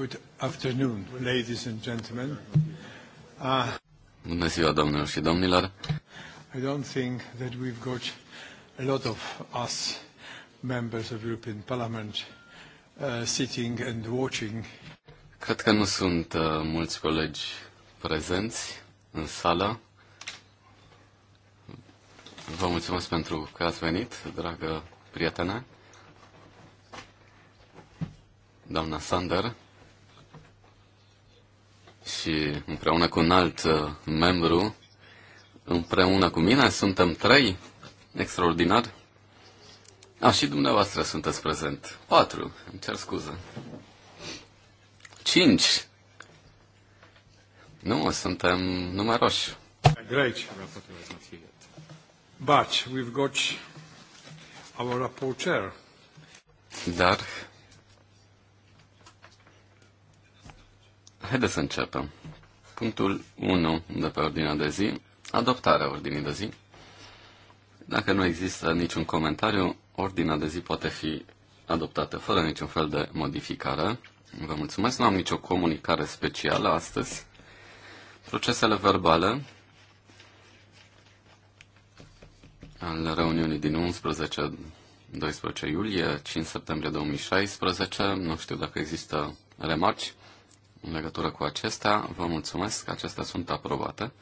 Good afternoon, ladies and gentlemen. Uh, Bună ziua, doamnelor și domnilor. I don't think that we've got a lot of us members of European Parliament uh, sitting and watching. Cred că nu sunt uh, mulți colegi prezenți în sală. Vă mulțumesc pentru că ați venit, dragă prietene. Doamna Sander, și împreună cu un alt uh, membru, împreună cu mine, suntem trei, extraordinar. A, și dumneavoastră sunteți prezent. Patru, îmi cer scuză. Cinci. Nu, suntem numeroși. Great. But we've got our rapporteur. Dar Haideți să începem. Punctul 1 de pe ordinea de zi, adoptarea ordinii de zi. Dacă nu există niciun comentariu, ordinea de zi poate fi adoptată fără niciun fel de modificare. Vă mulțumesc, nu am nicio comunicare specială astăzi. Procesele verbale al reuniunii din 11 12 iulie, 5 septembrie 2016. Nu știu dacă există remarci. În legătură cu acestea, vă mulțumesc, acestea sunt aprobate.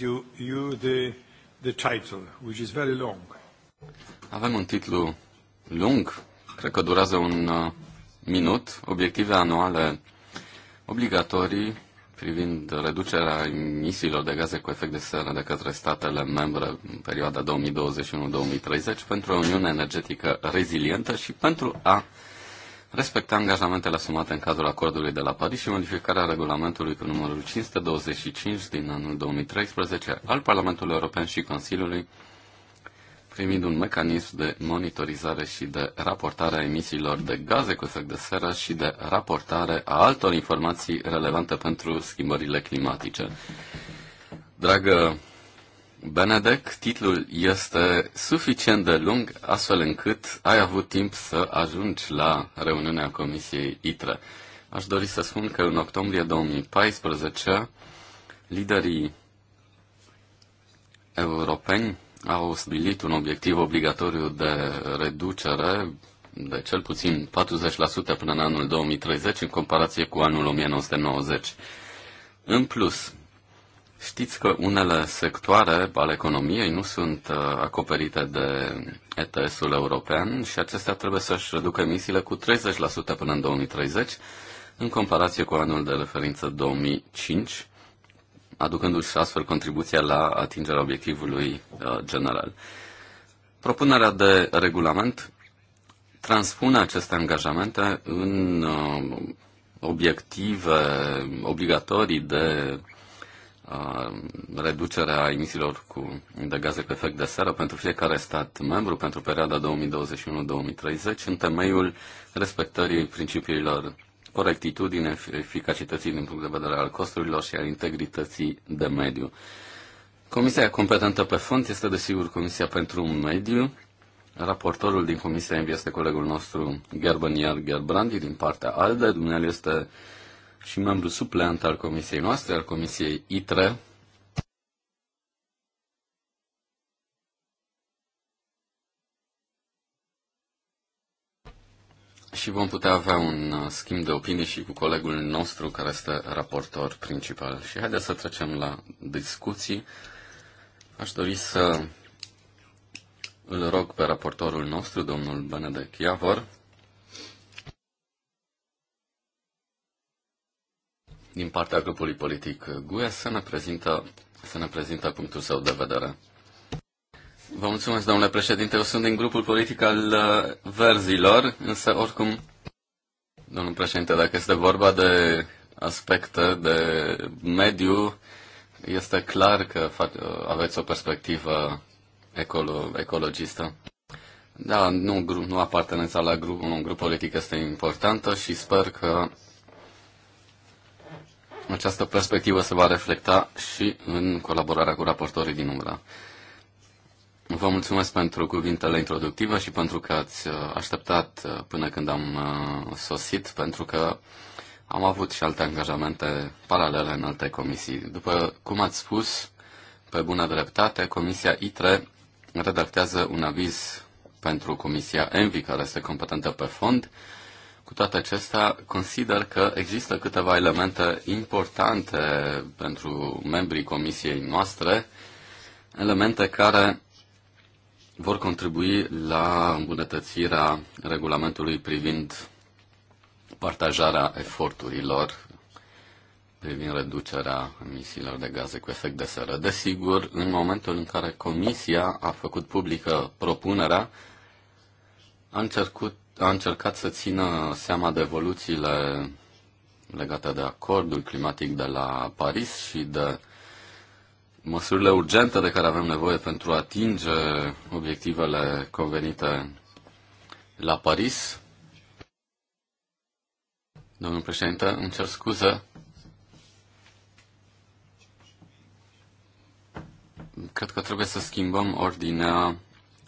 you, the, the title, which is very long. Avem un titlu lung, cred că durează un uh, minut, obiective anuale obligatorii privind reducerea emisiilor de gaze cu efect de seră de către statele membre în perioada 2021-2030 pentru o Uniune energetică rezilientă și pentru a respecta angajamentele asumate în cadrul acordului de la Paris și modificarea regulamentului cu numărul 525 din anul 2013 al Parlamentului European și Consiliului primind un mecanism de monitorizare și de raportare a emisiilor de gaze cu efect de seră și de raportare a altor informații relevante pentru schimbările climatice. Dragă Benedek, titlul este suficient de lung, astfel încât ai avut timp să ajungi la reuniunea Comisiei ITRE. Aș dori să spun că în octombrie 2014, liderii europeni au stabilit un obiectiv obligatoriu de reducere de cel puțin 40% până în anul 2030 în comparație cu anul 1990. În plus, Știți că unele sectoare ale economiei nu sunt uh, acoperite de ETS-ul european și acestea trebuie să-și reducă emisiile cu 30% până în 2030, în comparație cu anul de referință 2005, aducându-și astfel contribuția la atingerea obiectivului uh, general. Propunerea de regulament transpune aceste angajamente în uh, obiective obligatorii de reducerea emisiilor cu, de gaze cu efect de seră pentru fiecare stat membru pentru perioada 2021-2030 în temeiul respectării principiilor corectitudine, eficacității din punct de vedere al costurilor și al integrității de mediu. Comisia competentă pe fond este desigur Comisia pentru un Mediu. Raportorul din Comisia MV este colegul nostru Gerben Iar Gerbrandi din partea ALDE. Dumnezeu este și membru supleant al comisiei noastre, al comisiei ITRE. Și vom putea avea un uh, schimb de opinii și cu colegul nostru care este raportor principal. Și haideți să trecem la discuții. Aș dori să îl rog pe raportorul nostru, domnul Benedek Iavor, din partea grupului politic GUE să ne prezintă, să ne prezintă punctul său de vedere. Vă mulțumesc, domnule președinte. Eu sunt din grupul politic al uh, verzilor, însă oricum, domnul președinte, dacă este vorba de aspecte de mediu, este clar că aveți o perspectivă ecolo, ecologistă. Da, nu, nu apartenența la grup, un grup politic este importantă și sper că această perspectivă se va reflecta și în colaborarea cu raportorii din umbră. Vă mulțumesc pentru cuvintele introductive și pentru că ați uh, așteptat uh, până când am uh, sosit, pentru că am avut și alte angajamente paralele în alte comisii. După cum ați spus, pe bună dreptate, Comisia ITRE redactează un aviz pentru Comisia ENVI, care este competentă pe fond, cu toate acestea, consider că există câteva elemente importante pentru membrii comisiei noastre, elemente care vor contribui la îmbunătățirea regulamentului privind partajarea eforturilor privind reducerea emisiilor de gaze cu efect de seră. Desigur, în momentul în care Comisia a făcut publică propunerea, a încercut a încercat să țină seama de evoluțiile legate de acordul climatic de la Paris și de măsurile urgente de care avem nevoie pentru a atinge obiectivele convenite la Paris. Domnul președinte, îmi cer scuze. Cred că trebuie să schimbăm ordinea,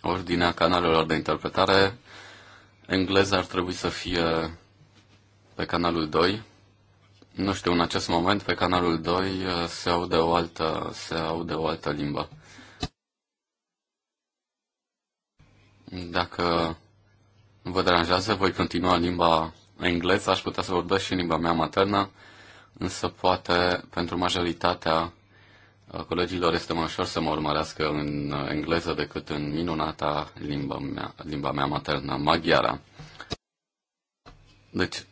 ordinea canalelor de interpretare engleza ar trebui să fie pe canalul 2. Nu știu, în acest moment pe canalul 2 uh, se aude o altă, se aude o altă limbă. Dacă vă deranjează, voi continua limba engleză, aș putea să vorbesc și în limba mea maternă, însă poate pentru majoritatea Colegilor este mai ușor să mă urmărească în engleză decât în minunata limba mea, limba mea maternă, maghiara. Deci,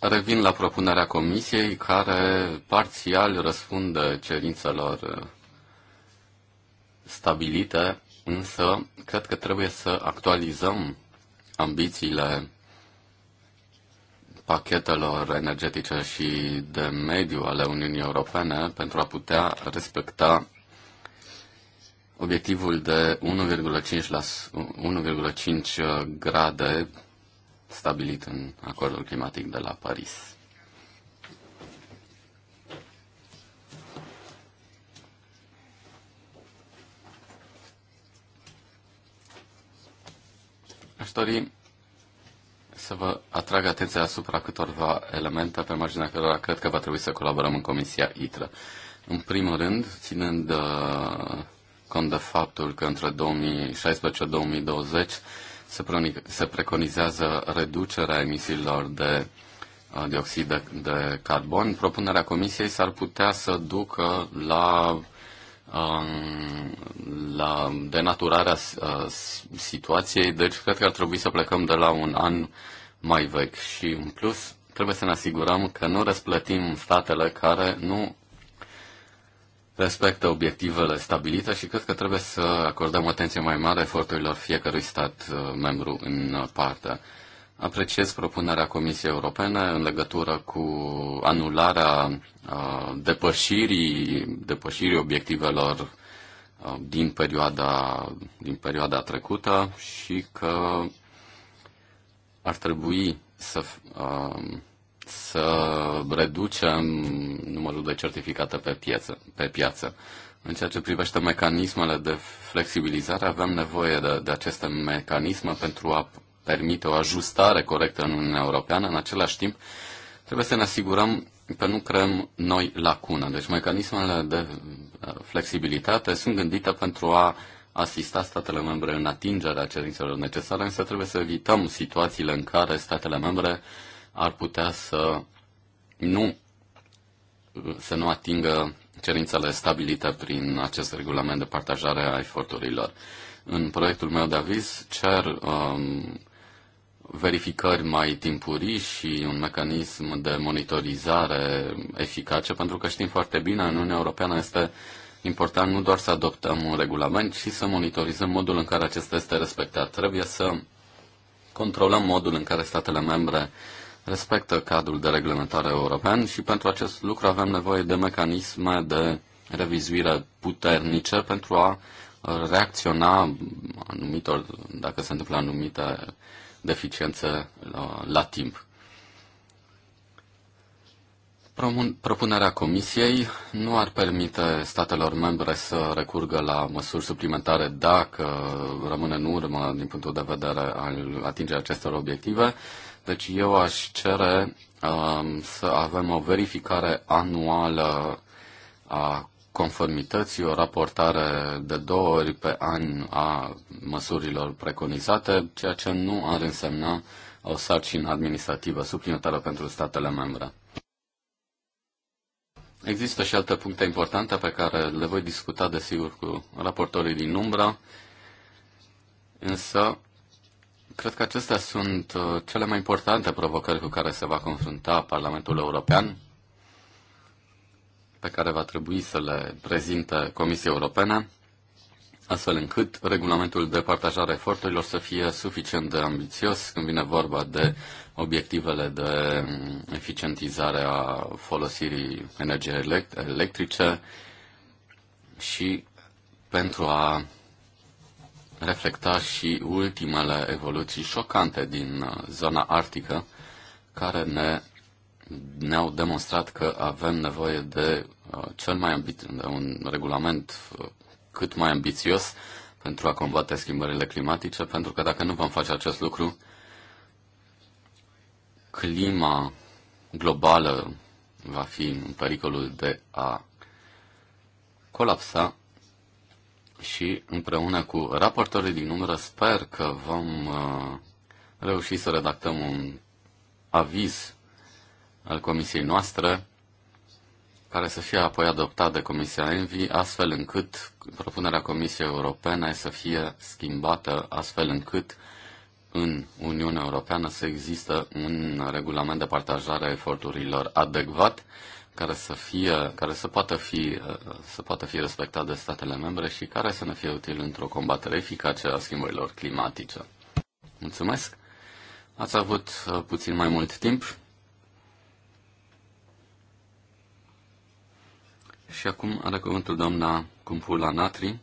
revin la propunerea comisiei care parțial răspunde cerințelor uh, stabilite, însă cred că trebuie să actualizăm ambițiile pachetelor energetice și de mediu ale Uniunii Europene pentru a putea respecta obiectivul de 1,5 grade stabilit în acordul climatic de la Paris. Aș dori să vă atrag atenția asupra câtorva elemente pe marginea cărora cred că va trebui să colaborăm în Comisia ITRE. În primul rând, ținând uh, cont de faptul că între 2016-2020 se, se preconizează reducerea emisiilor de uh, dioxid de, de carbon, propunerea Comisiei s-ar putea să ducă la um, la denaturarea uh, situației, deci cred că ar trebui să plecăm de la un an mai vechi și, în plus, trebuie să ne asigurăm că nu răsplătim statele care nu respectă obiectivele stabilite și cred că trebuie să acordăm atenție mai mare eforturilor fiecărui stat uh, membru în parte. Apreciez propunerea Comisiei Europene în legătură cu anularea uh, depășirii, depășirii obiectivelor uh, din perioada, din perioada trecută și că ar trebui să, um, să reducem numărul de certificate pe pieță, Pe piață. În ceea ce privește mecanismele de flexibilizare, avem nevoie de, de aceste mecanisme pentru a permite o ajustare corectă în Uniunea Europeană. În același timp, trebuie să ne asigurăm că nu creăm noi lacune. Deci mecanismele de uh, flexibilitate sunt gândite pentru a asista statele membre în atingerea cerințelor necesare, însă trebuie să evităm situațiile în care statele membre ar putea să nu, să nu atingă cerințele stabilite prin acest regulament de partajare a eforturilor. În proiectul meu de aviz cer um, verificări mai timpurii și un mecanism de monitorizare eficace, pentru că știm foarte bine, în Uniunea Europeană este uh, important nu doar să adoptăm un regulament, ci să monitorizăm modul în care acesta este respectat. Trebuie să controlăm modul în care statele membre respectă cadrul de reglementare european și pentru acest lucru avem nevoie de mecanisme de revizuire puternice pentru a reacționa anumitor, dacă se întâmplă anumite deficiențe la, la timp. Propunerea Comisiei nu ar permite statelor membre să recurgă la măsuri suplimentare dacă rămâne în urmă din punctul de vedere al atingerii acestor obiective. Deci eu aș cere um, să avem o verificare anuală a conformității, o raportare de două ori pe an a măsurilor preconizate, ceea ce nu ar însemna o sarcină administrativă suplimentară pentru statele membre. Există și alte puncte importante pe care le voi discuta, desigur, cu raportorii din umbra, însă cred că acestea sunt uh, cele mai importante provocări cu care se va confrunta Parlamentul European, pe care va trebui să le prezinte Comisia Europeană astfel încât regulamentul de partajare a eforturilor să fie suficient de ambițios când vine vorba de obiectivele de eficientizare a folosirii energiei electrice și pentru a reflecta și ultimele evoluții șocante din uh, zona arctică care ne, ne-au demonstrat că avem nevoie de uh, cel mai ambit de un regulament uh, cât mai ambițios pentru a combate schimbările climatice, pentru că dacă nu vom face acest lucru, clima globală va fi în pericolul de a colapsa și împreună cu raportorii din umbră sper că vom uh, reuși să redactăm un aviz al comisiei noastre care să fie apoi adoptat de Comisia Envi, astfel încât propunerea Comisiei Europene să fie schimbată, astfel încât în Uniunea Europeană să există un regulament de partajare a eforturilor adecvat care să, fie, care să, poată fi, să poată fi respectat de statele membre și care să ne fie util într-o combatere eficace a schimbărilor climatice. Mulțumesc! Ați avut uh, puțin mai mult timp. Și acum are cuvântul doamna Cumpula Natri,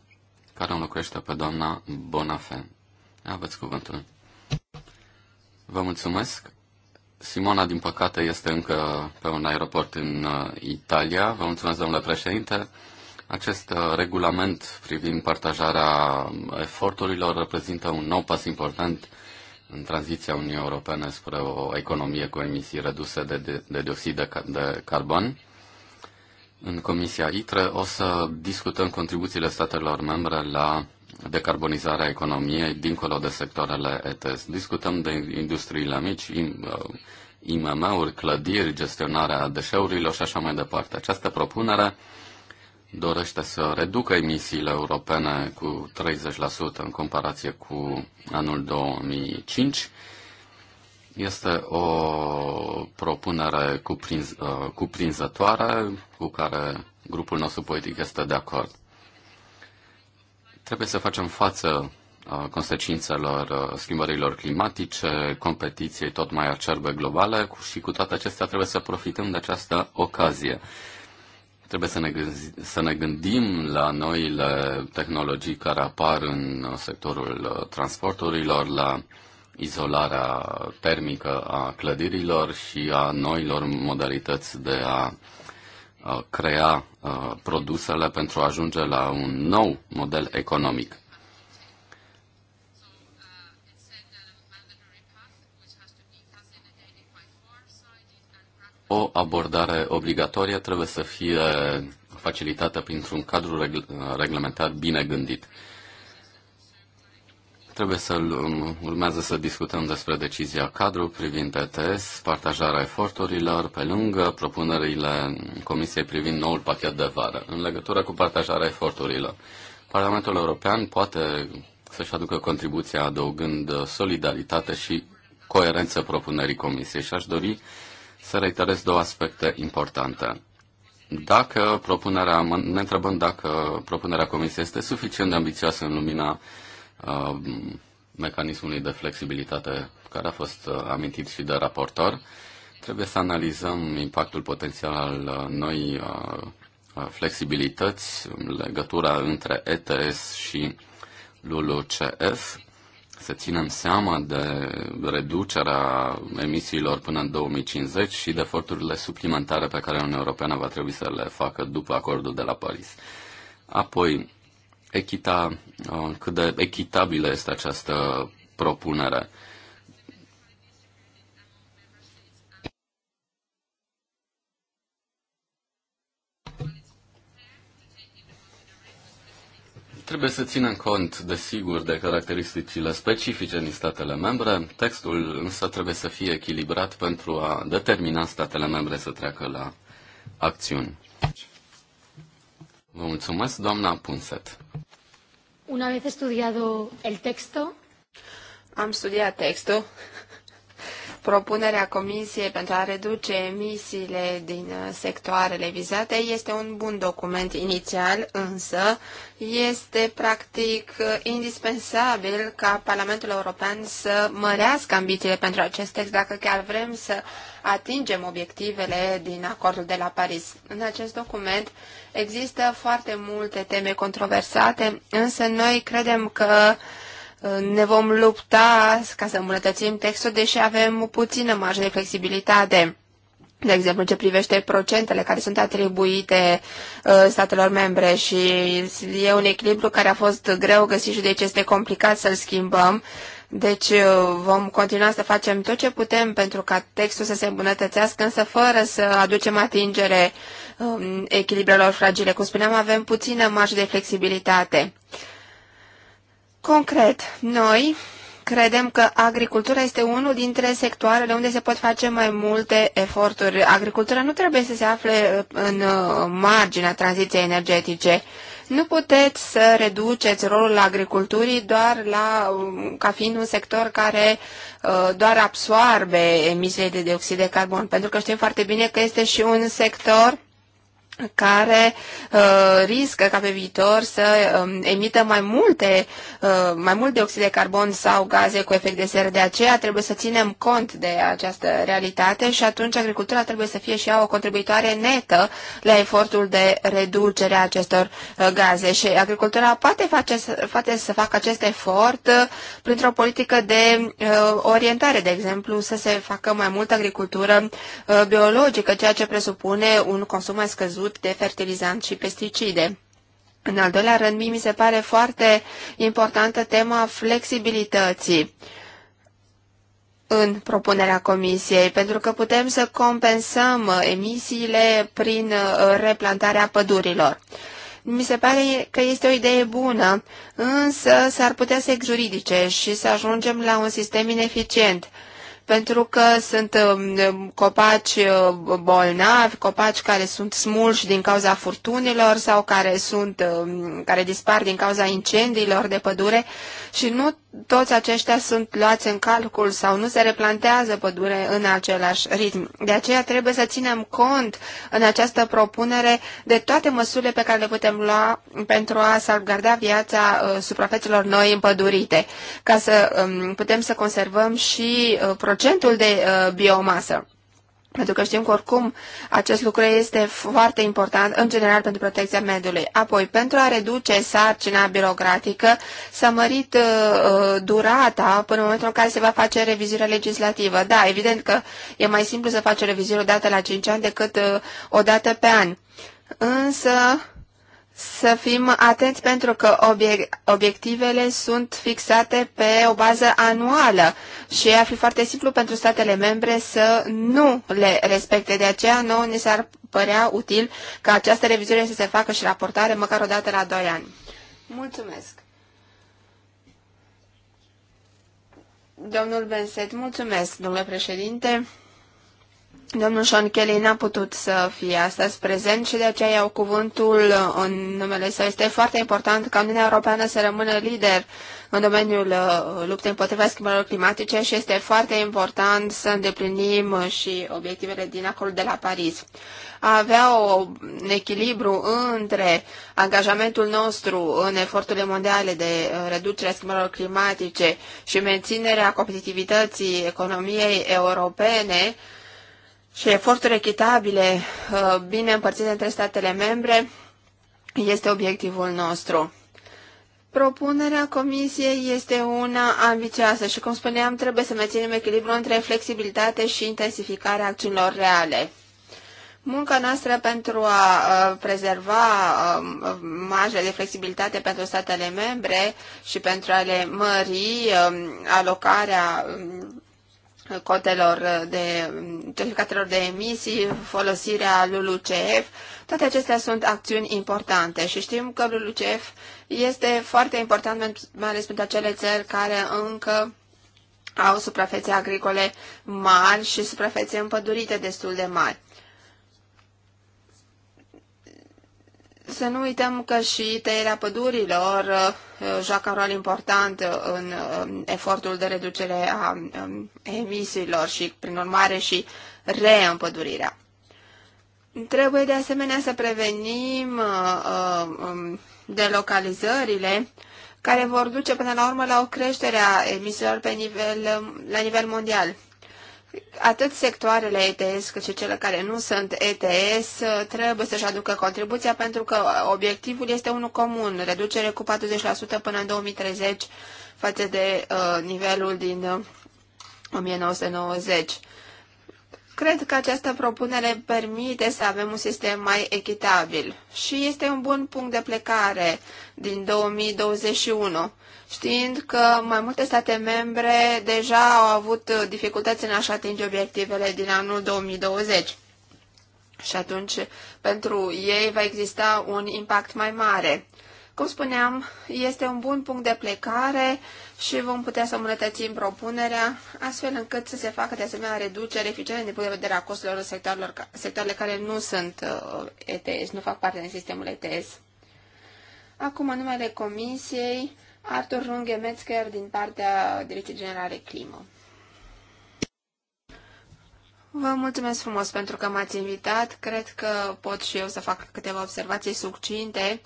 care înlocuiește pe doamna Bonafe. Aveți cuvântul. Vă mulțumesc. Simona, din păcate, este încă pe un aeroport în uh, Italia. Vă mulțumesc, domnule președinte. Acest uh, regulament privind partajarea eforturilor reprezintă un nou pas important în tranziția Uniunii Europene spre o economie cu emisii reduse de, de, de dioxid de, de carbon. În Comisia ITRE o să discutăm contribuțiile statelor membre la decarbonizarea economiei dincolo de sectoarele ETS. Discutăm de industriile mici, IMM-uri, uh, clădiri, gestionarea deșeurilor și așa mai departe. Această propunere dorește să reducă emisiile europene cu 30% în comparație cu anul 2005 este o propunere cuprinz, uh, cuprinzătoare cu care grupul nostru politic este de acord. Trebuie să facem față uh, consecințelor uh, schimbărilor climatice, competiției tot mai acerbe globale și cu toate acestea trebuie să profităm de această ocazie. Trebuie să ne, să ne gândim la noile tehnologii care apar în sectorul transporturilor, la uh, izolarea termică a clădirilor și a noilor modalități de a crea produsele pentru a ajunge la un nou model economic. O abordare obligatorie trebuie să fie facilitată printr-un cadru reglementat bine gândit trebuie să um, urmează să discutăm despre decizia cadru privind ETS, partajarea eforturilor pe lângă propunerile Comisiei privind noul pachet de vară. În legătură cu partajarea eforturilor, Parlamentul European poate să-și aducă contribuția adăugând solidaritate și coerență propunerii Comisiei și aș dori să reiterez două aspecte importante dacă propunerea, ne întrebăm dacă propunerea Comisiei este suficient de ambițioasă în lumina Um, mecanismului de flexibilitate care a fost uh, amintit și de raportor. Trebuie să analizăm impactul potențial al uh, noi uh, flexibilități, legătura între ETS și LULUCF, să ținem seama de reducerea emisiilor până în 2050 și de eforturile suplimentare pe care Uniunea Europeană va trebui să le facă după acordul de la Paris. Apoi, echita, uh, cât de echitabilă este această propunere. Trebuie să ținem cont, desigur, de caracteristicile specifice din statele membre. Textul însă trebuie să fie echilibrat pentru a determina statele membre să treacă la acțiuni. Vă mulțumesc, doamna Punset. Una vez estudiado el texto, am studiat textul propunerea Comisiei pentru a reduce emisiile din uh, sectoarele vizate este un bun document inițial, însă este practic uh, indispensabil ca Parlamentul European să mărească ambițiile pentru acest text dacă chiar vrem să atingem obiectivele din acordul de la Paris. În acest document există foarte multe teme controversate, însă noi credem că ne vom lupta ca să îmbunătățim textul, deși avem puțină marjă de flexibilitate. De exemplu, ce privește procentele care sunt atribuite uh, statelor membre și e un echilibru care a fost greu găsit și deci este complicat să-l schimbăm. Deci uh, vom continua să facem tot ce putem pentru ca textul să se îmbunătățească, însă fără să aducem atingere um, echilibrelor fragile. Cum spuneam, avem puțină marjă de flexibilitate. Concret, noi credem că agricultura este unul dintre sectoarele unde se pot face mai multe eforturi. Agricultura nu trebuie să se afle uh, în uh, marginea tranziției energetice. Nu puteți să reduceți rolul agriculturii doar la, um, ca fiind un sector care uh, doar absoarbe emisiile de dioxid de carbon, pentru că știm foarte bine că este și un sector care uh, riscă ca pe viitor să um, emită mai multe, uh, mai mult dioxid de carbon sau gaze cu efect de seră. De aceea trebuie să ținem cont de această realitate și atunci agricultura trebuie să fie și ea o contribuitoare netă la efortul de reducere a acestor uh, gaze. Și agricultura poate, face, poate să facă acest efort uh, printr-o politică de uh, orientare, de exemplu, să se facă mai mult agricultură uh, biologică, ceea ce presupune un consum mai scăzut grupi de fertilizant și pesticide. În al doilea rând, mi se pare foarte importantă tema flexibilității în propunerea comisiei, pentru că putem să compensăm emisiile prin uh, replantarea pădurilor. Mi se pare că este o idee bună, însă s-ar putea să exuridice și să ajungem la un sistem ineficient pentru că sunt um, copaci uh, bolnavi, copaci care sunt smulși din cauza furtunilor sau care, sunt, um, care dispar din cauza incendiilor de pădure și nu toți aceștia sunt luați în calcul sau nu se replantează pădure în același ritm. De aceea trebuie să ținem cont în această propunere de toate măsurile pe care le putem lua pentru a salvgarda viața uh, suprafețelor noi împădurite, ca să um, putem să conservăm și procesul uh, procentul de uh, biomasă. Pentru că știm că oricum acest lucru este foarte important în general pentru protecția mediului. Apoi, pentru a reduce sarcina birocratică, s-a mărit uh, uh durata până în momentul în care se va face revizuirea legislativă. Da, evident că e mai simplu să faci o revizuire o dată la 5 ani decât uh, o dată pe an. Însă, uh, să fim atenți pentru că obiectivele sunt fixate pe o bază anuală și ar fi foarte simplu pentru statele membre să nu le respecte. De aceea nouă ne s-ar părea util ca această revizuire să se facă și raportare măcar o dată la 2 ani. Mulțumesc! Domnul Benset, mulțumesc, domnule președinte. Domnul Sean Kelly n-a putut să fie astăzi prezent și de aceea iau cuvântul în numele său. Este foarte important ca Uniunea Europeană să rămână lider în domeniul uh, luptei împotriva schimbărilor climatice și este foarte important să îndeplinim și obiectivele din acolo de la Paris. A avea un echilibru între angajamentul nostru în eforturile mondiale de uh, reducere a schimbărilor climatice și menținerea competitivității economiei europene, și eforturi echitabile, uh, bine împărțite între statele membre, este obiectivul nostru. Propunerea comisiei este una ambițioasă și, cum spuneam, trebuie să menținem echilibrul între flexibilitate și intensificarea acțiunilor reale. Munca noastră pentru a uh, prezerva um, marja de flexibilitate pentru statele membre și pentru a le mări um, alocarea um, cotelor de certificatelor de emisii, folosirea LULUCF, toate acestea sunt acțiuni importante și știm că LULUCF este foarte important, mai ales pentru acele țări care încă au suprafețe agricole mari și suprafețe împădurite destul de mari. Să nu uităm că și tăierea pădurilor uh, uh, joacă un rol important în um, efortul de reducere a um, emisiilor și, prin urmare, și reîmpădurirea. Trebuie de asemenea să prevenim uh, um, delocalizările care vor duce până la urmă la o creștere a emisiilor pe nivel, la nivel mondial atât sectoarele ETS cât și cele care nu sunt ETS uh, trebuie să-și aducă contribuția pentru că obiectivul este unul comun, reducere cu 40% până în 2030 față de uh, nivelul din 1990. Uh, Cred că această propunere permite să avem un sistem mai echitabil și este un bun punct de plecare din 2021 știind că mai multe state membre deja au avut dificultăți în a-și atinge obiectivele din anul 2020. Și atunci, pentru ei va exista un impact mai mare. Cum spuneam, este un bun punct de plecare și vom putea să îmbunătățim propunerea, astfel încât să se facă de asemenea reducere eficientă din punct de vedere a costurilor în sectoarele care nu sunt uh, ETS, nu fac parte din sistemul ETS. Acum, în numele Comisiei, Artur Runge Metzger din partea Direcției Generale Climă. Vă mulțumesc frumos pentru că m-ați invitat. Cred că pot și eu să fac câteva observații succinte,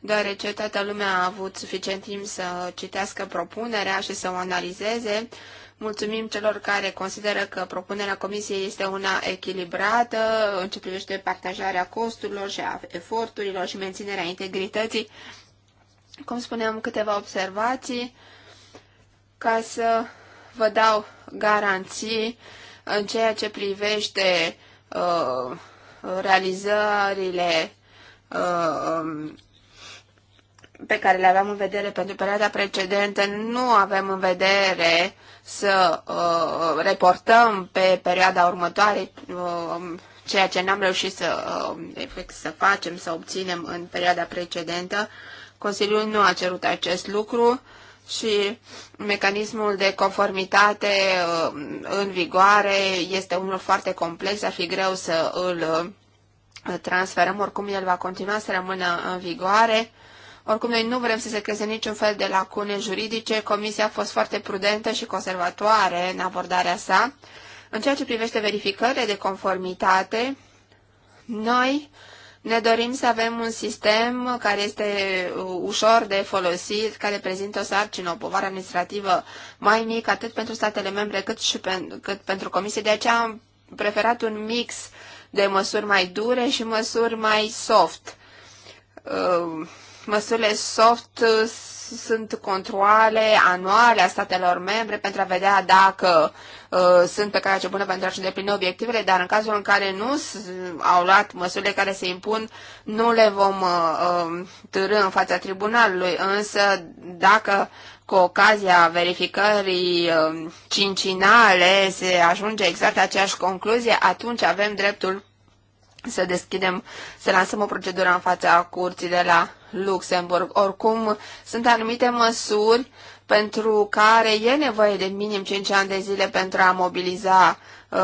deoarece toată lumea a avut suficient timp să citească propunerea și să o analizeze. Mulțumim celor care consideră că propunerea Comisiei este una echilibrată în ce privește partajarea costurilor și a eforturilor și menținerea integrității cum spuneam, câteva observații ca să vă dau garanții în ceea ce privește uh, realizările uh, pe care le aveam în vedere pentru perioada precedentă, nu avem în vedere să uh, reportăm pe perioada următoare uh, ceea ce n-am reușit să, uh, efect, să facem, să obținem în perioada precedentă. Uh, Consiliul nu a cerut acest lucru și mecanismul de conformitate uh, în vigoare este unul foarte complex, ar fi greu să îl uh, transferăm, oricum el va continua să rămână în vigoare. Oricum, noi nu vrem să se creeze niciun fel de lacune juridice. Comisia a fost foarte prudentă și conservatoare în abordarea sa. În ceea ce privește verificările de conformitate, noi ne dorim să avem un sistem care este uh, ușor de folosit, care prezintă o sarcină, o povară administrativă mai mică, atât pentru statele membre cât și pen, cât pentru comisie. De aceea am preferat un mix de măsuri mai dure și măsuri mai soft. Uh, măsurile soft uh, sunt controle anuale a statelor membre pentru a vedea dacă uh, sunt pe care ce bună pentru a-și îndeplini obiectivele, dar în cazul în care nu au luat măsurile care se impun, nu le vom uh, um, târâ în fața tribunalului. Însă, dacă cu ocazia verificării uh, cincinale se ajunge exact aceeași concluzie, atunci avem dreptul să deschidem, să lansăm o procedură în fața curții de la Luxemburg. Oricum, sunt anumite măsuri pentru care e nevoie de minim 5 ani de zile pentru a mobiliza uh,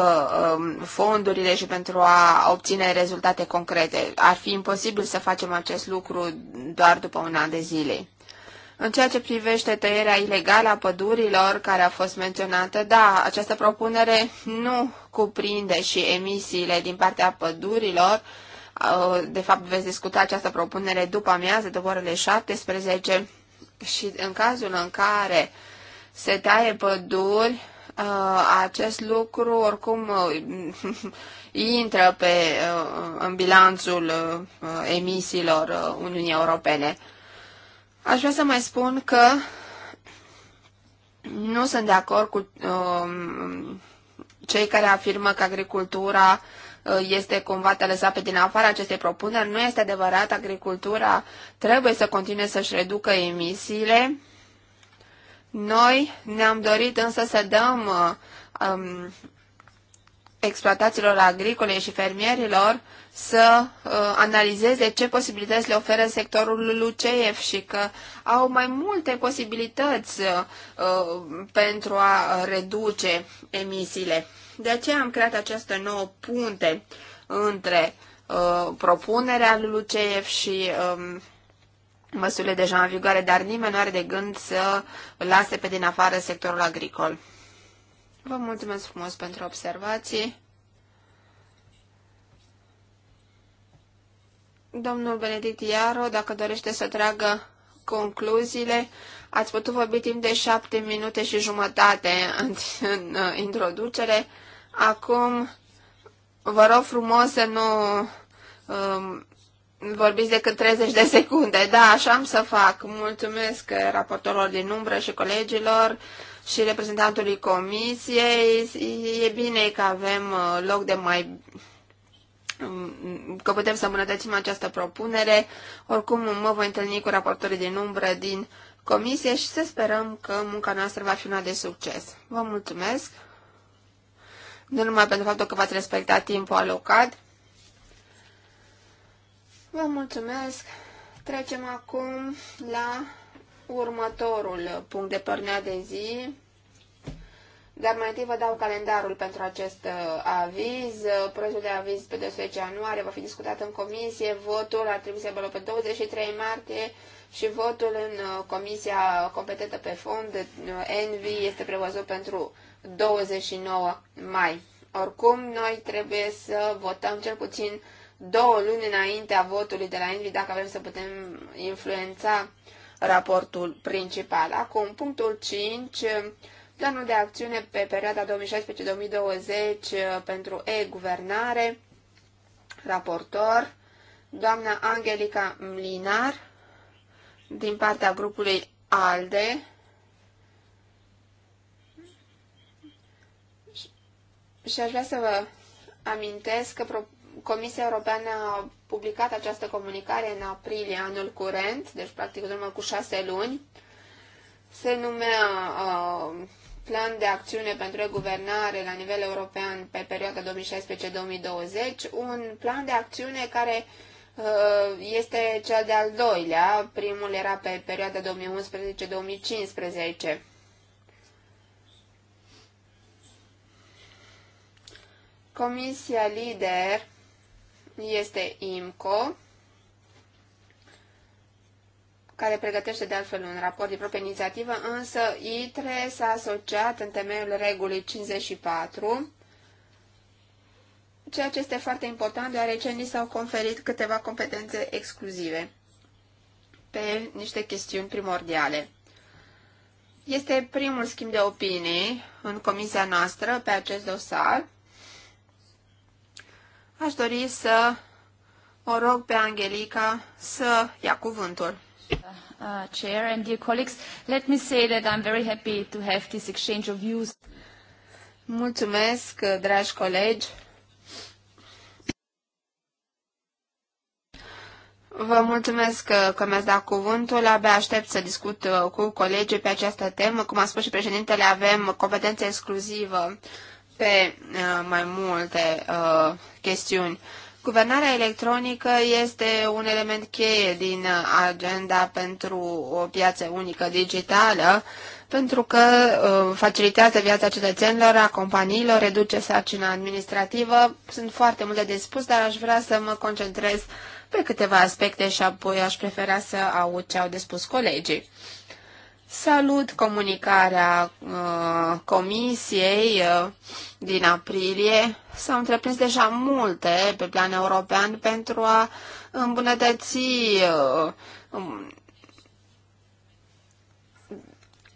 um, fondurile și pentru a obține rezultate concrete. Ar fi imposibil să facem acest lucru doar după un an de zile. În ceea ce privește tăierea ilegală a pădurilor care a fost menționată, da, această propunere nu cuprinde și emisiile din partea pădurilor. Uh, de fapt, veți discuta această propunere după amiază, după orele 17 și în cazul în care se taie păduri, uh, acest lucru oricum uh, intră pe, în bilanțul emisiilor Uniunii Europene. Aș vrea să mai spun că nu sunt de acord cu um, cei care afirmă că agricultura uh, este cumva pe din afara acestei propuneri. Nu este adevărat, agricultura trebuie să continue să-și reducă emisiile. Noi ne-am dorit însă să dăm uh, um, exploatațiilor agricole și fermierilor să uh, analizeze ce posibilități le oferă sectorul LUCEF și că au mai multe posibilități uh, pentru a reduce emisiile. De aceea am creat această nouă punte între uh, propunerea lui LUCEF și um, măsurile deja în vigoare, dar nimeni nu are de gând să lase pe din afară sectorul agricol. Vă mulțumesc frumos pentru observații. Domnul Benedict Iaro, dacă dorește să tragă concluziile, ați putut vorbi timp de șapte minute și jumătate în, în introducere. Acum, vă rog frumos să nu um, vorbiți decât 30 de secunde. Da, așa am să fac. Mulțumesc eh, raportorilor din umbră și colegilor și reprezentantului comisiei, e bine că avem uh, loc de mai mm, că putem să îmbunătățim această propunere. Oricum, mă voi întâlni cu raportorii din umbră din comisie și să sperăm că munca noastră va fi una de succes. Vă mulțumesc, nu numai pentru faptul că v-ați respectat timpul alocat. Vă mulțumesc. Trecem acum la următorul punct de pornea de zi, dar mai întâi vă dau calendarul pentru acest uh, aviz. Proiectul de aviz pe 12 ianuarie va fi discutat în comisie, votul ar trebui să aibă pe 23 martie și votul în uh, comisia competentă pe fond, ENVI, uh, este prevăzut pentru 29 mai. Oricum, noi trebuie să votăm cel puțin două luni înaintea votului de la ENVI dacă vrem să putem influența raportul principal. Acum, punctul 5, planul de acțiune pe perioada 2016-2020 pentru e-guvernare, raportor, doamna Angelica Mlinar, din partea grupului ALDE, și aș vrea să vă amintesc că Comisia Europeană a publicat această comunicare în aprilie anul curent, deci practic în urmă cu șase luni. Se numea uh, Plan de acțiune pentru guvernare la nivel european pe perioada 2016-2020, un plan de acțiune care uh, este cel de-al doilea, primul era pe perioada 2011-2015. Comisia Lider este IMCO, care pregătește de altfel un raport din proprie inițiativă, însă ITRE s-a asociat în temeiul regulii 54, ceea ce este foarte important, deoarece ni s-au conferit câteva competențe exclusive pe niște chestiuni primordiale. Este primul schimb de opinii în comisia noastră pe acest dosar Aș dori să o rog pe Angelica să ia cuvântul. Uh, uh, chair and dear colleagues, let me say that I'm very happy to have this exchange of views. Mulțumesc, dragi colegi. Vă mulțumesc că, că mi-ați dat cuvântul. Abia aștept să discut uh, cu colegii pe această temă. Cum a spus și președintele, avem competență exclusivă pe uh, mai multe uh, chestiuni. Guvernarea electronică este un element cheie din uh, agenda pentru o piață unică digitală, pentru că facilitează viața cetățenilor, a companiilor, reduce sarcina administrativă. Sunt foarte multe de spus, dar aș vrea să mă concentrez pe câteva aspecte și apoi aș prefera să aud ce au de spus colegii. Salut comunicarea uh, Comisiei uh, din aprilie. S-au întreprins deja multe pe plan european pentru a îmbunătăți uh, um,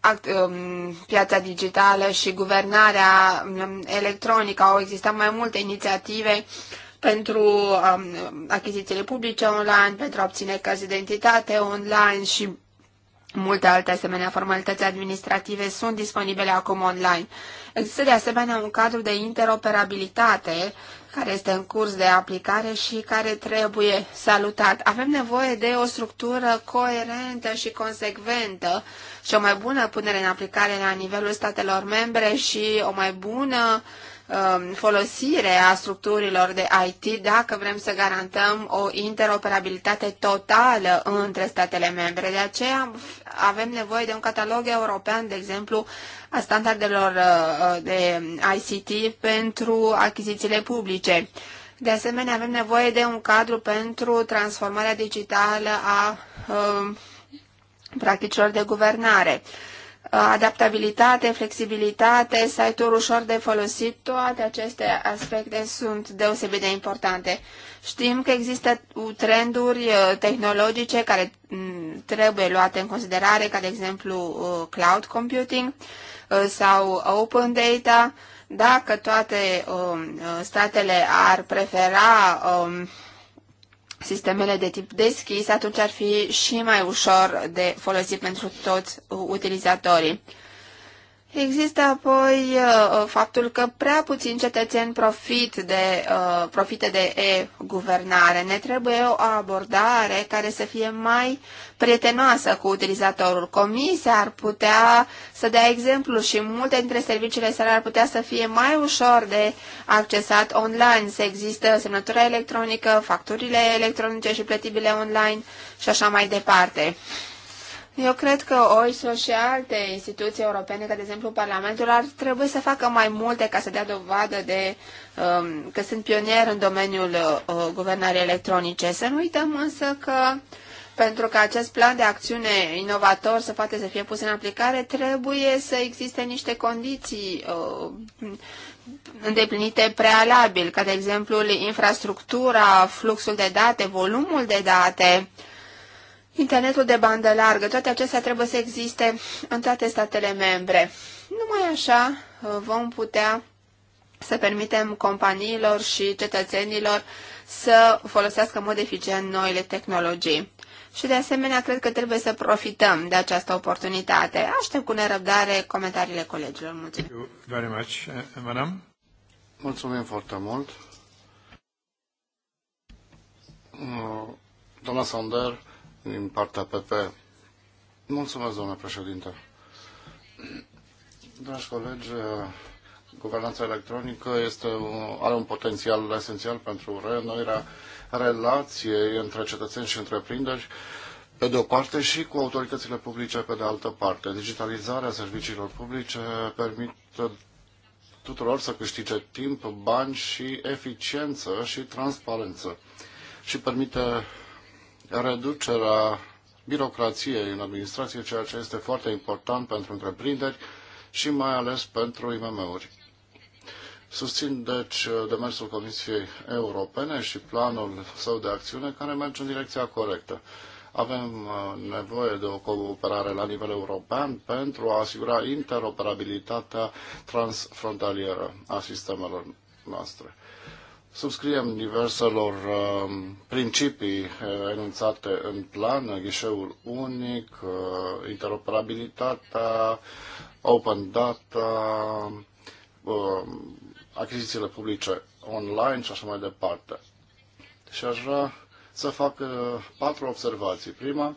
act, um, piața digitală și guvernarea um, electronică. Au existat mai multe inițiative pentru um, achizițiile publice online, pentru a obține cărți de identitate online și Multe alte asemenea formalități administrative sunt disponibile acum online. Există de asemenea un cadru de interoperabilitate care este în curs de aplicare și care trebuie salutat. Avem nevoie de o structură coerentă și consecventă și o mai bună punere în aplicare la nivelul statelor membre și o mai bună uh, Um, folosire a structurilor de IT dacă vrem să garantăm o interoperabilitate totală între statele membre. De aceea avem nevoie de un catalog european, de exemplu, a standardelor uh, de ICT pentru achizițiile publice. De asemenea, avem nevoie de un cadru pentru transformarea digitală a um, practicilor de guvernare adaptabilitate, flexibilitate, site-uri ușor de folosit, toate aceste aspecte sunt deosebit de importante. Știm că există trenduri uh, tehnologice care trebuie luate în considerare, ca de exemplu uh, cloud computing uh, sau open data. Dacă toate um, statele ar prefera um, sistemele de tip deschis, atunci ar fi și mai ușor de folosit pentru toți uh, utilizatorii. Există apoi uh, uh, faptul că prea puțin cetățeni profit de, uh, profite de e-guvernare. Ne trebuie o abordare care să fie mai prietenoasă cu utilizatorul. Comisia ar putea să dea exemplu și multe dintre serviciile sale ar putea să fie mai ușor de accesat online. Să există semnătura electronică, facturile electronice și plătibile online și așa mai departe. Eu cred că OISO și alte instituții europene, ca de exemplu Parlamentul, ar trebui să facă mai multe ca să dea dovadă de um, că sunt pionier în domeniul uh, guvernării electronice. Să nu uităm însă că pentru că acest plan de acțiune inovator să poate să fie pus în aplicare, trebuie să existe niște condiții uh, îndeplinite prealabil, ca de exemplu infrastructura, fluxul de date, volumul de date, uh, internetul de bandă largă, toate acestea trebuie să existe în toate statele membre. Numai așa uh, vom putea să permitem companiilor și cetățenilor să folosească în mod eficient noile tehnologii. Și de asemenea, cred că trebuie să profităm de această oportunitate. Aștept cu nerăbdare comentariile colegilor. Mulțumesc. very much, uh, madam. Mulțumim foarte mult. Uh, doamna Sander, din partea PP. Mulțumesc, domnule președinte. Dragi colegi, guvernanța electronică este un, are un potențial esențial pentru reînnoirea relației între cetățeni și întreprinderi, pe de o parte, și cu autoritățile publice, pe de altă parte. Digitalizarea serviciilor publice permite tuturor să câștige timp, bani și eficiență și transparență și permite reducerea birocrației în administrație, ceea ce este foarte important pentru întreprinderi și mai ales pentru IMM-uri. Susțin, deci, demersul Comisiei Europene și planul său de acțiune care merge în direcția corectă. Avem uh, nevoie de o cooperare la nivel european pentru a asigura interoperabilitatea transfrontalieră a sistemelor noastre subscriem diverselor um, principii uh, enunțate în plan, ghișeul unic, uh, interoperabilitatea, open data, um, achizițiile publice online și așa mai departe. Și aș vrea să fac uh, patru observații. Prima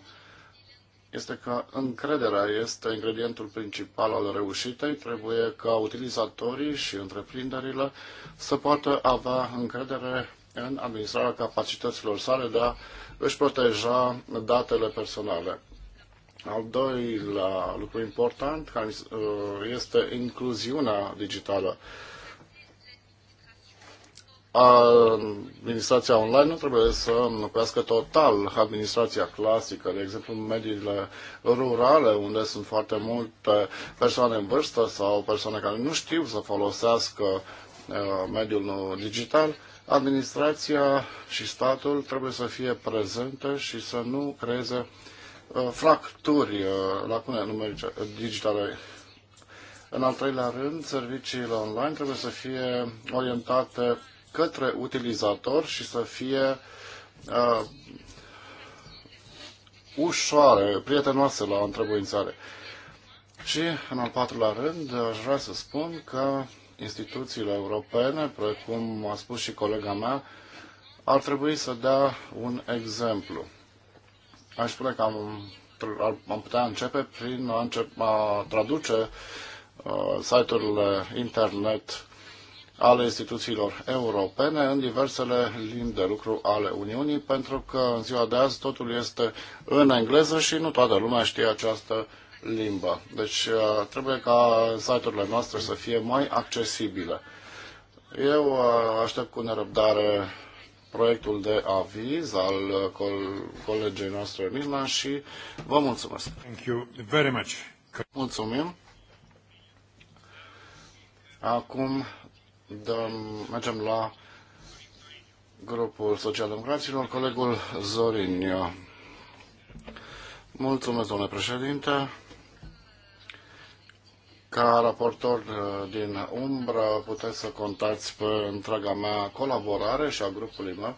este că încrederea este ingredientul principal al reușitei. Trebuie ca utilizatorii și întreprinderile să poată avea încredere în administrarea capacităților sale de a își proteja datele personale. Al doilea lucru important uh, este incluziunea digitală administrația online nu trebuie să înlocuiască total administrația clasică, de exemplu în mediile rurale, unde sunt foarte multe persoane în vârstă sau persoane care nu știu să folosească mediul digital, administrația și statul trebuie să fie prezente și să nu creeze fracturi, lacune numerice digitale în al treilea rând, serviciile online trebuie să fie orientate către utilizator și să fie uh, ușoare, prietenoase la întrebuințare. Și, în al patrulea rând, aș vrea să spun că instituțiile europene, precum a spus și colega mea, ar trebui să dea un exemplu. Aș spune că am, am putea începe prin a, începe, a traduce uh, site-urile internet ale instituțiilor europene în diversele limbi de lucru ale Uniunii, pentru că în ziua de azi totul este în engleză și nu toată lumea știe această limbă. Deci uh, trebuie ca site-urile noastre să fie mai accesibile. Eu uh, aștept cu nerăbdare proiectul de aviz al uh, colegei noastre Mirna și vă mulțumesc. Thank you very much. Mulțumim. Acum dăm, mergem la grupul social colegul Zorinio Mulțumesc, domnule președinte. Ca raportor uh, din umbră puteți să contați pe întreaga mea colaborare și a grupului meu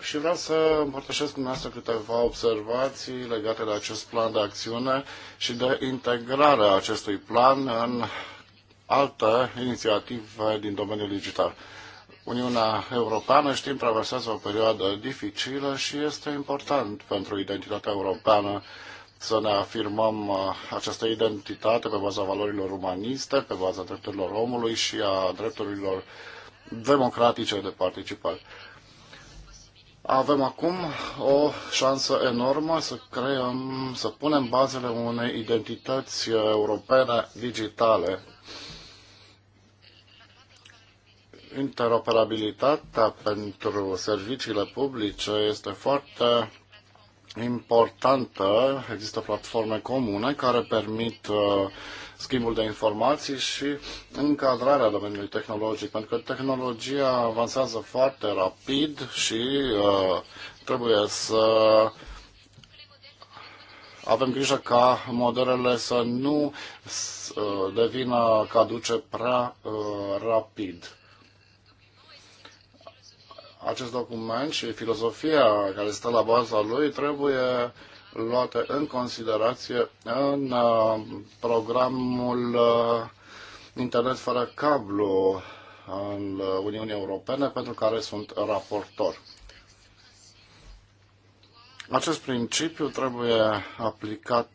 și vreau să împărtășesc cu dumneavoastră câteva observații legate de acest plan de acțiune și de integrarea acestui plan în altă inițiativă din domeniul digital. Uniunea Europeană, știm, traversează o perioadă dificilă și este important pentru identitatea europeană să ne afirmăm uh, această identitate pe baza valorilor umaniste, pe baza drepturilor omului și a drepturilor democratice de participare. Avem acum o șansă enormă să creăm, să punem bazele unei identități uh, europene digitale interoperabilitatea pentru serviciile publice este foarte importantă. Există platforme comune care permit uh, schimbul de informații și încadrarea domeniului tehnologic, pentru că tehnologia avansează foarte rapid și uh, trebuie să avem grijă ca modelele să nu uh, devină caduce prea rapid acest document și filozofia care stă la baza lui trebuie luate în considerație în uh, programul uh, Internet fără cablu al Uniunii Europene pentru care sunt raportor. Acest principiu trebuie aplicat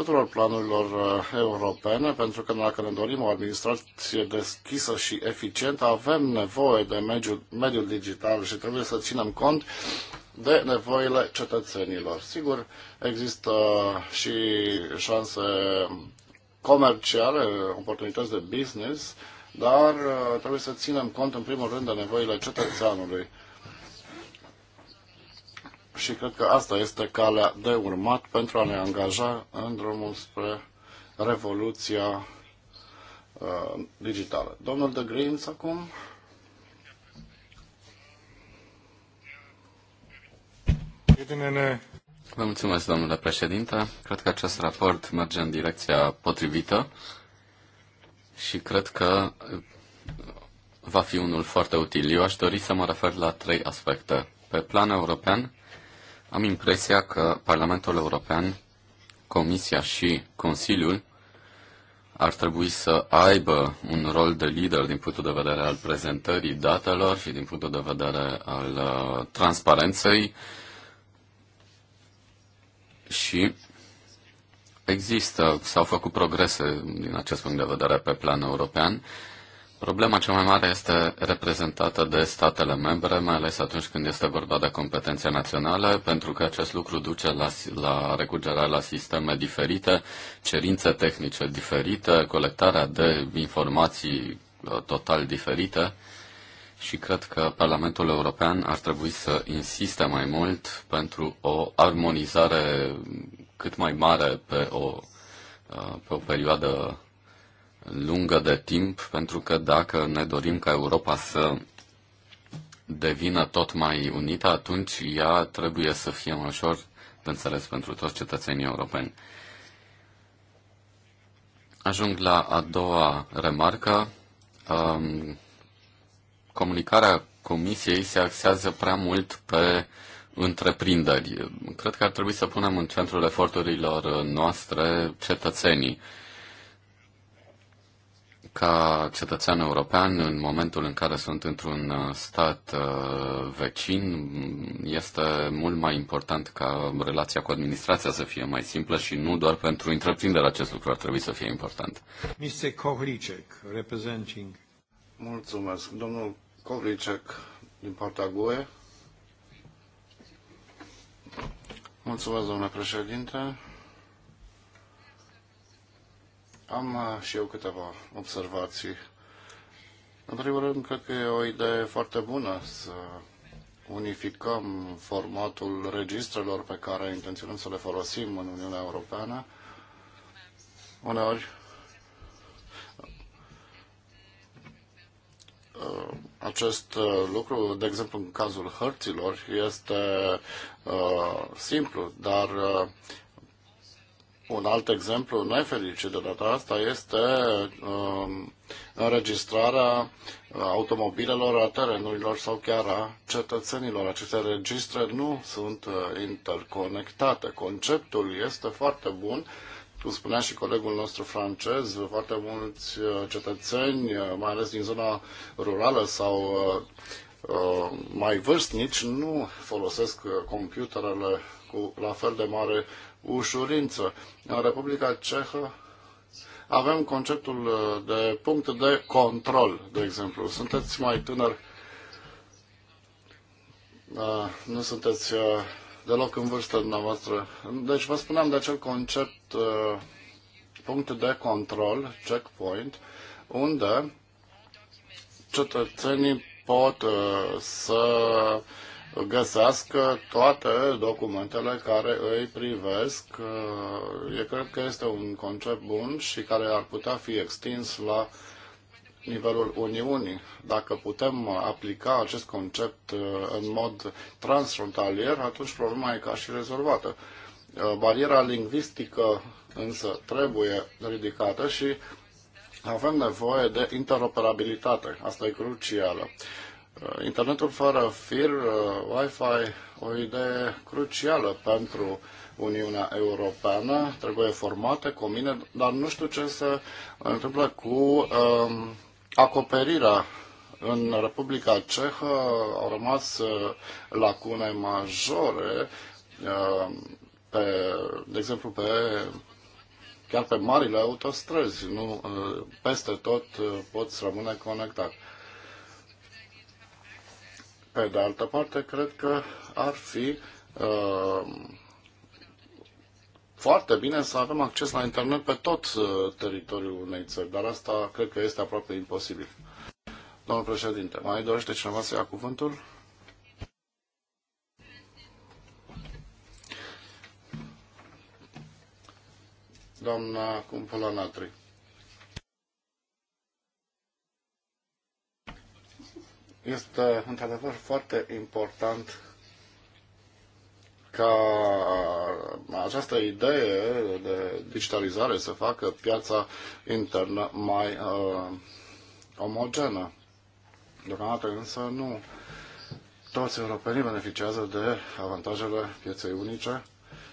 tuturor planurilor uh, europene, pentru că dacă ne dorim o administrație deschisă și eficientă, avem nevoie de mediul, mediul digital și trebuie să ținem cont de nevoile cetățenilor. Sigur, există și șanse comerciale, oportunități de business, dar uh, trebuie să ținem cont în primul rând de nevoile cetățeanului și cred că asta este calea de urmat pentru a ne angaja în drumul spre revoluția uh, digitală. Domnul de Greens acum. Vă mulțumesc, domnule președinte. Cred că acest raport merge în direcția potrivită și cred că uh, va fi unul foarte util. Eu aș dori să mă refer la trei aspecte. Pe plan european, am impresia că Parlamentul European, Comisia și Consiliul ar trebui să aibă un rol de lider din punctul de vedere al prezentării datelor și din punctul de vedere al uh, transparenței și există, s-au făcut progrese din acest punct de vedere pe plan european. Uh, Problema cea mai mare este reprezentată de statele membre, mai ales atunci când este vorba de competențe naționale, pentru că acest lucru duce la, la recurgerea la sisteme diferite, cerințe tehnice diferite, colectarea de informații uh, total diferite și cred că Parlamentul European ar trebui să insiste mai mult pentru o armonizare cât mai mare pe o, uh, pe o perioadă lungă de timp, pentru că dacă ne dorim ca Europa să devină tot mai unită, atunci ea trebuie să fie mai ușor de înțeles pentru toți cetățenii europeni. Ajung la a doua remarcă. Um, comunicarea Comisiei se axează prea mult pe întreprinderi. Cred că ar trebui să punem în centrul eforturilor noastre cetățenii ca cetățean european, în momentul în care sunt într-un uh, stat uh, vecin, este mult mai important ca relația cu administrația să fie mai simplă și nu doar pentru întreprinderea acest lucru ar trebui să fie important. Mr. Kovlicek, representing. Mulțumesc. Domnul Kovlicek, din partea GUE. Mulțumesc, domnule președinte. Am uh, și eu câteva observații. În primul rând, cred că e o idee foarte bună să unificăm formatul registrelor pe care intenționăm să le folosim în Uniunea Europeană. Uneori, uh, acest uh, lucru, de exemplu în cazul hărților, este uh, simplu, dar uh, un alt exemplu nefericit de data asta este uh, înregistrarea automobilelor, a terenurilor sau chiar a cetățenilor. Aceste registre nu sunt uh, interconectate. Conceptul este foarte bun. Cum spunea și colegul nostru francez, foarte mulți uh, cetățeni, uh, mai ales din zona rurală sau mai vârstnici, nu folosesc computerele cu la fel de mare ușurință. În Republica Cehă avem conceptul uh, de punct de control, de exemplu. Sunteți mai tânăr, uh, nu sunteți uh, deloc în vârstă dumneavoastră. Deci vă spuneam de acel concept punct de control, checkpoint, unde cetățenii pot să găsească toate documentele care îi privesc. Uh, Eu cred că este un concept bun și care ar putea fi extins la nivelul Uniunii. Dacă putem aplica acest concept uh, în mod transfrontalier, atunci problema e ca și rezolvată. Uh, bariera lingvistică însă trebuie ridicată și avem nevoie de interoperabilitate. Asta e crucială. Uh, internetul fără fir, uh, Wi-Fi, o idee crucială pentru Uniunea Europeană, trebuie formate comine, dar nu știu ce se întâmplă cu um, acoperirea. În Republica Cehă au rămas uh, lacune majore, um, pe, de exemplu, pe chiar pe marile autostrăzi, nu peste tot poți rămâne conectat. Pe de altă parte, cred că ar fi uh, foarte bine să avem acces la internet pe tot uh, teritoriul unei țări, dar asta cred că este aproape imposibil. Domnul președinte, mai dorește cineva să ia cuvântul? Doamna Cumpăla Natri. este într-adevăr foarte important ca această idee de digitalizare să facă piața internă mai uh, omogenă. Deocamdată însă nu toți europenii beneficiază de avantajele pieței unice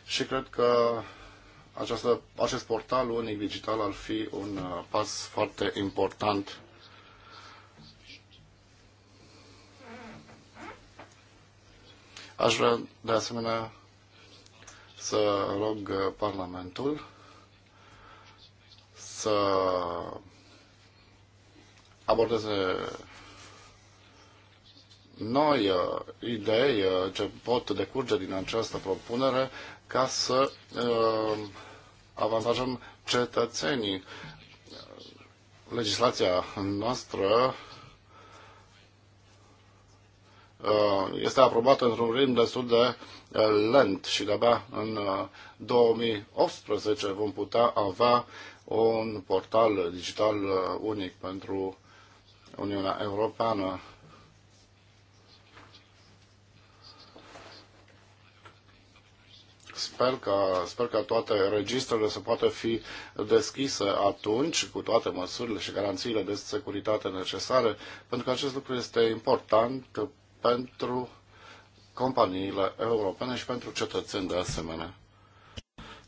și cred că această, acest portal unic digital ar fi un uh, pas foarte important Aș vrea de asemenea să rog uh, Parlamentul să abordeze noi uh, idei uh, ce pot decurge din această propunere ca să avantajăm cetățenii. Legislația noastră Uh, este aprobată într-un ritm destul de uh, lent și de-abia în 2018 uh, vom putea avea un portal digital unic pentru Uniunea Europeană. Sper că, sper că toate registrele se poată fi deschise atunci, cu toate măsurile și garanțiile de securitate necesare, pentru că acest lucru este important pentru companiile europene și pentru cetățeni de asemenea.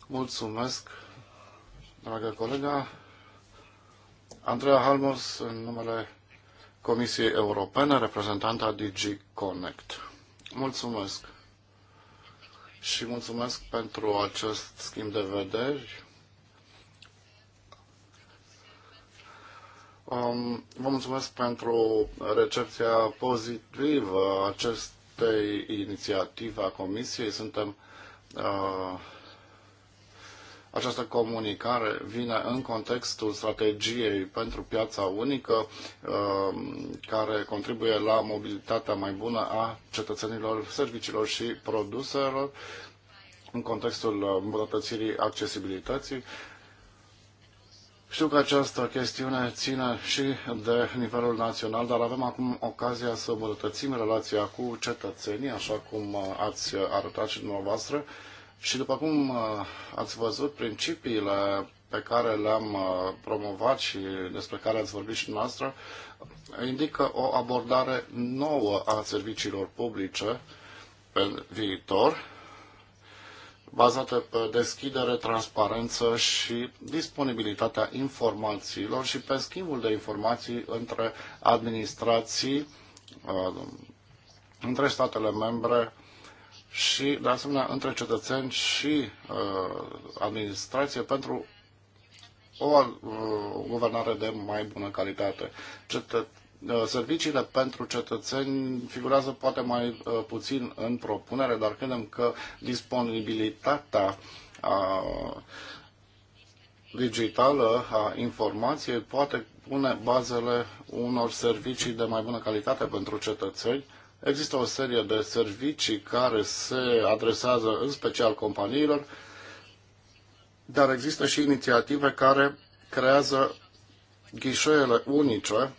Mulțumesc, dragă colega. Andreea Halmos, în numele Comisiei Europene, reprezentanta DG Connect. Mulțumesc și mulțumesc pentru acest schimb de vederi Um, vă mulțumesc pentru recepția pozitivă a acestei inițiative a Comisiei. Suntem uh, această comunicare vine în contextul strategiei pentru piața unică uh, care contribuie la mobilitatea mai bună a cetățenilor, serviciilor și produselor în contextul îmbunătățirii accesibilității. Știu că această chestiune ține și de nivelul național, dar avem acum ocazia să îmbunătățim relația cu cetățenii, așa cum uh, ați arătat și dumneavoastră. Și după cum uh, ați văzut, principiile pe care le-am uh, promovat și despre care ați vorbit și dumneavoastră, indică o abordare nouă a serviciilor publice pe viitor, bazate pe deschidere, transparență și disponibilitatea informațiilor și pe schimbul de informații între administrații, uh, între statele membre și, de asemenea, între cetățeni și uh, administrație pentru uh, o guvernare de mai bună calitate. Cetă- Uh, serviciile pentru cetățeni figurează poate mai uh, puțin în propunere, dar credem că disponibilitatea a uh, digitală a informației poate pune bazele unor servicii de mai bună calitate pentru cetățeni. Există o serie de servicii care se adresează în special companiilor, dar există și inițiative care creează ghișoele unice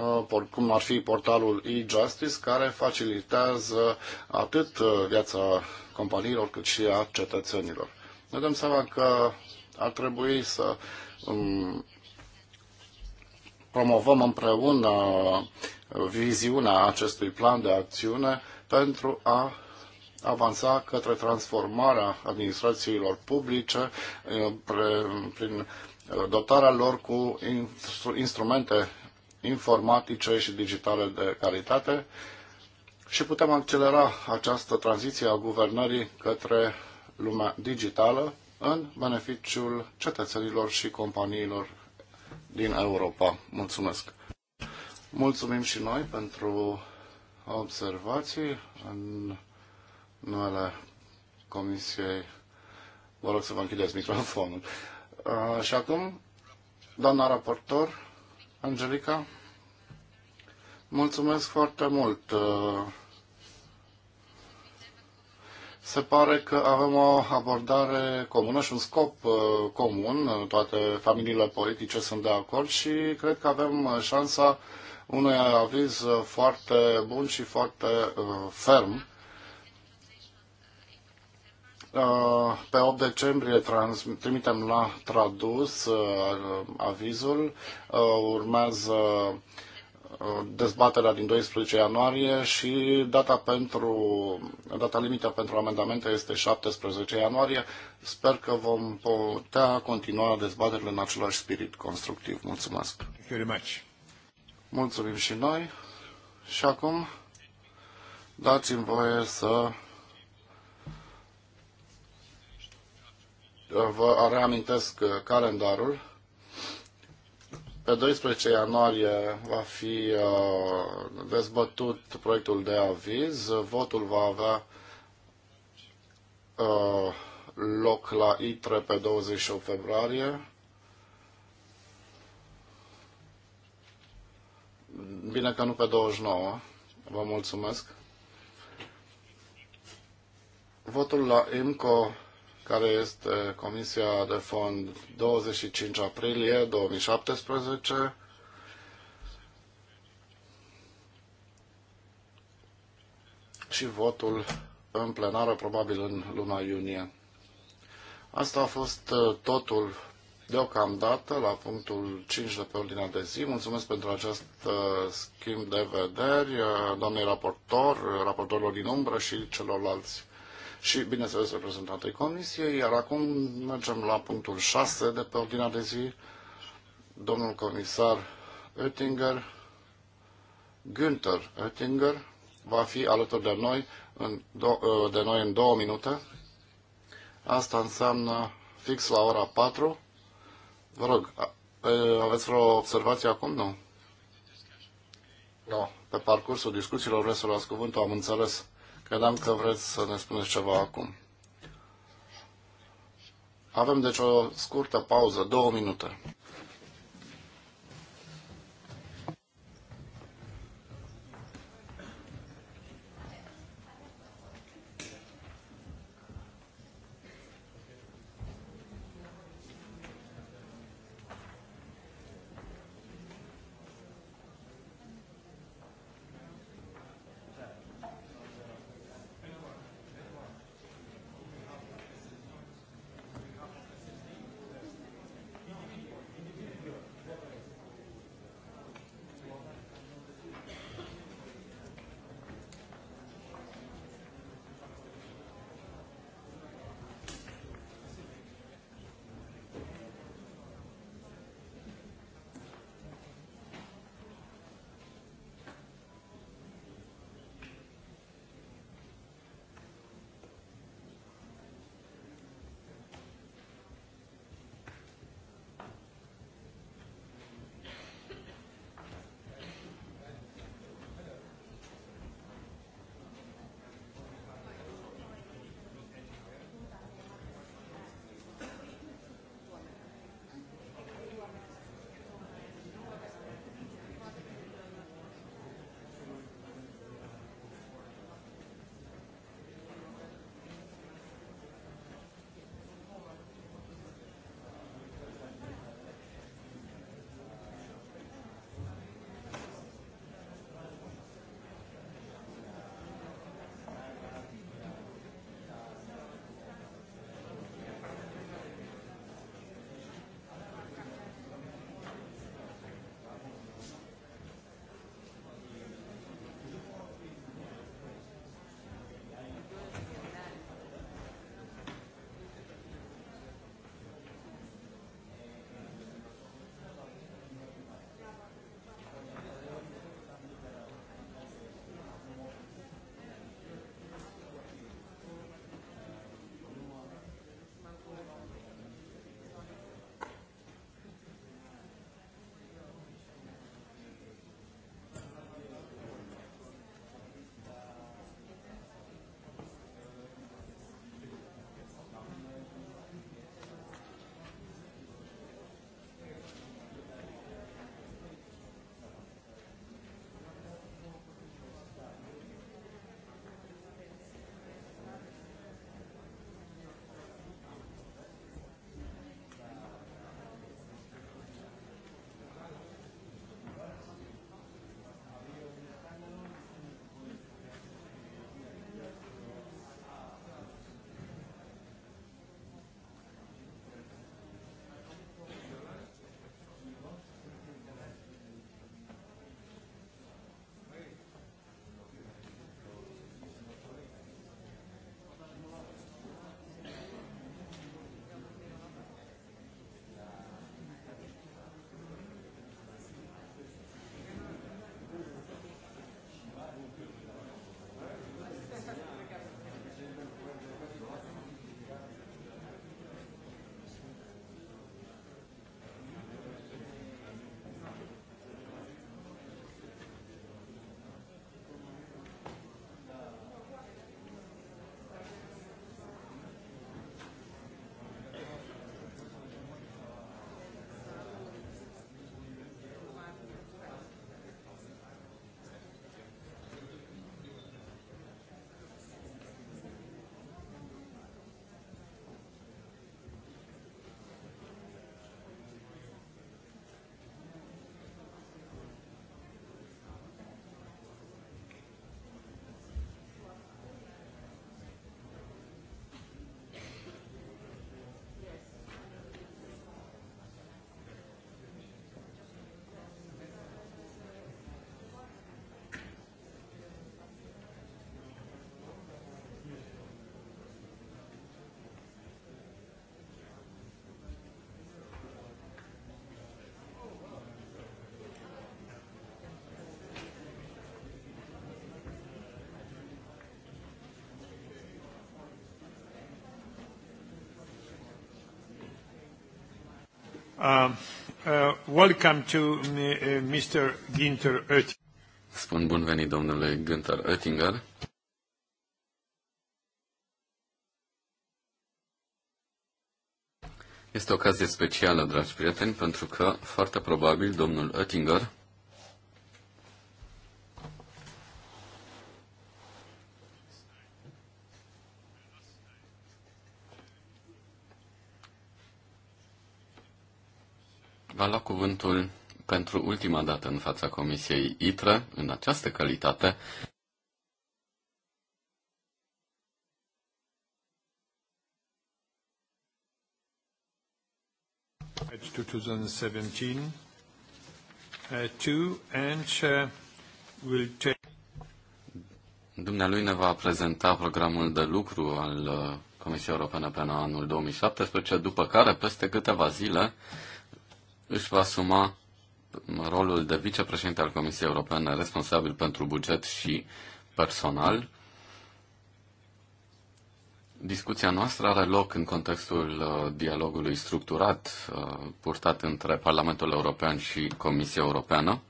Uh, cum ar fi portalul e-justice, care facilitează atât uh, viața companiilor cât și a cetățenilor. Ne dăm seama că ar trebui să um, promovăm împreună viziunea acestui plan de acțiune pentru a avansa către transformarea administrațiilor publice uh, prin dotarea lor cu instrumente informatice și digitale de calitate și putem accelera această tranziție a guvernării către lumea digitală în beneficiul cetățenilor și companiilor din Europa. Mulțumesc! Mulțumim și noi pentru observații în numele Comisiei. Vă rog să vă închideți microfonul. Uh, și acum, doamna raportor, Angelica, mulțumesc foarte mult. Se pare că avem o abordare comună și un scop uh, comun. Toate familiile politice sunt de acord și cred că avem șansa unui aviz foarte bun și foarte uh, ferm Uh, pe 8 decembrie trans, trimitem la tradus uh, avizul, uh, urmează dezbaterea din 12 ianuarie și data, pentru, data limită pentru amendamente este 17 ianuarie. Sper că vom putea continua dezbaterile în același spirit constructiv. Mulțumesc! Mulțumim și noi! Și acum dați-mi voie să Vă reamintesc uh, calendarul. Pe 12 ianuarie va fi uh, dezbătut proiectul de aviz. Votul va avea uh, loc la ITRE pe 28 februarie. Bine că nu pe 29. Vă mulțumesc. Votul la IMCO care este Comisia de Fond 25 aprilie 2017. și votul în plenară probabil în luna iunie. Asta a fost uh, totul deocamdată la punctul 5 de pe ordinea de zi. Mulțumesc pentru acest uh, schimb de vederi, uh, doamnei raportor, raportorilor din umbră și celorlalți și, bineînțeles, reprezentantei Comisiei. Iar acum mergem la punctul 6 de pe ordinea de zi. Domnul comisar Oettinger, Günther Oettinger, va fi alături de noi în, do- ă, de noi în două minute. Asta înseamnă fix la ora 4. Vă rog, aveți vreo observație acum? Nu. Nu. Pe parcursul discuțiilor vreți să luați cuvântul, am înțeles. Credeam că vreți să ne spuneți ceva acum. Avem deci o scurtă pauză, două minute. Um, uh, welcome to Mr. Uh, Günther Oettinger. Spun bun venit, domnule Günther Oettinger. Este o ocazie specială, dragi prieteni, pentru că, foarte probabil, domnul Oettinger în fața Comisiei ITRE în această calitate. to 2017. Uh, two and uh, Dumnealui ne va prezenta programul de lucru al uh, Comisiei Europene până anul 2017, după care, peste câteva zile, își va suma rolul de vicepreședinte al Comisiei Europene responsabil pentru buget și personal. Discuția noastră are loc în contextul uh, dialogului structurat uh, purtat între Parlamentul European și Comisia Europeană.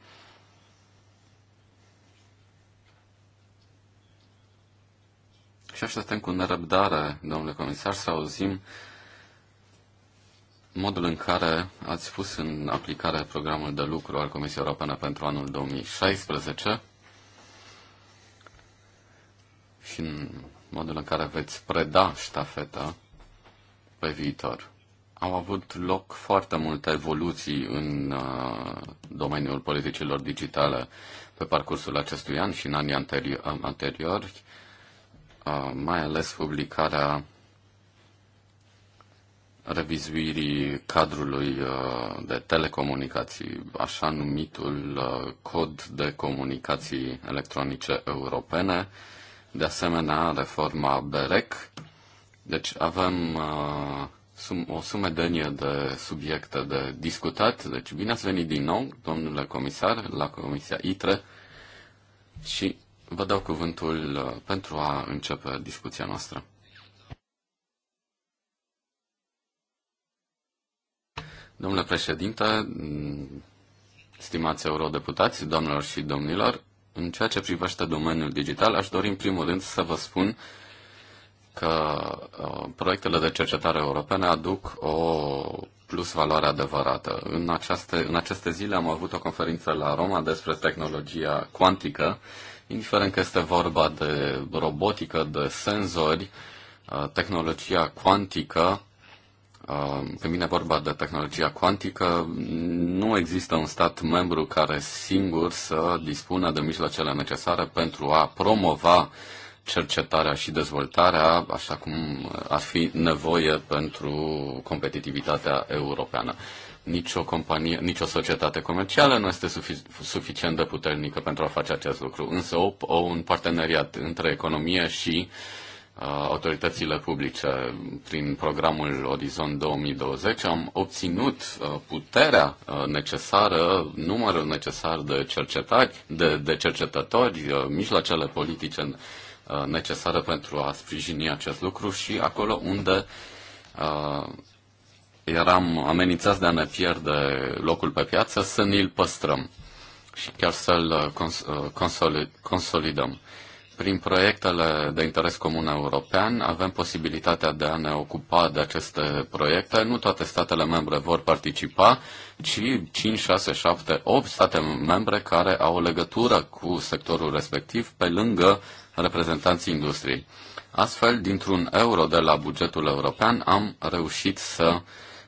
Și așteptăm cu nerăbdare, domnule comisar, să auzim uh, modul în care ați pus în aplicare programul de lucru al Comisiei Europene pentru anul 2016 și în modul în care veți preda ștafeta pe viitor. Au avut loc foarte multe evoluții în uh, domeniul politicilor digitale pe parcursul acestui an și în anii anteriori, anteriori uh, mai ales publicarea revizuirii cadrului uh, de telecomunicații, așa numitul uh, cod de comunicații electronice europene, de asemenea reforma BEREC. Deci avem uh, o sumedenie de subiecte de discutat. Deci bine ați venit din nou, domnule comisar, la Comisia ITRE și vă dau cuvântul pentru a începe discuția noastră. Domnule președinte, stimați eurodeputați, doamnelor și domnilor, în ceea ce privește domeniul digital, aș dori în primul rând să vă spun că uh, proiectele de cercetare europene aduc o plus valoare adevărată. În aceste, în aceste zile am avut o conferință la Roma despre tehnologia cuantică, indiferent că este vorba de robotică, de senzori, uh, tehnologia cuantică Uh, când vine vorba de tehnologia cuantică, nu există un stat membru care singur să dispună de mijloacele necesare pentru a promova cercetarea și dezvoltarea, așa cum ar fi nevoie pentru competitivitatea europeană. Nici o companie, nici o societate comercială nu este sufic- suficient de puternică pentru a face acest lucru, însă o, o, un parteneriat între economie și uh, autoritățile publice prin programul Orizont 2020 am obținut puterea necesară, numărul necesar de cercetari, de, de cercetători, mijloacele politice necesare pentru a sprijini acest lucru și acolo unde eram amenințați de a ne pierde locul pe piață, să ni-l păstrăm și chiar să-l consolidăm. Prin proiectele de interes comun european avem posibilitatea de a ne ocupa de aceste proiecte. Nu toate statele membre vor participa, ci 5, 6, 7, 8 state membre care au o legătură cu sectorul respectiv pe lângă reprezentanții industriei. Astfel, dintr-un euro de la bugetul european am reușit să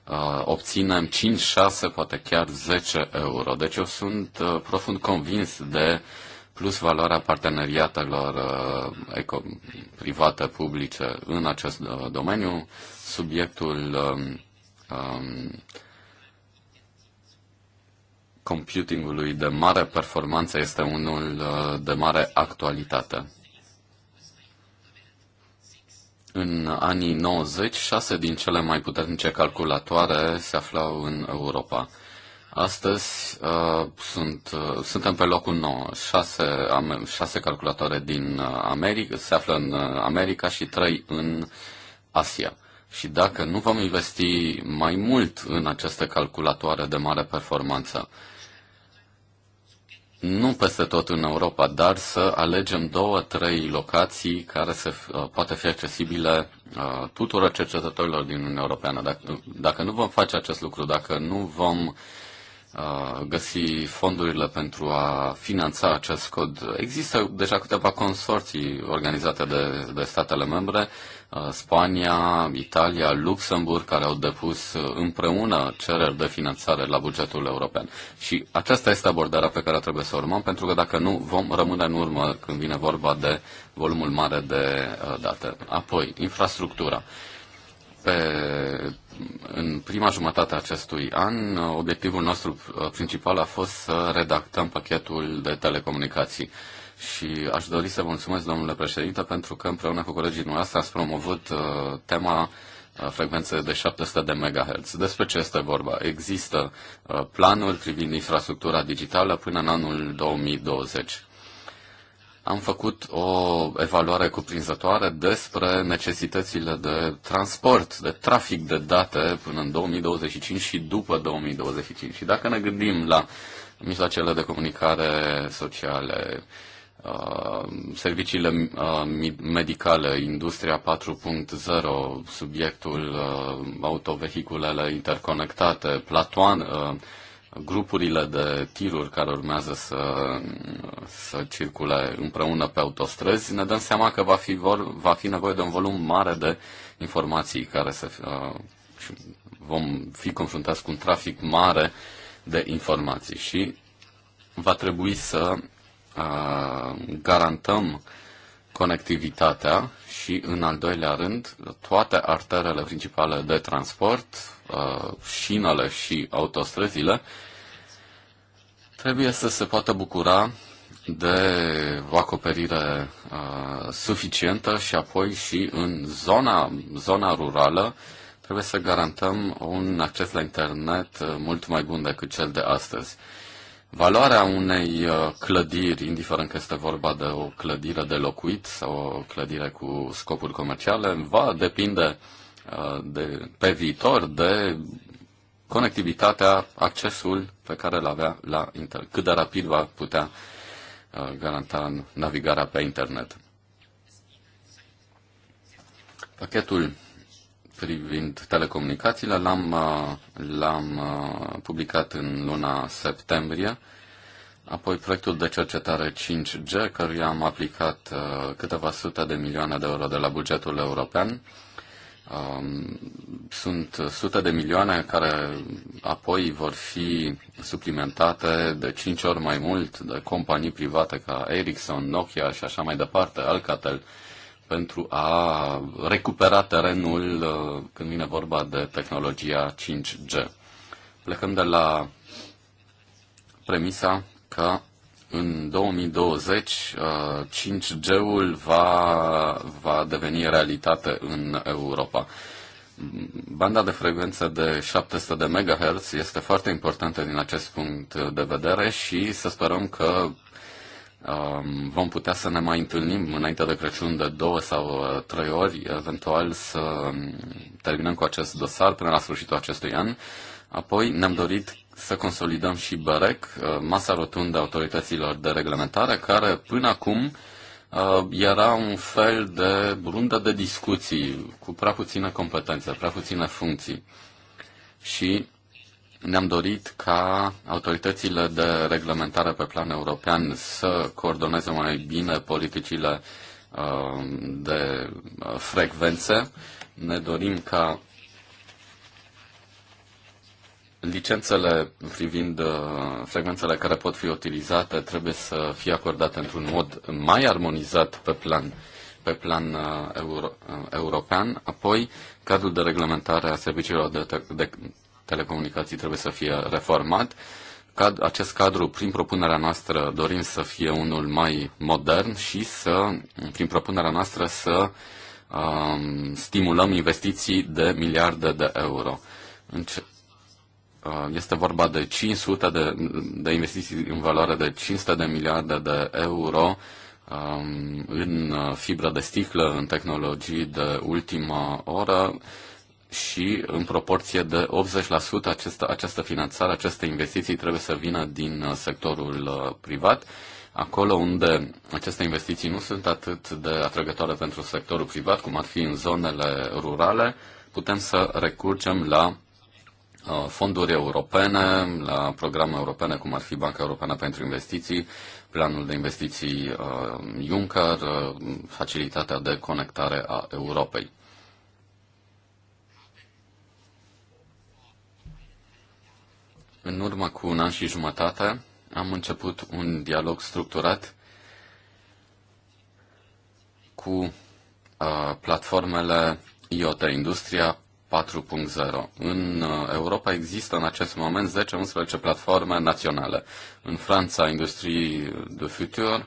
uh, obținem 5, 6, poate chiar 10 euro. Deci eu sunt uh, profund convins de uh, plus valoarea parteneriatelor uh, eco- private publice în acest uh, domeniu, subiectul um, um, computingului de mare performanță este unul uh, de mare actualitate. În anii 90, șase din cele mai puternice calculatoare se aflau în Europa. Astăzi uh, sunt, uh, suntem pe locul 9. Șase am, șase calculatoare din uh, America, se află în uh, America și trei în Asia. Și dacă nu vom investi mai mult în aceste calculatoare de mare performanță, nu peste tot în Europa, dar să alegem două, trei locații care să uh, poate fi accesibile tuturor cercetătorilor din Uniunea Europeană. Dacă, dacă nu vom face acest lucru, dacă nu vom găsi fondurile pentru a finanța acest cod. Există deja câteva consorții organizate de, de statele membre, Spania, Italia, Luxemburg, care au depus împreună cereri de finanțare la bugetul european. Și aceasta este abordarea pe care trebuie să o urmăm, pentru că dacă nu, vom rămâne în urmă când vine vorba de volumul mare de date. Apoi, infrastructura pe, în prima jumătate a acestui an, obiectivul nostru uh, principal a fost să redactăm pachetul de telecomunicații. Și aș dori să vă mulțumesc, domnule președinte, pentru că împreună cu colegii noastre ați promovat uh, tema uh, frecvențe de 700 de MHz. Despre ce este vorba? Există uh, planuri privind infrastructura digitală până în anul 2020 am făcut o evaluare cuprinzătoare despre necesitățile de transport, de trafic de date până în 2025 și după 2025. Și dacă ne gândim la mijloacele de comunicare sociale, uh, serviciile uh, medicale, industria 4.0, subiectul uh, autovehiculele interconectate, platoane, grupurile de tiruri care urmează să, să circule împreună pe autostrăzi, ne dăm seama că va fi, vor, va fi nevoie de un volum mare de informații care să uh, vom fi confruntați cu un trafic mare de informații și va trebui să uh, garantăm conectivitatea și, în al doilea rând, toate arterele principale de transport Uh, șinele și autostrăzile, trebuie să se poată bucura de o acoperire uh, suficientă și apoi și în zona, zona rurală trebuie să garantăm un acces la internet uh, mult mai bun decât cel de astăzi. Valoarea unei uh, clădiri, indiferent că este vorba de o clădire de locuit sau o clădire cu scopuri comerciale, va depinde uh, Uh, de, pe viitor de conectivitatea, accesul pe care îl avea la internet, cât de rapid va putea uh, garanta navigarea pe internet. Pachetul privind telecomunicațiile l-am, uh, l-am publicat în luna septembrie, apoi proiectul de cercetare 5G, căruia am aplicat câteva sute de milioane de euro de la bugetul european, Um, sunt sute de milioane care apoi vor fi suplimentate de cinci ori mai mult de companii private ca Ericsson, Nokia și așa mai departe, Alcatel, pentru a recupera terenul uh, când vine vorba de tehnologia 5G. Plecăm de la premisa că în 2020 5G-ul uh, va, va deveni realitate în Europa. Banda de frecvență de 700 de MHz este foarte importantă din acest punct de vedere și să sperăm că um, vom putea să ne mai întâlnim înainte de Crăciun de două sau uh, trei ori, eventual să um, terminăm cu acest dosar până la sfârșitul acestui an. Apoi ne-am dorit să consolidăm și BEREC, uh, masa rotundă a autorităților de reglementare, care până acum uh, era un fel de rundă de discuții cu prea puțină competență, prea puține funcții. Și ne-am dorit ca autoritățile de reglementare pe plan european să coordoneze mai bine politicile uh, de frecvențe. Ne dorim ca licențele privind uh, frecvențele care pot fi utilizate trebuie să fie acordate într-un mod mai armonizat pe plan pe plan uh, euro, uh, european, apoi cadrul de reglementare a serviciilor de, te- de telecomunicații trebuie să fie reformat. Cad- acest cadru, prin propunerea noastră, dorim să fie unul mai modern și să, prin propunerea noastră, să um, stimulăm investiții de miliarde de euro. Înce- Uh, este vorba de 500 de, de investiții în valoare de 500 de miliarde de euro um, în uh, fibră de sticlă, în tehnologii de ultimă oră și în proporție de 80% această, această finanțare, aceste investiții trebuie să vină din uh, sectorul privat, acolo unde aceste investiții nu sunt atât de atrăgătoare pentru sectorul privat, cum ar fi în zonele rurale, putem să recurgem la Uh, fonduri europene, la programe europene, cum ar fi Banca Europeană pentru Investiții, planul de investiții uh, Juncker, uh, facilitatea de conectare a Europei. În urmă cu un an și jumătate am început un dialog structurat cu uh, platformele IoT, industria 4.0. În uh, Europa există în acest moment 10-11 platforme naționale. În Franța, Industrie de Futur,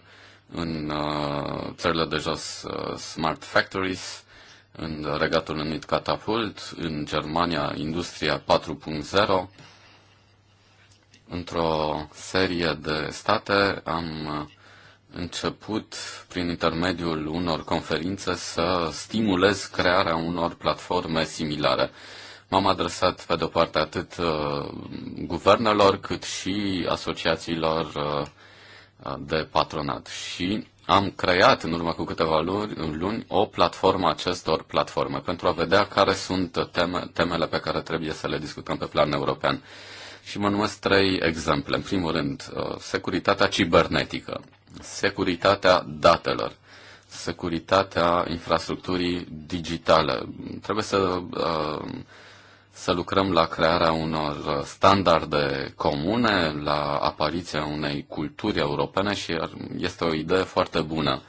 în uh, țările de jos uh, Smart Factories, în Regatul Unit Catapult, în Germania Industria 4.0. Într-o serie de state am început, prin intermediul unor conferințe, să stimulez crearea unor platforme similare. M-am adresat, pe de-o parte, atât uh, guvernelor, cât și asociațiilor uh, de patronat. Și am creat, în urmă cu câteva luni, o platformă acestor platforme pentru a vedea care sunt teme, temele pe care trebuie să le discutăm pe plan european. Și mă numesc trei exemple. În primul rând, uh, securitatea cibernetică securitatea datelor, securitatea infrastructurii digitale. Trebuie să, uh, să lucrăm la crearea unor standarde comune, la apariția unei culturi europene și este o idee foarte bună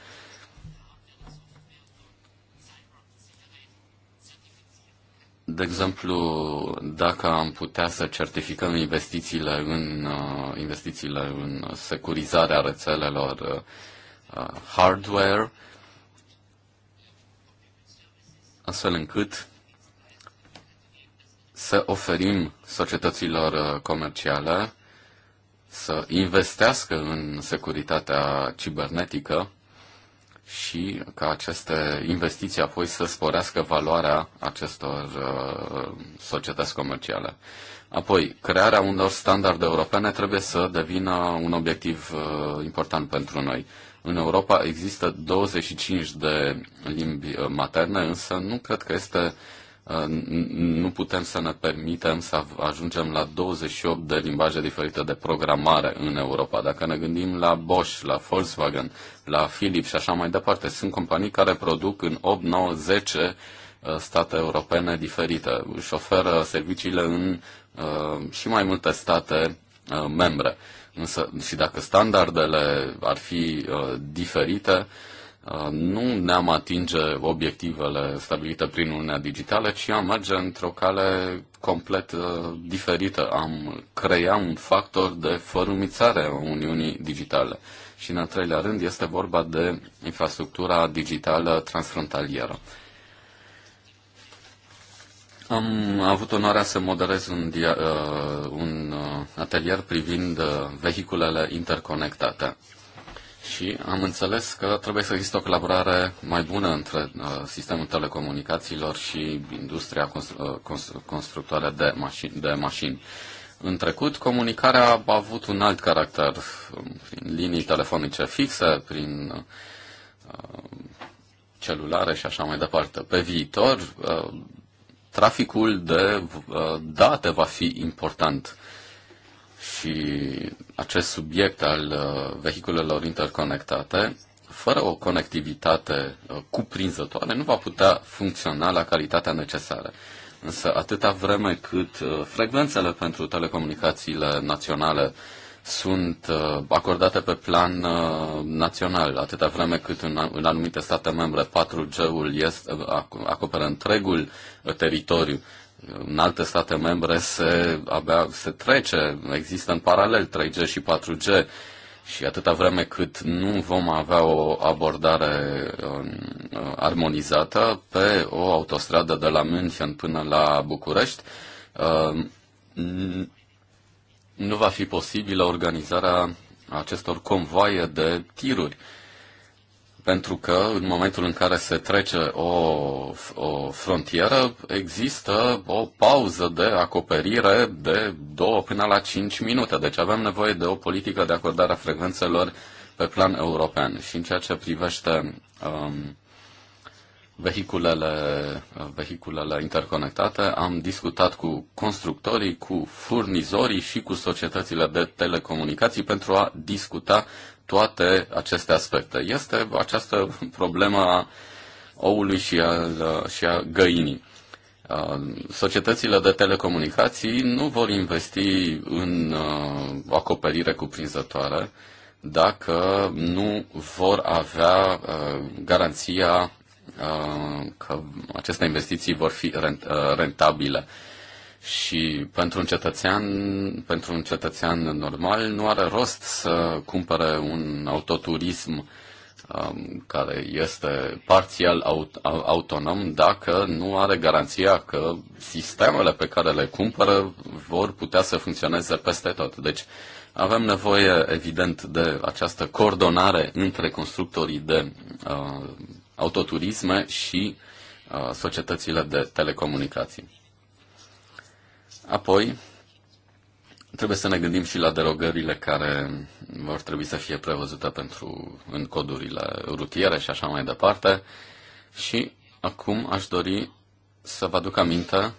De exemplu, dacă am putea să certificăm investițiile în, uh, investițiile în securizarea rețelelor uh, hardware, astfel încât să oferim societăților uh, comerciale să investească în securitatea cibernetică și ca aceste investiții apoi să sporească valoarea acestor uh, societăți comerciale. Apoi, crearea unor standarde europene trebuie să devină un obiectiv uh, important pentru noi. În Europa există 25 de limbi uh, materne, însă nu cred că este uh, Uh, nu putem să ne permitem să ajungem la 28 de limbaje diferite de programare în Europa. Dacă ne gândim la Bosch, la Volkswagen, la Philips și așa mai departe, sunt companii care produc în 8, 9, 10 state europene diferite. Își oferă serviciile în uh, și mai multe state uh, membre. Însă, și dacă standardele ar fi diferite, Uh, nu ne-am atinge obiectivele stabilite prin Uniunea Digitală, ci am merge într-o cale complet uh, diferită. Am crea un factor de fărâmițare a Uniunii Digitale. Și în al treilea rând este vorba de infrastructura digitală transfrontalieră. Am avut onoarea să moderez un, dia- uh, un atelier privind vehiculele interconectate și am înțeles că trebuie să există o colaborare mai bună între uh, sistemul telecomunicațiilor și industria constru- uh, constru- constructoare de, mașini, de mașini. În trecut, comunicarea a avut un alt caracter, um, prin linii telefonice fixe, prin uh, celulare și așa mai departe. Pe viitor, uh, traficul de uh, date va fi important și acest subiect al uh, vehiculelor interconectate, fără o conectivitate uh, cuprinzătoare, nu va putea funcționa la calitatea necesară. Însă atâta vreme cât uh, frecvențele pentru telecomunicațiile naționale sunt acordate pe plan național, atâta vreme cât în anumite state membre 4G-ul este, acoperă întregul teritoriu, în alte state membre se, abia, se trece, există în paralel 3G și 4G și atâta vreme cât nu vom avea o abordare um, uh, armonizată pe o autostradă de la München până la București, uh, nu va fi posibilă organizarea acestor convoaie de tiruri. Uh, pentru că în momentul în care se trece o, o frontieră există o pauză de acoperire de 2 până la 5 minute. Deci avem nevoie de o politică de acordare a frecvențelor pe plan european. Și în ceea ce privește um, vehiculele, vehiculele interconectate, am discutat cu constructorii, cu furnizorii și cu societățile de telecomunicații pentru a discuta toate aceste aspecte. Este această problemă a oului și a, și a găinii. Uh, societățile de telecomunicații nu vor investi în uh, acoperire cuprinzătoare dacă nu vor avea uh, garanția că aceste investiții vor fi rentabile. Și pentru un cetățean, pentru un cetățean normal, nu are rost să cumpere un autoturism um, care este parțial aut- autonom dacă nu are garanția că sistemele pe care le cumpără vor putea să funcționeze peste tot. Deci avem nevoie, evident, de această coordonare între constructorii de uh, autoturisme și uh, societățile de telecomunicații. Apoi, trebuie să ne gândim și la derogările care vor trebui să fie prevăzute pentru în codurile rutiere și așa mai departe. Și acum aș dori să vă aduc aminte,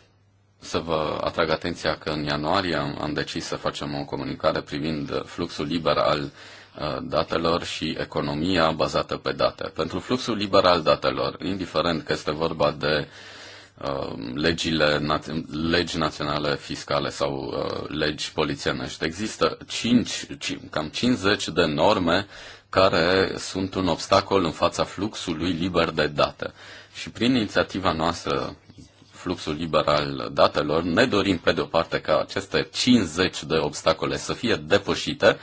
să vă atrag atenția că în ianuarie am, am decis să facem o comunicare privind fluxul liber al uh, datelor și economia bazată pe date. Pentru fluxul liber al datelor, indiferent că este vorba de uh, Um, legile, na- legi naționale fiscale sau uh, legi polițienești. Există 5, 5, cam 50 de norme care sunt un obstacol în fața fluxului liber de date. Și prin inițiativa noastră, fluxul liber al datelor, ne dorim pe de o parte ca aceste 50 de obstacole să fie depășite.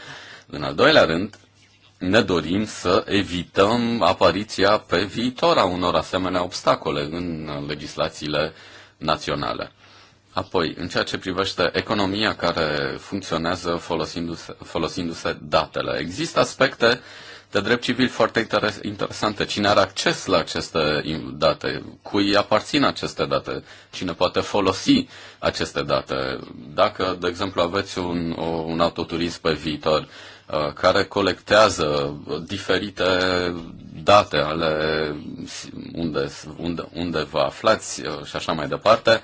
În al doilea rând, ne dorim să evităm apariția pe viitor a unor asemenea obstacole în legislațiile naționale. Apoi, în ceea ce privește economia care funcționează folosindu-se, folosindu-se datele, există aspecte de drept civil foarte interesante. Cine are acces la aceste date? Cui aparțin aceste date? Cine poate folosi aceste date? Dacă, de exemplu, aveți un, un autoturism pe viitor, Uh, care colectează diferite date ale unde, unde, unde vă aflați uh, și așa mai departe.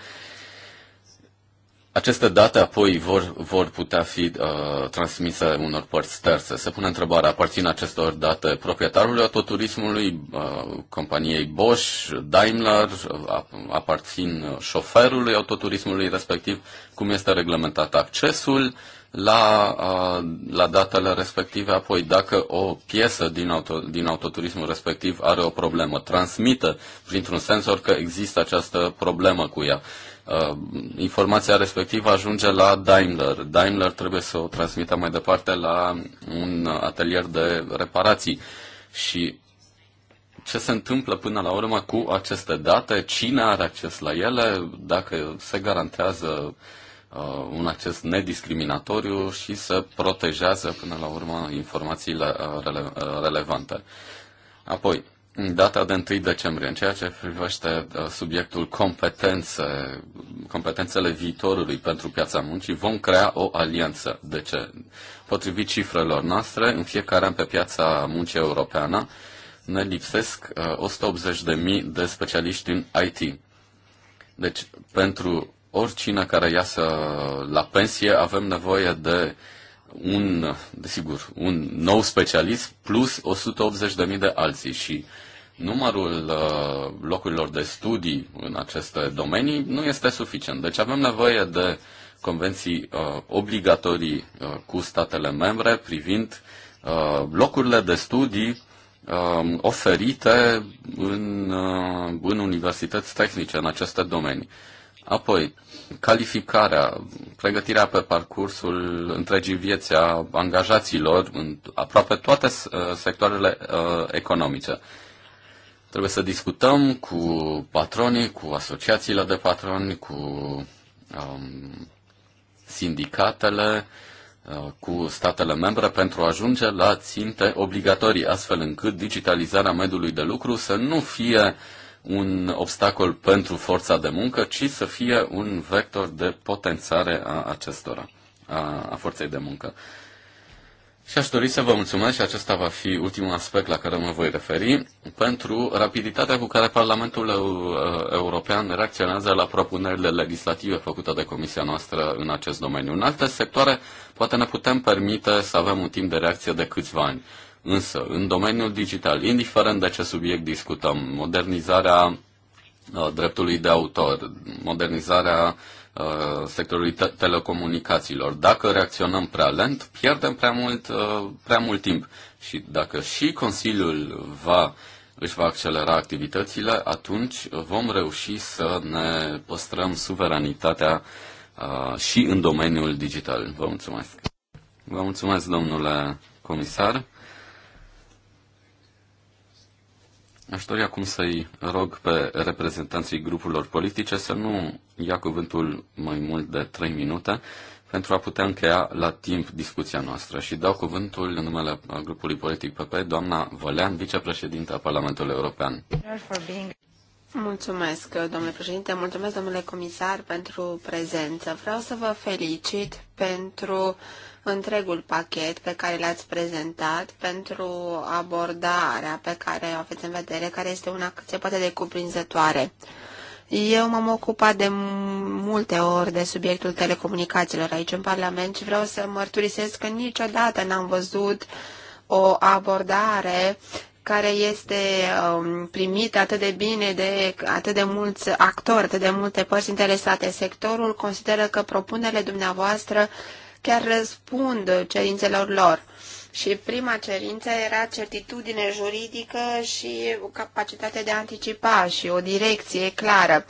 Aceste date apoi vor, vor putea fi uh, transmise unor părți terțe. Se pune întrebarea, aparțin acestor date proprietarului autoturismului, uh, companiei Bosch, Daimler, uh, aparțin șoferului autoturismului respectiv, cum este reglementat accesul, uh, la, la datele respective, apoi dacă o piesă din, auto, din autoturismul respectiv are o problemă, transmită printr-un sensor că există această problemă cu ea. Informația respectivă ajunge la Daimler. Daimler trebuie să o transmită mai departe la un atelier de reparații. Și ce se întâmplă până la urmă cu aceste date, cine are acces la ele, dacă se garantează uh, uh, un acces nediscriminatoriu și să protejează până la urmă informațiile uh, rele- uh, relevante. Apoi, data de 1 decembrie, în ceea ce privește uh, subiectul competențe, competențele viitorului pentru piața muncii, vom crea o alianță. De ce? Potrivit cifrelor noastre, în fiecare an pe piața muncii europeană ne lipsesc 180.000 de specialiști în IT. Deci, pentru oricine care iasă la pensie, avem nevoie de un, desigur, un nou specialist plus 180.000 de alții și numărul uh, locurilor de studii în aceste domenii nu este suficient. Deci avem nevoie de convenții uh, obligatorii uh, cu statele membre privind locurile de studii um, oferite în, în universități tehnice în aceste domenii. Apoi, calificarea, pregătirea pe parcursul întregii vieți a angajaților în aproape toate uh, sectoarele uh, economice. Trebuie să discutăm cu patronii, cu asociațiile de patroni, cu um, sindicatele, uh, cu statele membre pentru a ajunge la ținte obligatorii, astfel încât digitalizarea mediului de lucru să nu fie uh, un obstacol pentru forța de muncă, ci să fie un vector de potențare a acestora, a, a forței de muncă. Și aș dori să vă mulțumesc, și acesta va fi ultimul aspect la care mă voi referi, pentru rapiditatea cu care Parlamentul uh, European reacționează la propunerile legislative făcute de Comisia noastră în acest domeniu. În alte sectoare, poate ne putem permite să avem un timp de reacție de câțiva ani. Însă, în domeniul digital, indiferent de ce subiect discutăm, modernizarea uh, dreptului de autor, modernizarea uh, sectorului te- telecomunicațiilor. Dacă reacționăm prea lent, pierdem prea mult, uh, prea mult timp. Și dacă și Consiliul va, își va accelera activitățile, atunci vom reuși să ne păstrăm suveranitatea și în domeniul digital. Vă mulțumesc. Vă mulțumesc, domnule comisar. Aș dori acum să-i rog pe reprezentanții grupurilor politice să nu ia cuvântul mai mult de 3 minute pentru a putea încheia la timp discuția noastră. Și dau cuvântul în numele grupului politic PP, doamna Vălean, a Parlamentului European. Mulțumesc, domnule președinte, mulțumesc, domnule comisar, pentru prezență. Vreau să vă felicit pentru uh, întregul pachet pe care l-ați prezentat pentru abordarea pe care o aveți în vedere, care este una cât se poate de cuprinzătoare. Eu m-am ocupat de multe ori de subiectul telecomunicațiilor aici în Parlament și vreau să mărturisesc că niciodată n-am văzut o abordare care este um, primită atât de bine de atât de mulți actori, atât de multe părți interesate. Sectorul consideră că propunerile dumneavoastră chiar răspund cerințelor lor. Și prima cerință era certitudine juridică și capacitatea de a anticipa și o direcție clară.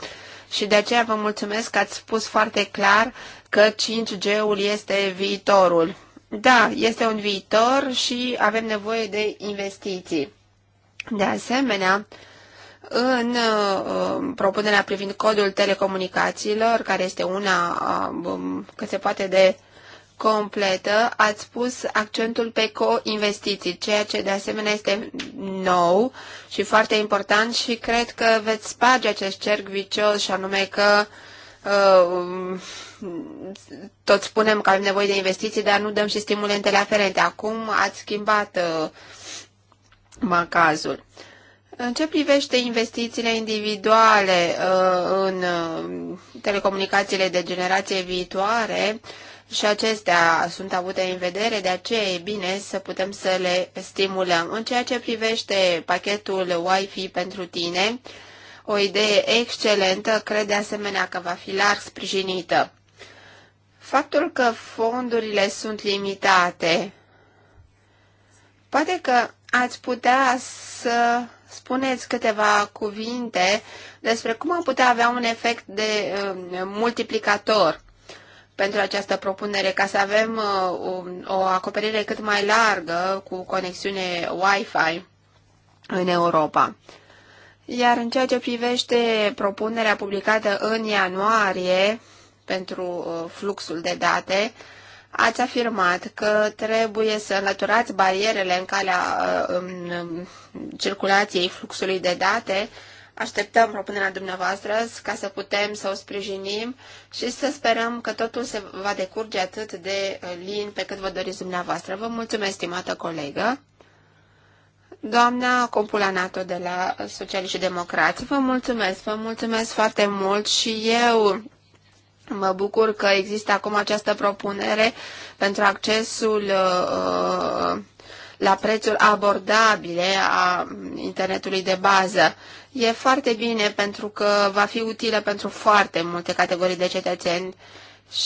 Și de aceea vă mulțumesc că ați spus foarte clar că 5G-ul este viitorul. Da, este un viitor și avem nevoie de investiții. De asemenea, în uh, propunerea privind codul telecomunicațiilor, care este una uh, um, cât se poate de completă, ați pus accentul pe co-investiții, ceea ce de asemenea este nou și foarte important și cred că veți sparge acest cerc vicios și anume că uh, tot spunem că avem nevoie de investiții, dar nu dăm și stimulentele aferente. Acum ați schimbat uh, cazul. În ce privește investițiile individuale uh, în uh, telecomunicațiile de generație viitoare, uh, și acestea sunt avute în vedere, de aceea e bine să putem să le stimulăm. În ceea ce privește pachetul Wi-Fi pentru tine, o idee excelentă, cred de asemenea că va fi larg sprijinită. Faptul că fondurile sunt limitate, poate că ați putea să spuneți câteva cuvinte despre cum am putea avea un efect de uh, multiplicator pentru această propunere, ca să avem uh, o acoperire cât mai largă cu conexiune Wi-Fi în Europa. Iar în ceea ce privește propunerea publicată în ianuarie pentru uh, fluxul de date, ați afirmat că trebuie să înlăturați barierele în calea uh, în circulației fluxului de date Așteptăm propunerea dumneavoastră ca să putem să o sprijinim și să sperăm că totul se va decurge atât de uh, lin pe cât vă doriți dumneavoastră. Vă mulțumesc, estimată colegă. Doamna Compulanato de la Socialiști și Democrați, vă mulțumesc, vă mulțumesc foarte mult și eu Mă bucur că există acum această propunere pentru accesul uh, uh la prețuri abordabile a internetului de bază e foarte bine pentru că va fi utilă pentru foarte multe categorii de cetățeni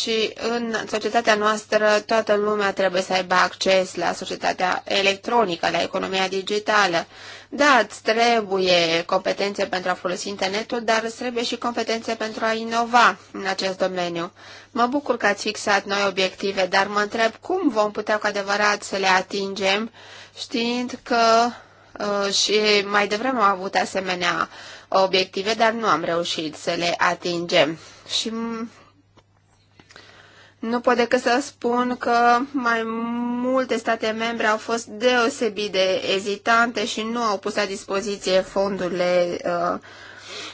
și în societatea noastră toată lumea trebuie să aibă acces la societatea electronică, la economia digitală. Da, îți trebuie competențe pentru a folosi internetul, dar îți trebuie și competențe pentru a inova în acest domeniu. Mă bucur că ați fixat noi obiective, dar mă întreb cum vom putea cu adevărat să le atingem știind că Uh, și mai devreme am avut asemenea obiective, dar nu am reușit să le atingem. Și nu pot decât să spun că mai multe state membre au fost deosebit de ezitante și nu au pus la dispoziție fondurile uh,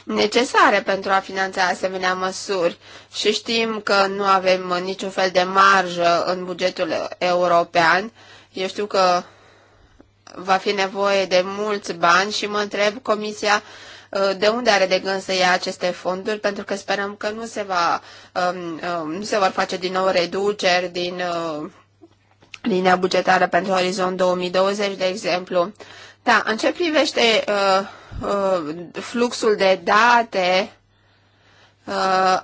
necesare pentru a finanța asemenea măsuri și știm că nu avem niciun fel de marjă în bugetul european. Eu știu că va fi nevoie de mulți bani și mă întreb Comisia uh, de unde are de gând să ia aceste fonduri, pentru că sperăm că nu se, va, um, um, nu se vor face din nou reduceri din uh, linia bugetară pentru Orizont 2020, de exemplu. Da, în ce privește uh, fluxul de date,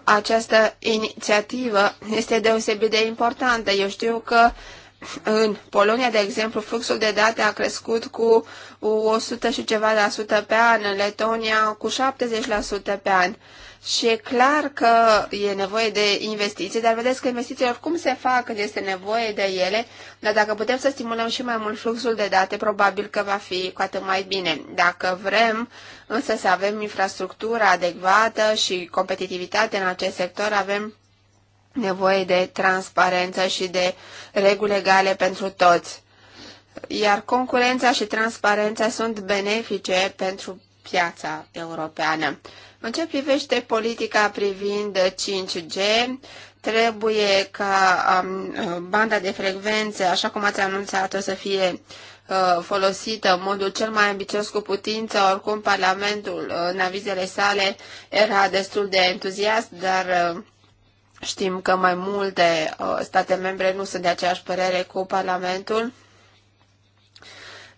această inițiativă este deosebit de importantă. Eu știu că în Polonia, de exemplu, fluxul de date a crescut cu 100 și ceva la sută pe an, în Letonia cu 70% pe an. Și e clar că e nevoie de investiții, dar vedeți că investițiile oricum se fac când este nevoie de ele, dar dacă putem să stimulăm și mai mult fluxul de date, probabil că va fi cu atât mai bine. Dacă vrem însă să avem infrastructura adecvată și competitivitate în acest sector, avem nevoie de transparență și de reguli egale pentru toți. Iar concurența și transparența sunt benefice pentru piața europeană. În ce privește politica privind 5G, trebuie ca um, banda de frecvențe, așa cum ați anunțat-o, să fie uh, folosită în modul cel mai ambicios cu putință. Oricum, Parlamentul, uh, în avizele sale, era destul de entuziast, dar uh, Știm că mai multe uh, state membre nu sunt de aceeași părere cu Parlamentul.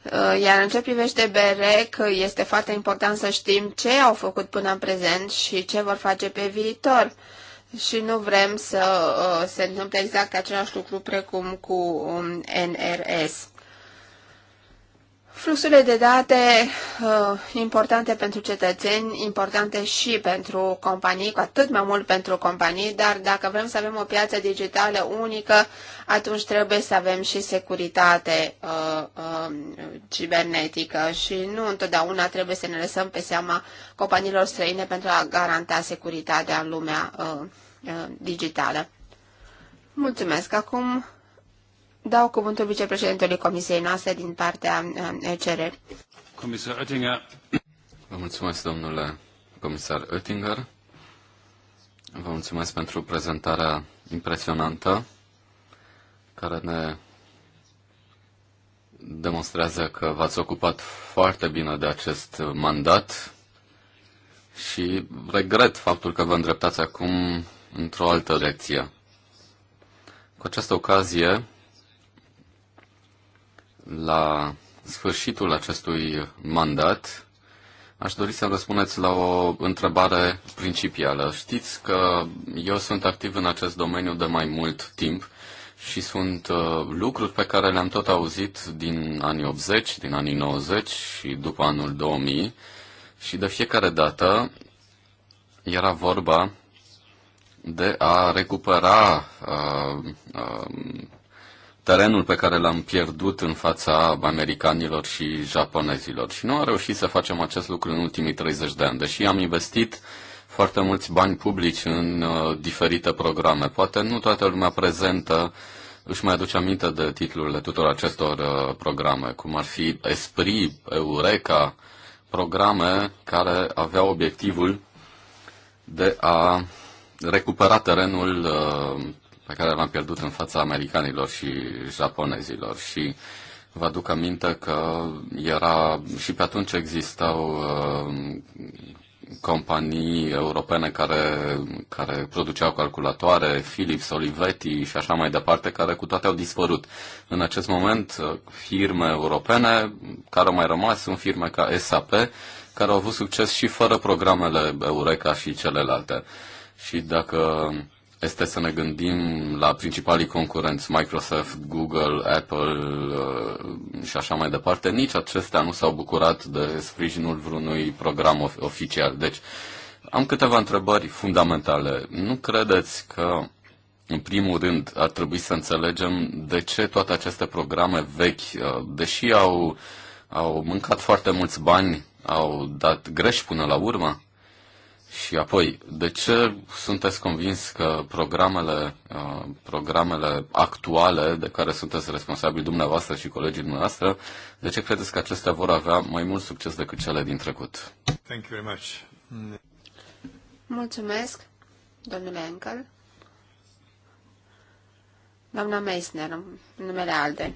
Uh, iar în ce privește BEREC, este foarte important să știm ce au făcut până în prezent și ce vor face pe viitor. Și nu vrem să uh, se întâmple exact același lucru precum cu um, NRS. Fluxurile de date uh, importante pentru cetățeni, importante și pentru companii, cu atât mai mult pentru companii, dar dacă vrem să avem o piață digitală unică, atunci trebuie să avem și securitate uh, uh, cibernetică și nu întotdeauna trebuie să ne lăsăm pe seama companiilor străine pentru a garanta securitatea în lumea uh, uh, digitală. Mulțumesc! Acum Dau cuvântul vicepreședintelui Comisiei noastre din partea uh, ECR. Comisar Oettinger. Vă mulțumesc, domnule comisar Oettinger. Vă mulțumesc pentru prezentarea impresionantă care ne demonstrează că v-ați ocupat foarte bine de acest mandat și regret faptul că vă îndreptați acum într-o altă lecție. Cu această ocazie la sfârșitul acestui mandat, aș dori să răspundeți la o întrebare principială. Știți că eu sunt activ în acest domeniu de mai mult timp și sunt uh, lucruri pe care le-am tot auzit din anii 80, din anii 90 și după anul 2000 și de fiecare dată era vorba de a recupera uh, uh, terenul pe care l-am pierdut în fața americanilor și japonezilor. Și nu am reușit să facem acest lucru în ultimii 30 de ani, deși am investit foarte mulți bani publici în uh, diferite programe. Poate nu toată lumea prezentă își mai aduce aminte de titlurile tuturor acestor uh, programe, cum ar fi ESPRI, Eureka, programe care aveau obiectivul de a recupera terenul uh, pe care l-am pierdut în fața americanilor și japonezilor și vă aduc aminte că era și pe atunci existau uh, companii europene care, care produceau calculatoare, Philips, Olivetti și așa mai departe, care cu toate au dispărut. În acest moment, uh, firme europene care au mai rămas sunt firme ca SAP, care au avut succes și fără programele Eureka și celelalte. Și dacă este să ne gândim la principalii concurenți, Microsoft, Google, Apple uh, și așa mai departe, nici acestea nu s-au bucurat de sprijinul vreunui program of- oficial. Deci, am câteva întrebări fundamentale. Nu credeți că, în primul rând, ar trebui să înțelegem de ce toate aceste programe vechi, uh, deși au, au mâncat foarte mulți bani, au dat greș până la urmă? Și apoi, de ce sunteți convins că programele, uh, programele actuale de care sunteți responsabili dumneavoastră și colegii dumneavoastră, de ce credeți că acestea vor avea mai mult succes decât cele din trecut? Thank you very much. Mulțumesc, domnule Enkel. Doamna Meisner, numele ALDE.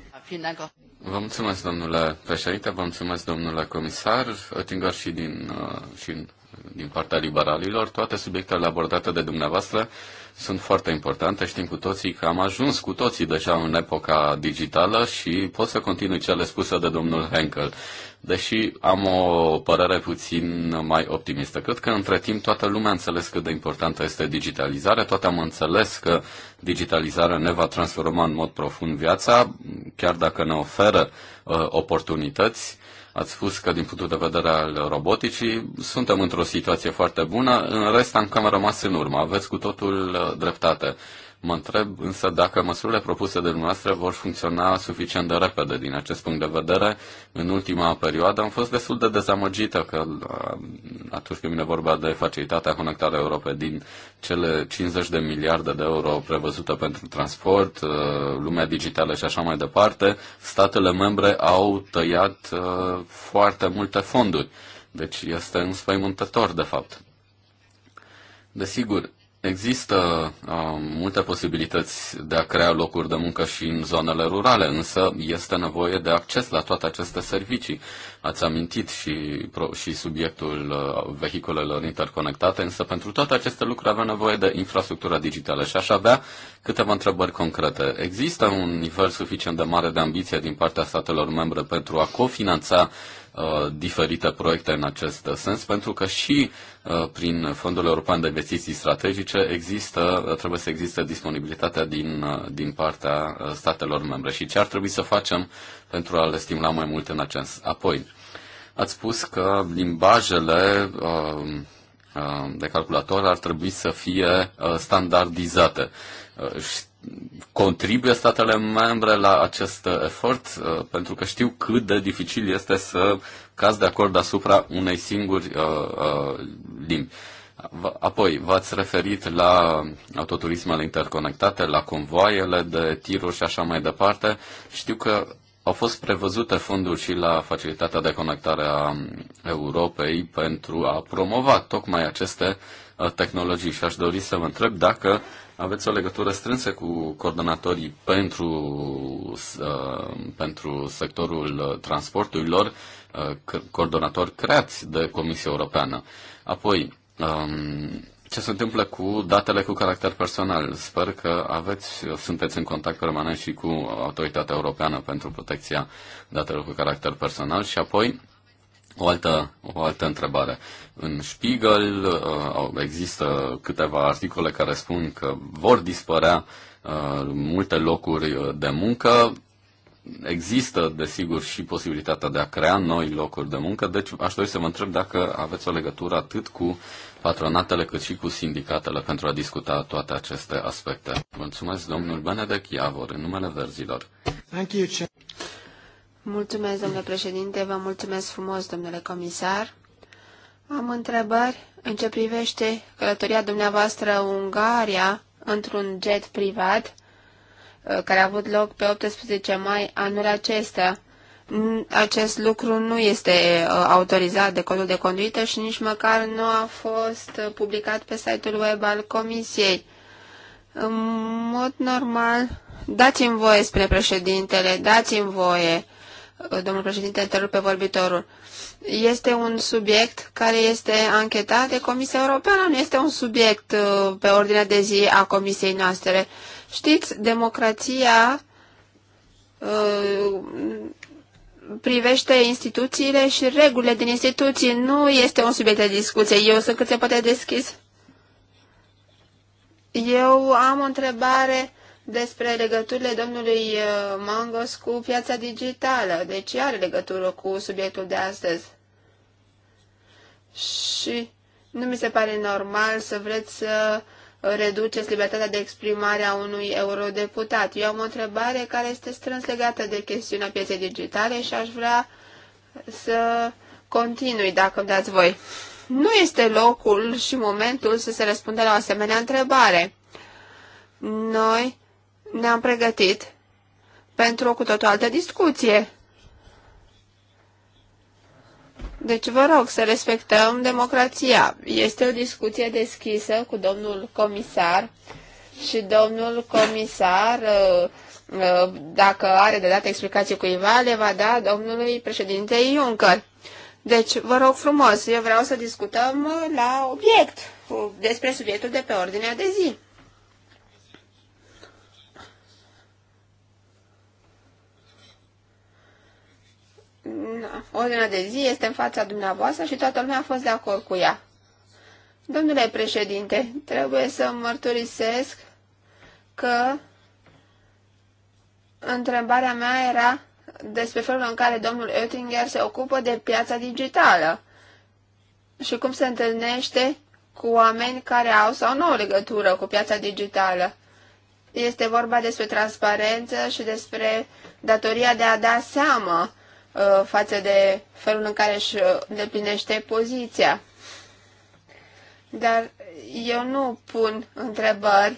Vă mulțumesc, domnule președinte, vă mulțumesc, domnule comisar Oettinger, și din, uh, și din partea liberalilor, toate subiectele abordate de dumneavoastră sunt foarte importante. Știm cu toții că am ajuns cu toții deja în epoca digitală și pot să continui cele spuse de domnul Henkel, deși am o părere puțin mai optimistă. Cred că între timp toată lumea a înțeles cât de importantă este digitalizarea, toate am înțeles că digitalizarea ne va transforma în mod profund viața, chiar dacă ne oferă uh, oportunități Ați spus că din punctul de vedere al roboticii suntem într-o situație foarte bună, în rest am cam rămas în urmă, aveți cu totul uh, dreptate. Mă întreb însă dacă măsurile propuse de dumneavoastră vor funcționa suficient de repede din acest punct de vedere. În ultima perioadă am fost destul de dezamăgită că uh, atunci când vine vorba de facilitatea conectarea Europei din cele 50 de miliarde de euro prevăzute pentru transport, uh, lumea digitală și așa mai departe, statele membre au tăiat uh, foarte multe fonduri. Deci este înspăimântător, de fapt. Desigur, Există uh, multe posibilități de a crea locuri de muncă și în zonele rurale, însă este nevoie de acces la toate aceste servicii. Ați amintit și, pro, și subiectul uh, vehiculelor interconectate, însă pentru toate aceste lucruri avem nevoie de infrastructura digitală și aș avea câteva întrebări concrete. Există un nivel suficient de mare de ambiție din partea statelor membre pentru a cofinanța Uh, diferite proiecte în acest sens, pentru că și uh, prin Fondul European de Investiții Strategice există, uh, trebuie să existe disponibilitatea din, din partea statelor membre. Și ce ar trebui să facem pentru a le stimula mai mult în acest sens? Apoi, ați spus că limbajele de calculator ar trebui să fie standardizate contribuie statele membre la acest uh, efort? Uh, pentru că știu cât de dificil este să cazi de acord asupra unei singuri uh, limbi. Apoi, v-ați referit la autoturismele interconectate, la convoaiele de tiruri și așa mai departe. Știu că au fost prevăzute fonduri și la Facilitatea de Conectare a Europei pentru a promova tocmai aceste tehnologii și aș dori să vă întreb dacă aveți o legătură strânsă cu coordonatorii pentru, uh, pentru sectorul uh, transporturilor, uh, coordonatori creați de Comisia Europeană. Apoi, um, ce se întâmplă cu datele cu caracter personal? Sper că aveți, sunteți în contact permanent și cu Autoritatea Europeană pentru Protecția Datelor cu Caracter Personal și apoi o altă, o altă întrebare. În Spiegel uh, există câteva articole care spun că vor dispărea uh, multe locuri uh, de muncă. Există, desigur, și posibilitatea de a crea noi locuri de muncă, deci aș dori să vă întreb dacă aveți o legătură atât cu patronatele cât și cu sindicatele pentru a discuta toate aceste aspecte. Mulțumesc, domnul Benedek Iavor, în numele verzilor. Thank you, Mulțumesc, domnule președinte, vă mulțumesc frumos, domnule comisar. Am întrebări în ce privește călătoria dumneavoastră Ungaria într-un jet privat uh, care a avut loc pe 18 mai anul acesta. Acest lucru nu este uh, autorizat de codul de conduită și nici măcar nu a fost uh, publicat pe site-ul web al Comisiei. În mod normal, dați-mi voie, spre președintele, dați-mi voie Domnul președinte, întrerupe vorbitorul. Este un subiect care este anchetat de Comisia Europeană, nu este un subiect uh, pe ordinea de zi a Comisiei noastre. Știți, democrația uh, privește instituțiile și regulile din instituții. Nu este un subiect de discuție. Eu sunt cât se poate deschis. Eu am o întrebare despre legăturile domnului uh, Mangos cu piața digitală, deci are legătură cu subiectul de astăzi. Și nu mi se pare normal să vreți să reduceți libertatea de exprimare a unui eurodeputat. Eu am o întrebare care este strâns legată de chestiunea pieței digitale și aș vrea să continui, dacă îmi dați voi. Nu este locul și momentul să se răspundă la o asemenea întrebare. Noi ne-am pregătit pentru o cu totul altă discuție. Deci vă rog să respectăm democrația. Este o discuție deschisă cu domnul comisar și domnul comisar, uh, uh, dacă are de dat explicații cuiva, le va da domnului președinte Juncker. Deci, vă rog frumos, eu vreau să discutăm la obiect despre subiectul de pe ordinea de zi. ordinea de zi este în fața dumneavoastră și toată lumea a fost de acord cu ea. Domnule președinte, trebuie să mărturisesc că întrebarea mea era despre felul în care domnul Oettinger se ocupă de piața digitală și cum se întâlnește cu oameni care au sau nu o legătură cu piața digitală. Este vorba despre transparență și despre datoria de a da seama Uh, față de felul în care își uh, îndeplinește poziția. Dar eu nu pun întrebări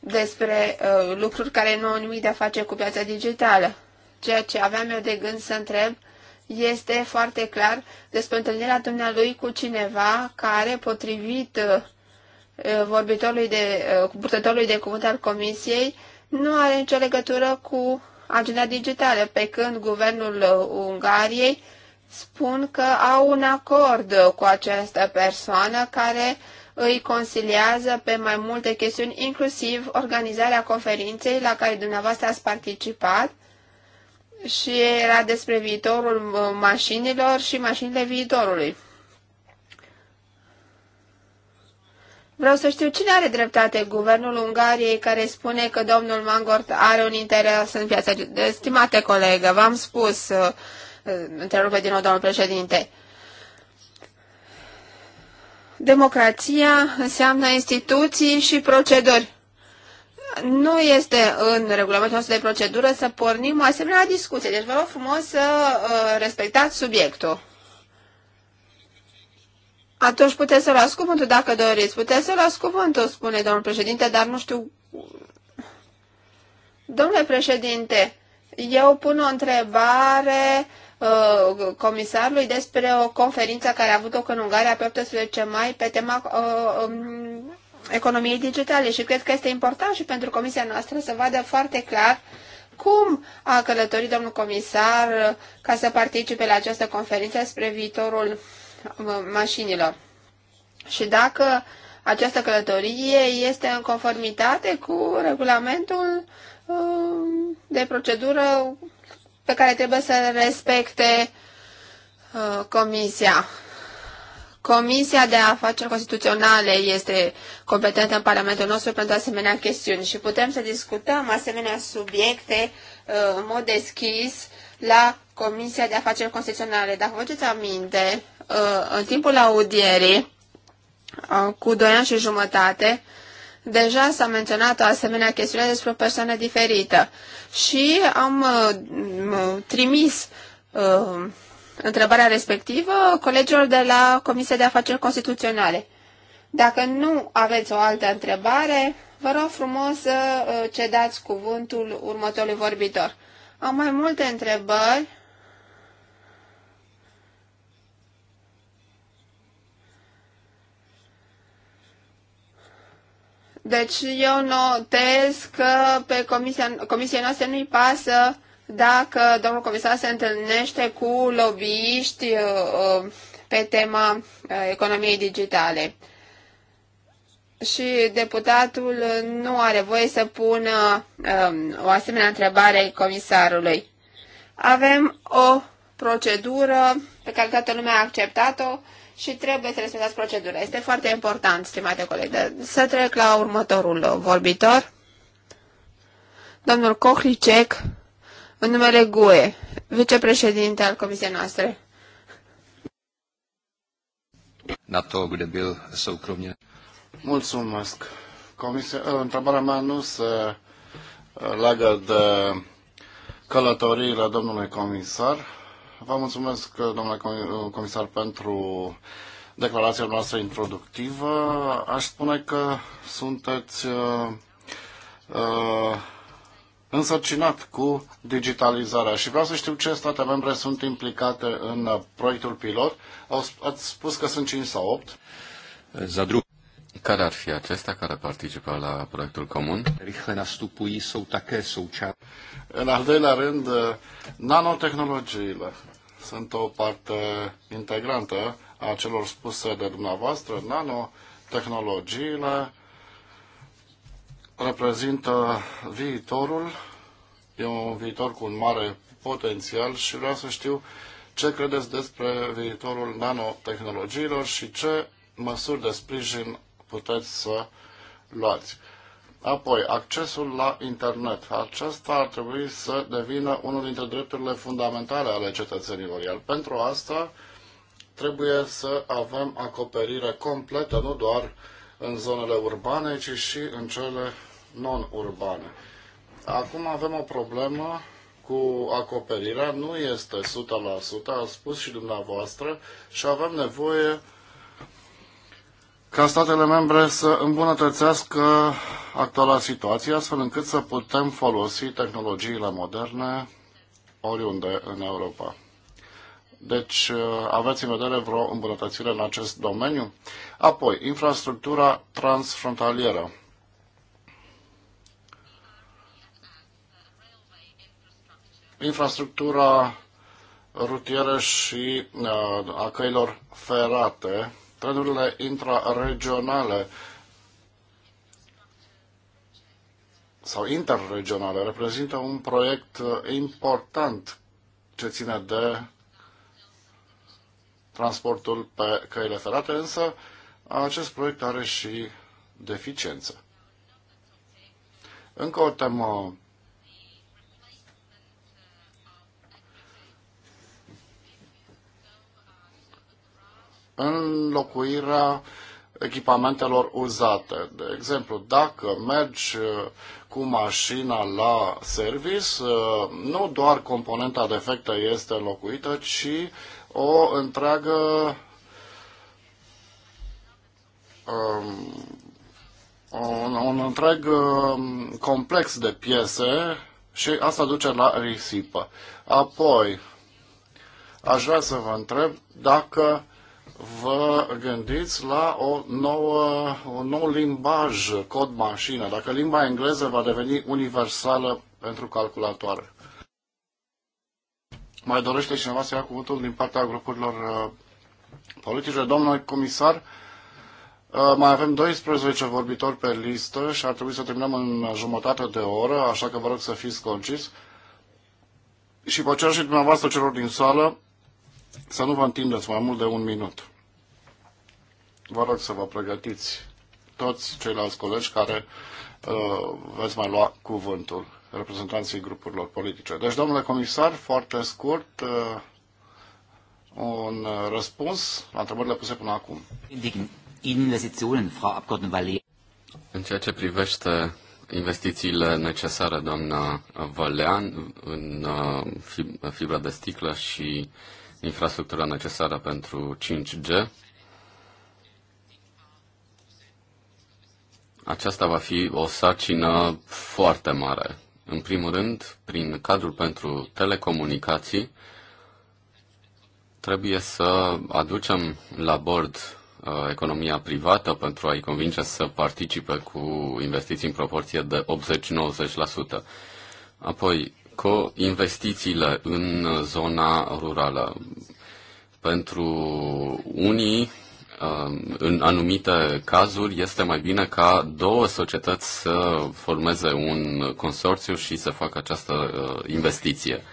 despre uh, lucruri care nu au nimic de a face cu piața digitală. Ceea ce aveam eu de gând să întreb este foarte clar despre întâlnirea dumnealui cu cineva care, potrivit uh, uh vorbitorului de, uh, purtătorului de cuvânt al comisiei, nu are nicio legătură cu agenda digitală, pe când guvernul uh, Ungariei spun că au un acord uh, cu această persoană care îi consiliază pe mai multe chestiuni, inclusiv organizarea conferinței la care dumneavoastră ați participat și era despre viitorul uh, mașinilor și mașinile viitorului. Vreau să știu cine are dreptate, guvernul Ungariei care spune că domnul Mangort are un interes în piața. Stimate colegă, v-am spus, uh, uh, întrerupe din nou domnul președinte, democrația înseamnă instituții și proceduri. Nu este în regulamentul nostru de procedură să pornim o asemenea discuție. Deci vă rog frumos să uh, respectați subiectul. Atunci puteți să luați cuvântul dacă doriți. Puteți să luați cuvântul, spune domnul președinte, dar nu știu... Domnule președinte, eu pun o întrebare uh, comisarului despre o conferință care a avut o în Ungaria pe 18 mai pe tema uh, um, economiei digitale și cred că este important și pentru comisia noastră să vadă foarte clar cum a călătorit domnul comisar ca să participe la această conferință spre viitorul mașinilor. Și dacă această călătorie este în conformitate cu regulamentul um, de procedură pe care trebuie să respecte uh, comisia. Comisia de Afaceri Constituționale este competentă în Parlamentul nostru pentru asemenea chestiuni și putem să discutăm asemenea subiecte uh, în mod deschis la Comisia de Afaceri Constituționale. Dacă vă aduceți aminte, Uh, în timpul audierii, uh, cu doi ani și jumătate, deja s-a menționat o asemenea chestiune despre o persoană diferită și am uh, trimis întrebarea respectivă colegilor de la Comisia de Afaceri Constituționale. Dacă nu aveți o altă întrebare, vă rog frumos să cedați cuvântul următorului vorbitor. Am mai multe întrebări Deci eu notez că pe comisia, comisia noastră nu-i pasă dacă domnul comisar se întâlnește cu lobbyiști uh, uh, pe tema uh, economiei digitale. Și deputatul nu are voie să pună um, o asemenea întrebare comisarului. Avem o procedură pe care toată lumea a acceptat-o și trebuie să respectați procedura. Este foarte important, stimate colegi. Să trec la următorul vorbitor. Domnul Kohlicek, în numele GUE, vicepreședinte al comisiei noastre. NATO, kde byl Mulțumesc. Comisia, eh, întrebarea mea nu se eh, leagă de la domnului comisar Vă mulțumesc, domnule comisar, pentru declarația noastră introductivă. Aș spune că sunteți uh, uh, însărcinat cu digitalizarea și vreau să știu ce state membre sunt implicate în proiectul pilot. Ați spus că sunt 5 sau 8. Zadru. Care ar fi acesta care participă la proiectul comun? În al doilea rând, nanotehnologiile sunt o parte integrantă a celor spuse de dumneavoastră. Nanotehnologiile reprezintă viitorul, e un viitor cu un mare potențial și vreau să știu ce credeți despre viitorul nanotehnologiilor și ce măsuri de sprijin puteți să luați. Apoi, accesul la internet. Acesta ar trebui să devină unul dintre drepturile fundamentale ale cetățenilor, iar pentru asta trebuie să avem acoperire completă, nu doar în zonele urbane, ci și în cele non-urbane. Acum avem o problemă cu acoperirea, nu este 100%, a spus și dumneavoastră, și avem nevoie ca statele membre să îmbunătățească actuala situație, astfel încât să putem folosi tehnologiile moderne oriunde în Europa. Deci uh, aveți în vedere vreo îmbunătățire în acest domeniu? Apoi, infrastructura transfrontalieră. Infrastructura rutieră și uh, a căilor ferate planurile intraregionale sau interregionale reprezintă un proiect important ce ține de transportul pe căile ferate, însă acest proiect are și deficiențe. Încă o temă înlocuirea echipamentelor uzate. De exemplu, dacă mergi uh, cu mașina la service, uh, nu doar componenta defectă este înlocuită, ci o întreagă um, un, un întreg um, complex de piese și asta duce la risipă. Apoi, aș vrea să vă întreb dacă vă gândiți la o nouă, un nou limbaj, cod mașină, dacă limba engleză va deveni universală pentru calculatoare. Mai dorește cineva să ia cuvântul din partea grupurilor uh, politice? domnul comisar, uh, mai avem 12 vorbitori pe listă și ar trebui să terminăm în jumătate de oră, așa că vă rog să fiți concis. Și vă cer și dumneavoastră celor din sală să nu vă întindeți mai mult de un minut. Vă rog să vă pregătiți toți ceilalți colegi care uh, veți mai lua cuvântul, reprezentanții grupurilor politice. Deci, domnule comisar, foarte scurt, uh, un răspuns la întrebările puse până acum. În ceea ce privește investițiile necesare, doamna Valean, în uh, fibra de sticlă și infrastructura necesară pentru 5G. Aceasta va fi o sarcină foarte mare. În primul rând, prin cadrul pentru telecomunicații, trebuie să aducem la bord uh, economia privată pentru a-i convinge să participe cu investiții în proporție de 80-90%. Apoi, co investițiile în zona rurală. Pentru unii, um, în anumite cazuri, este mai bine ca două societăți să formeze un consorțiu și să facă această uh, investiție.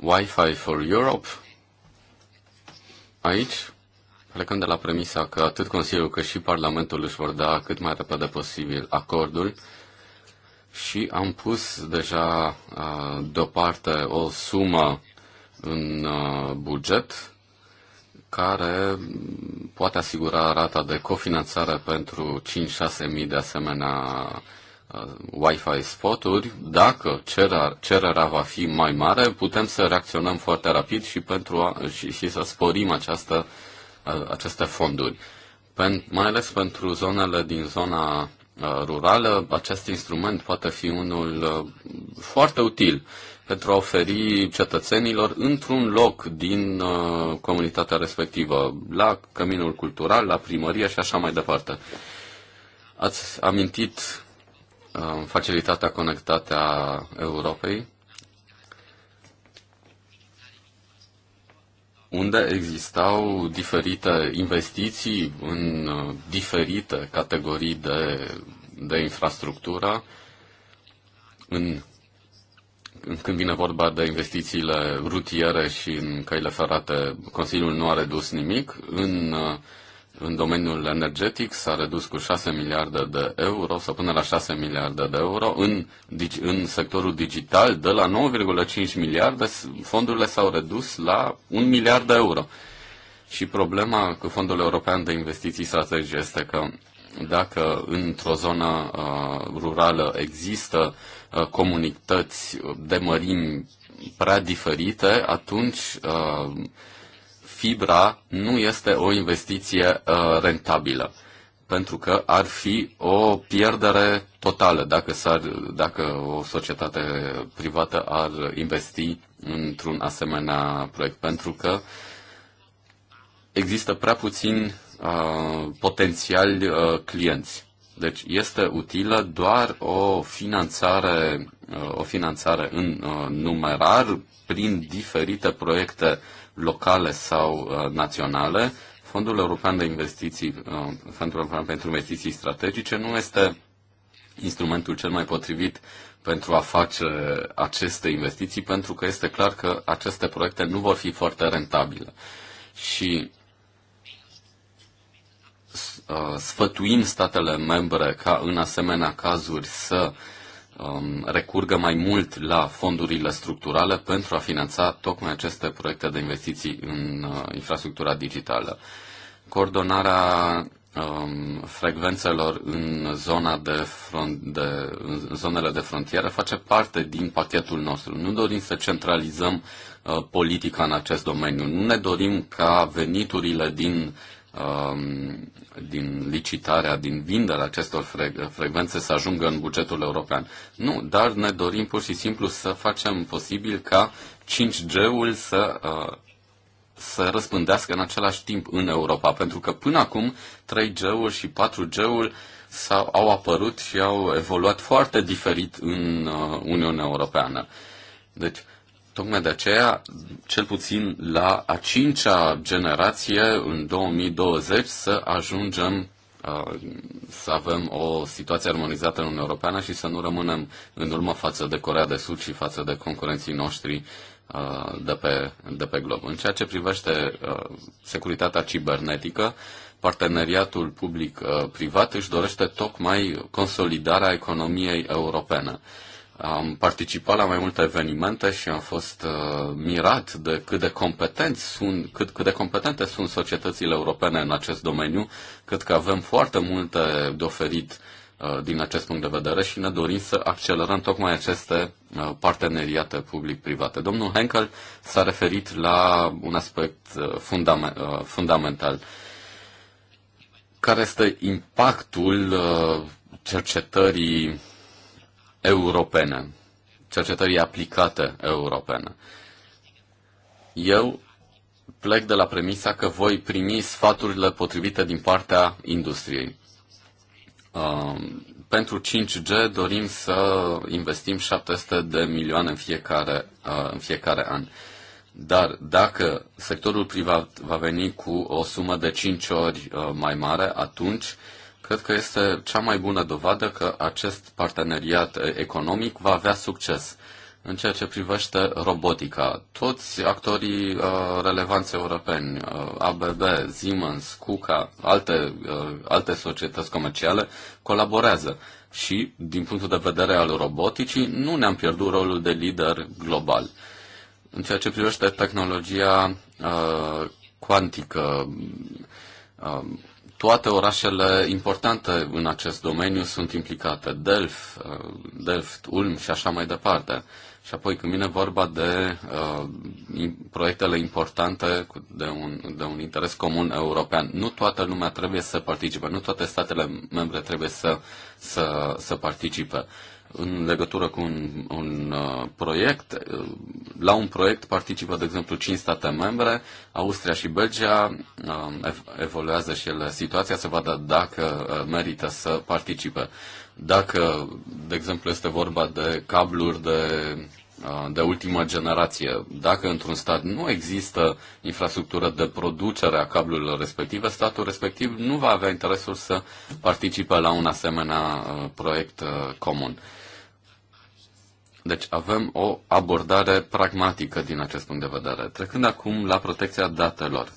Wi-Fi for Europe. Aici plecând de la premisa că atât Consiliul cât și Parlamentul își vor da cât mai repede posibil acordul, și am pus deja deoparte o sumă în buget care poate asigura rata de cofinanțare pentru 5-6 mii de asemenea Wi-Fi spoturi. Dacă cererea, va fi mai mare, putem să reacționăm foarte rapid și, pentru a, și, și să sporim această, aceste fonduri. Pen, mai ales pentru zonele din zona rurală, acest instrument poate fi unul uh, foarte util pentru a oferi cetățenilor într-un loc din uh, comunitatea respectivă, la căminul cultural, la primărie și așa mai departe. Ați amintit uh, facilitatea conectată a Europei, unde existau diferite investiții în uh, diferite categorii de, de infrastructură. În, când vine vorba de investițiile rutiere și în căile ferate, Consiliul nu a redus nimic. În uh, în domeniul energetic s-a redus cu 6 miliarde de euro sau până la 6 miliarde de euro. În, în sectorul digital, de la 9,5 miliarde, fondurile s-au redus la 1 miliard de euro. Și problema cu Fondul European de Investiții Strategice este că dacă într-o zonă uh, rurală există uh, comunități de mărimi prea diferite, atunci uh, fibra nu este o investiție uh, rentabilă, pentru că ar fi o pierdere totală dacă, s-ar, dacă o societate privată ar investi într-un asemenea proiect, pentru că există prea puțin uh, potențiali uh, clienți. Deci este utilă doar o finanțare, uh, o finanțare în uh, numerar prin diferite proiecte locale sau uh, naționale, Fondul European de Investiții, uh, Fondul European pentru Investiții Strategice nu este instrumentul cel mai potrivit pentru a face aceste investiții, pentru că este clar că aceste proiecte nu vor fi foarte rentabile. Și uh, sfătuim statele membre ca în asemenea cazuri să uh, Um, recurgă mai mult la fondurile structurale pentru a finanța tocmai aceste proiecte de investiții în uh, infrastructura digitală. Coordonarea um, frecvențelor în, zona de front, de, în zonele de frontieră face parte din pachetul nostru. Nu dorim să centralizăm uh, politica în acest domeniu. Nu ne dorim ca veniturile din Um, din licitarea, din vinderea acestor fre- frecvențe să ajungă în bugetul european. Nu, dar ne dorim pur și simplu să facem posibil ca 5G-ul să, uh, să răspândească în același timp în Europa, pentru că până acum 3G-ul și 4G-ul s au apărut și au evoluat foarte diferit în uh, Uniunea Europeană. Deci, Tocmai de aceea, cel puțin la a cincea generație, în 2020, să ajungem uh, să avem o situație armonizată în Uniunea Europeană și să nu rămânem în urmă față de Corea de Sud și față de concurenții noștri uh, de pe, de pe glob. În ceea ce privește uh, securitatea cibernetică, parteneriatul public-privat își dorește tocmai consolidarea economiei europene. Am participat la mai multe evenimente și am fost uh, mirat de cât de, competenți sunt, cât, cât de competente sunt societățile europene în acest domeniu. cât că avem foarte multe de oferit uh, din acest punct de vedere și ne dorim să accelerăm tocmai aceste uh, parteneriate public-private. Domnul Henkel s-a referit la un aspect uh, fundament, uh, fundamental. Care este impactul uh, cercetării europene, cercetării aplicate europene. Eu plec de la premisa că voi primi sfaturile potrivite din partea industriei. Um, pentru 5G dorim să investim 700 de milioane în fiecare, uh, în fiecare an. Dar dacă sectorul privat va veni cu o sumă de 5 ori uh, mai mare, atunci uh, Cred că este cea mai bună dovadă că acest parteneriat economic va avea succes. În ceea ce privește robotica, toți actorii uh, relevanți europeni, uh, ABB, Siemens, Cuca, alte, uh, alte societăți comerciale, colaborează. Și, din punctul de vedere al roboticii, nu ne-am pierdut rolul de lider global. În ceea ce privește tehnologia uh, cuantică, uh, toate orașele importante în acest domeniu sunt implicate, Delft, uh, Delft, Ulm și așa mai departe. Și apoi când vine vorba de uh, proiectele importante de un, de un interes comun european, nu toată lumea trebuie să participe, nu toate statele membre trebuie să, să, să participe în legătură cu un, un uh, proiect. La un proiect participă, de exemplu, 5 state membre, Austria și Belgia, uh, evoluează și ele situația, se vadă dacă uh, merită să participe. Dacă, de exemplu, este vorba de cabluri de Uh, de ultimă generație. Dacă într-un stat nu există infrastructură de producere a cablurilor respective, statul respectiv nu va avea interesul să participe la un asemenea uh, proiect uh, comun. Deci avem o abordare pragmatică din acest punct de vedere. Trecând acum la protecția datelor.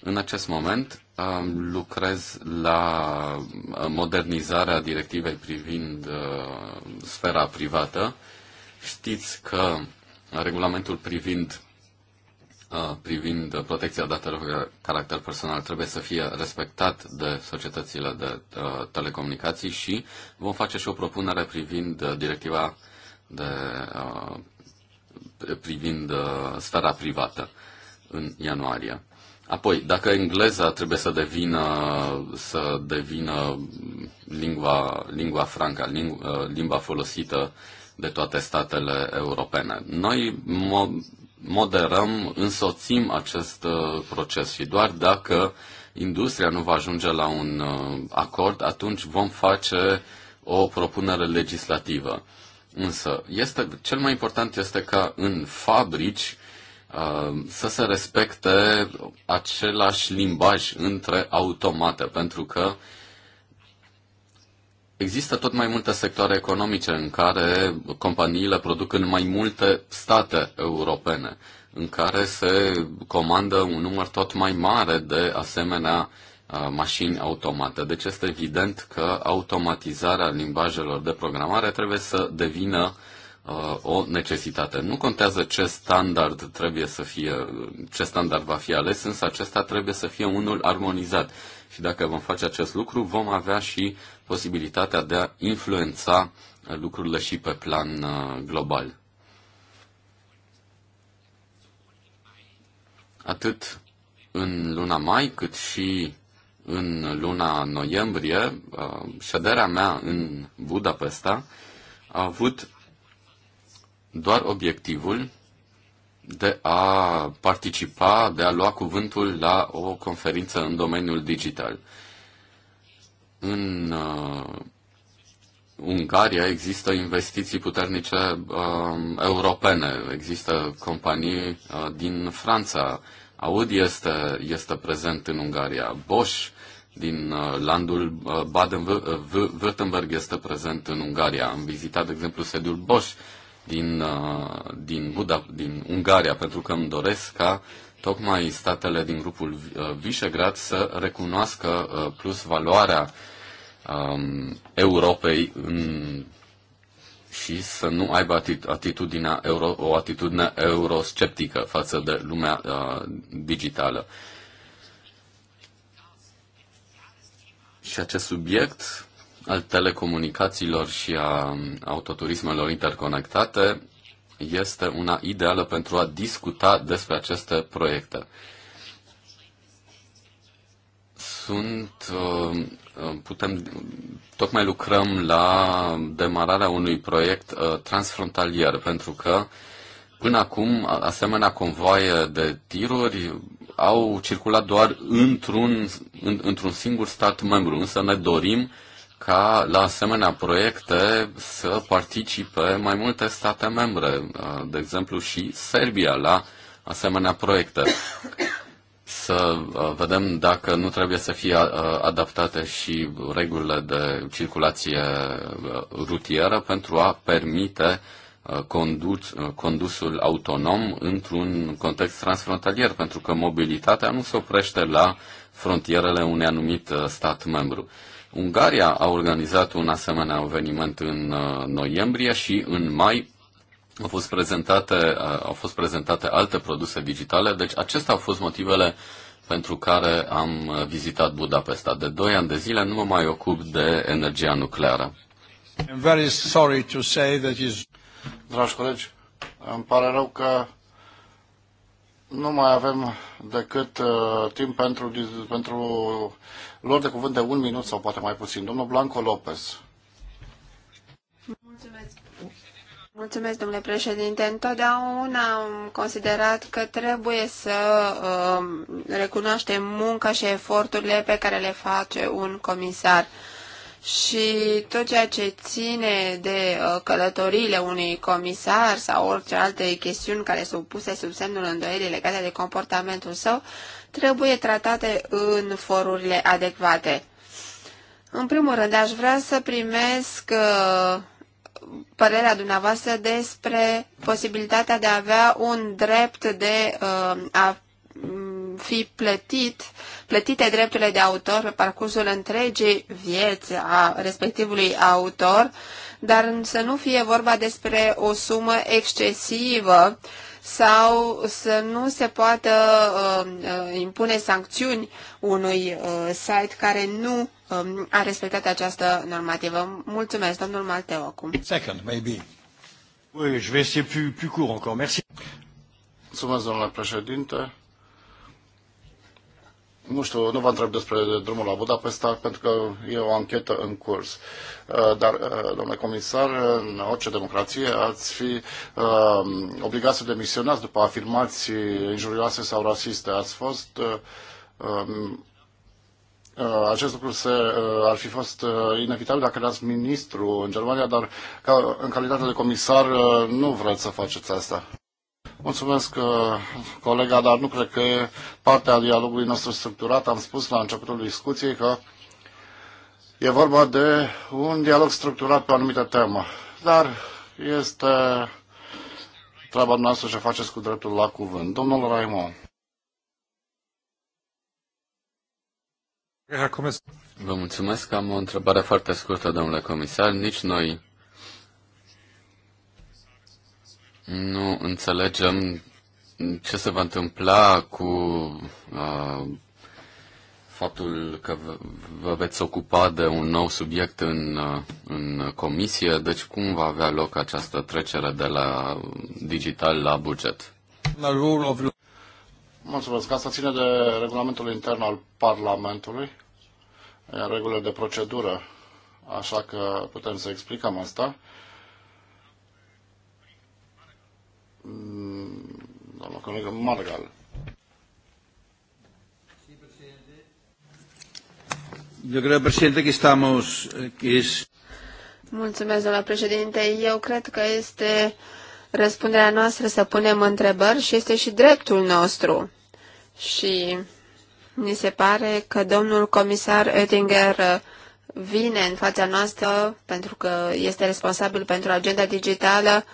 În acest moment um, lucrez la modernizarea directivei privind sfera privată Știți că regulamentul privind uh, privind protecția datelor de caracter personal trebuie să fie respectat de societățile de uh, telecomunicații și vom face și o propunere privind uh, directiva de, privind sfera privată în ianuarie. Apoi, dacă engleza trebuie să devină, să devină lingua, lingua franca, limba folosită de toate statele europene. Noi mo- moderăm, însoțim acest uh, proces și doar dacă industria nu va ajunge la un uh, acord, atunci vom face o propunere legislativă. Însă, este, cel mai important este ca în fabrici uh, să se respecte același limbaj între automate, pentru că uh, Există tot mai multe sectoare economice în care companiile produc în mai multe state europene, în care se comandă un număr tot mai mare de asemenea mașini automate. Deci este evident că automatizarea limbajelor de programare trebuie să devină o necesitate. Nu contează ce standard trebuie să fie, ce standard va fi ales, însă acesta trebuie să fie unul armonizat. Și dacă vom face acest lucru, vom avea și posibilitatea de a influența uh, lucrurile și pe plan uh, global. Atât în luna mai, cât și în luna noiembrie, uh, șederea mea în Budapesta a avut doar obiectivul de a participa, de a lua cuvântul la o conferință în domeniul digital. În uh, Ungaria există investiții puternice uh, europene, există companii uh, din Franța, Audi este, este prezent în Ungaria, Bosch din uh, landul uh, Baden-Württemberg este prezent în Ungaria. Am vizitat, de exemplu, sediul Bosch din, uh, din, Buda, din Ungaria, pentru că îmi doresc ca tocmai statele din grupul uh, Visegrad să recunoască uh, plus valoarea um, Europei în, și să nu aibă atitudinea euro, o atitudine eurosceptică față de lumea uh, digitală. Și acest subiect al telecomunicațiilor și a um, autoturismelor interconectate este una ideală pentru a discuta despre aceste proiecte. Sunt uh, Uh, putem, tocmai lucrăm la demararea unui proiect uh, transfrontalier, pentru că până acum asemenea convoaie de tiruri au circulat doar într-un, într-un singur stat membru, însă ne dorim ca la asemenea proiecte să participe mai multe state membre, uh, de exemplu și Serbia la asemenea proiecte să uh, vedem dacă nu trebuie să fie uh, adaptate și regulile de circulație uh, rutieră pentru a permite condus, condusul autonom într-un context transfrontalier, pentru că mobilitatea nu se oprește la frontierele unui anumit stat membru. Ungaria a organizat un asemenea eveniment în noiembrie și în mai au fost prezentate, uh, au fost prezentate alte produse digitale, deci acestea au fost motivele pentru care am vizitat Budapesta. De 2 ani de zile nu mă mai ocup de energia nucleară. I'm very sorry to say that is... Dragi colegi, îmi pare rău că nu mai avem decât uh, timp pentru, pentru lor de cuvânt de un minut sau poate mai puțin. Domnul Blanco Lopez. Mulțumesc, domnule președinte. Întotdeauna am considerat că trebuie să uh, recunoaștem munca și eforturile pe care le face un comisar. Și tot ceea ce ține de uh, călătoriile unui comisar sau orice alte chestiuni care sunt puse sub semnul îndoierii legate de comportamentul său, trebuie tratate în forurile adecvate. În primul rând, aș vrea să primesc uh, părerea dumneavoastră despre posibilitatea de a avea un drept de uh, a fi plătit, plătite drepturile de autor pe parcursul întregii vieți a respectivului autor, dar să nu fie vorba despre o sumă excesivă sau să nu se poată uh, uh impune sancțiuni unui uh, site care nu Um, a respectat această normativă. Mulțumesc, domnul Malteu, acum. Second, maybe. Oui, je vais essayer plus, plus court encore. Merci. Mulțumesc, domnule președinte. Nu știu, nu vă întreb despre drumul la Budapesta, pentru că e o anchetă în curs. Uh, dar, uh, domnule comisar, în orice democrație ați fi uh, obligat să demisionați după afirmații injurioase sau rasiste. Ați fost uh, um, Uh, acest lucru se, uh, ar fi fost uh, inevitabil dacă erați ministru în Germania, dar ca, în calitate de comisar nu vreți să faceți asta. Mulțumesc, colega, dar nu cred că partea dialogului nostru structurat. Am spus la începutul discuției că e vorba de un dialog structurat pe o anumită temă, dar este treaba noastră ce faceți cu dreptul la cuvânt. Domnul Raimond. Vă mulțumesc. Am o întrebare foarte scurtă, domnule comisar. Nici noi nu înțelegem ce se va întâmpla cu uh, faptul că vă veți ocupa de un nou subiect în, uh, în comisie, deci cum va avea loc această trecere de la digital la buget? rule of Mulțumesc. Asta ține de regulamentul intern al Parlamentului în regulile de procedură, așa că putem să explicăm asta. Mm, doamna colegă Margal. Eu cred, președinte, că Mulțumesc, doamna președinte. Eu cred că este răspunderea noastră să punem întrebări și este și dreptul nostru. Și mi se pare că domnul comisar Oettinger vine în fața noastră pentru că este responsabil pentru agenda digitală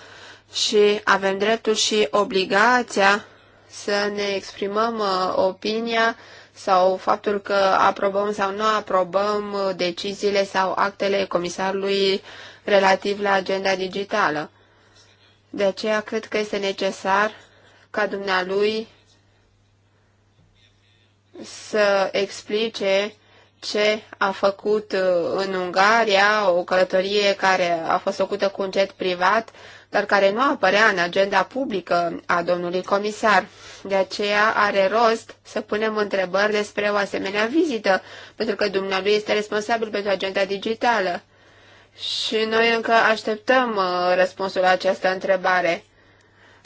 și avem dreptul și obligația să ne exprimăm uh, opinia sau faptul că aprobăm sau nu aprobăm deciziile sau actele comisarului relativ la agenda digitală. De aceea cred că este necesar ca dumnealui să explice ce a făcut uh, în Ungaria, o călătorie care a fost făcută cu un jet privat, dar care nu apărea în agenda publică a domnului comisar. De aceea are rost să punem întrebări despre o asemenea vizită, pentru că dumnealui este responsabil pentru agenda digitală. Și noi încă așteptăm uh, răspunsul la această întrebare.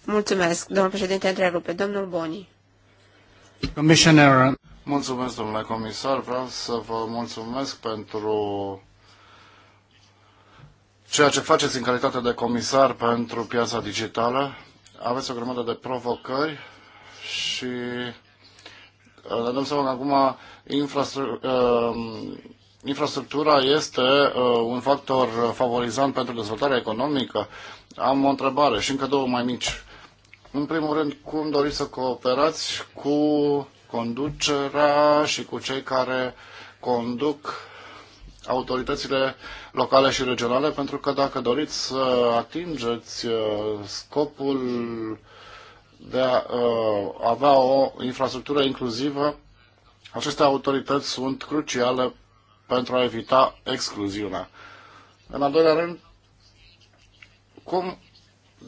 Mulțumesc, domnul președinte, întrerupe. Domnul Boni. Commissioner. Mulțumesc, domnule comisar. Vreau să vă mulțumesc pentru ceea ce faceți în calitate de comisar pentru piața digitală. Aveți o grămadă de provocări și uh, ne dăm seama că acum uh, infrastructura este uh, un factor favorizant pentru dezvoltarea economică. Am o întrebare și încă două mai mici. În primul rând, cum doriți să cooperați cu conducerea și cu cei care conduc autoritățile locale și regionale, pentru că dacă doriți să atingeți uh, scopul de a uh, avea o infrastructură inclusivă, aceste autorități sunt cruciale pentru a evita excluziunea. În al doilea rând, cum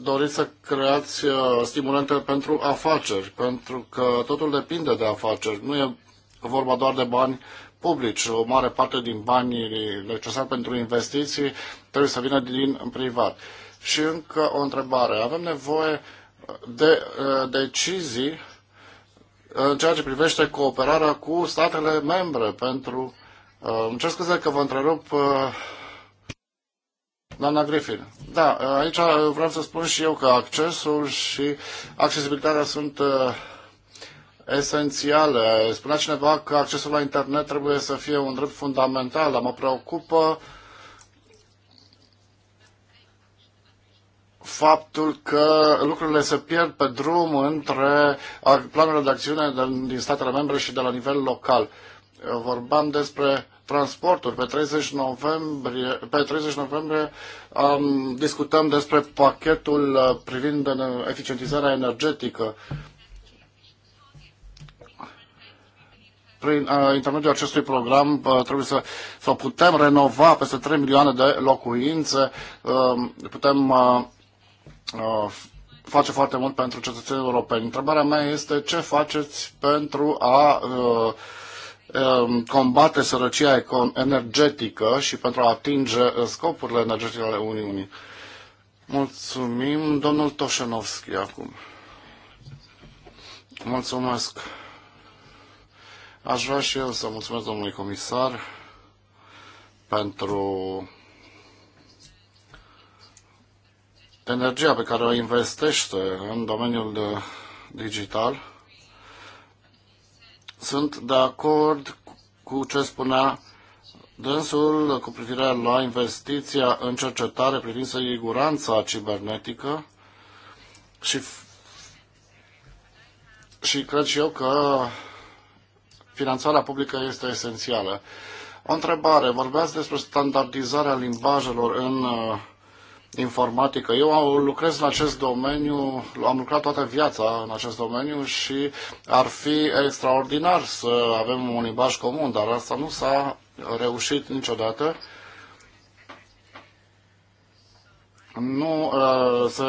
doriți să creați uh, stimulente pentru afaceri, pentru că totul depinde de afaceri. Nu e vorba doar de bani publici. O mare parte din banii necesari pentru investiții trebuie să vină din privat. Și încă o întrebare. Avem nevoie uh, de uh, decizii în ceea ce privește cooperarea cu statele membre pentru. Îmi cer scuze că vă întrerup Doamna Griffin, da, aici vreau să spun și eu că accesul și accesibilitatea sunt uh, esențiale. Spunea cineva că accesul la internet trebuie să fie un drept fundamental, dar mă preocupă faptul că lucrurile se pierd pe drum între planurile de acțiune din statele membre și de la nivel local. Vorbam despre transporturi. Pe 30 noiembrie, pe 30 noiembrie um, discutăm despre pachetul uh, privind eficientizarea energetică. Prin uh, intermediul acestui program uh, trebuie să să putem renova peste 3 milioane de locuințe, uh, putem uh, uh, face foarte mult pentru cetățenii europeni. Întrebarea mea este ce faceți pentru a uh, Um, combate sărăcia energetică și pentru a atinge uh, scopurile energetice ale Uniunii. Mulțumim, domnul Toșenovski, acum. Mulțumesc. Aș vrea și eu să mulțumesc domnului comisar pentru energia pe care o investește în domeniul uh, digital sunt de acord cu ce spunea dânsul cu privire la investiția în cercetare privind siguranța cibernetică și, și cred și eu că finanțarea publică este esențială. O întrebare. Vorbeați despre standardizarea limbajelor în uh, informatică. Eu lucrez în acest domeniu, am lucrat toată viața în acest domeniu și ar fi extraordinar să avem un limbaj comun, dar asta nu s-a reușit niciodată. nu uh, se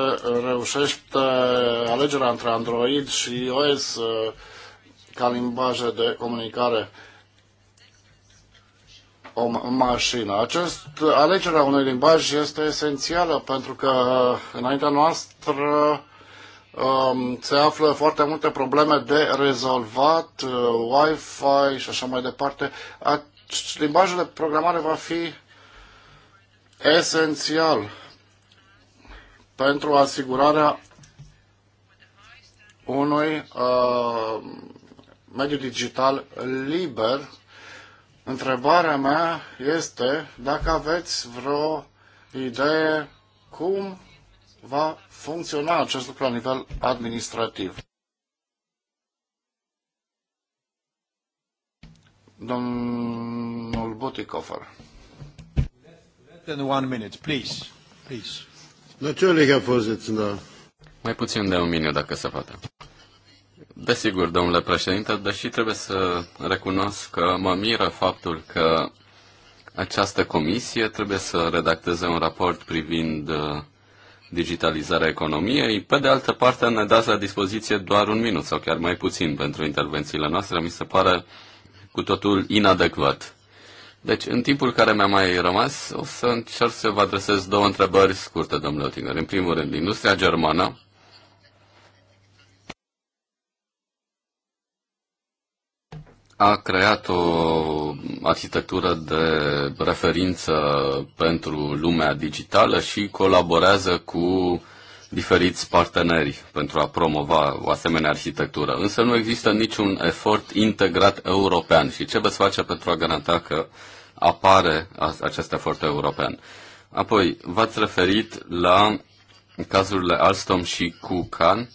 reușește alegerea între Android și iOS uh, ca limbaje de comunicare o mașină. Acest, alegerea unui limbaj este esențială pentru că înaintea noastră um, se află foarte multe probleme de rezolvat, uh, Wi-Fi și așa mai departe. Limbajul de programare va fi esențial pentru asigurarea unui uh, mediu digital liber Întrebarea mea este dacă aveți vreo idee cum va funcționa acest lucru la nivel administrativ. Domnul Butikofer. Than one minute, please. Please. Natürlich, Herr Vorsitzender. Mai puțin de un minut, dacă se poate. Desigur, domnule președinte, deși trebuie să recunosc că mă miră faptul că această comisie trebuie să redacteze un raport privind uh, digitalizarea economiei. Pe de altă parte, ne dați la dispoziție doar un minut sau chiar mai puțin pentru intervențiile noastre. Mi se pare cu totul inadecvat. Deci, în timpul care mi-a mai rămas, o să încerc să vă adresez două întrebări scurte, domnule Otinger. În primul rând, industria germană a creat o arhitectură de referință pentru lumea digitală și colaborează cu diferiți parteneri pentru a promova o asemenea arhitectură. Însă nu există niciun efort integrat european și ce veți face pentru a garanta că apare acest efort european. Apoi, v-ați referit la cazurile Alstom și Kukan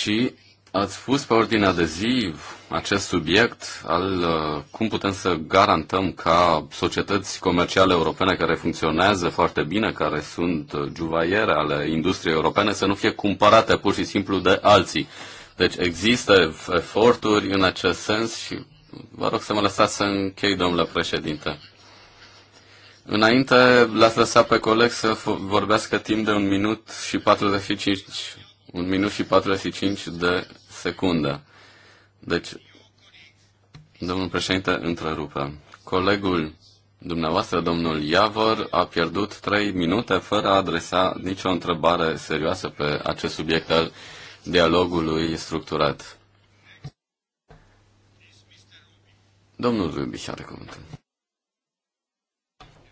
și ați spus pe ordinea de zi acest subiect al uh, cum putem să garantăm ca societăți comerciale europene care funcționează foarte bine, care sunt uh, juvaiere ale industriei europene, să nu fie cumpărate pur și simplu de alții. Deci există eforturi în acest sens și vă rog să mă lăsați să închei, domnule președinte. Înainte l-ați lăsat pe coleg să vorbească timp de un minut și 45, un minut și 45 de secundă. Deci, domnul președinte, întrerupe. Colegul dumneavoastră, domnul Iavor, a pierdut trei minute fără a adresa nicio întrebare serioasă pe acest subiect al dialogului structurat. Domnul Rubiș are cuvântul.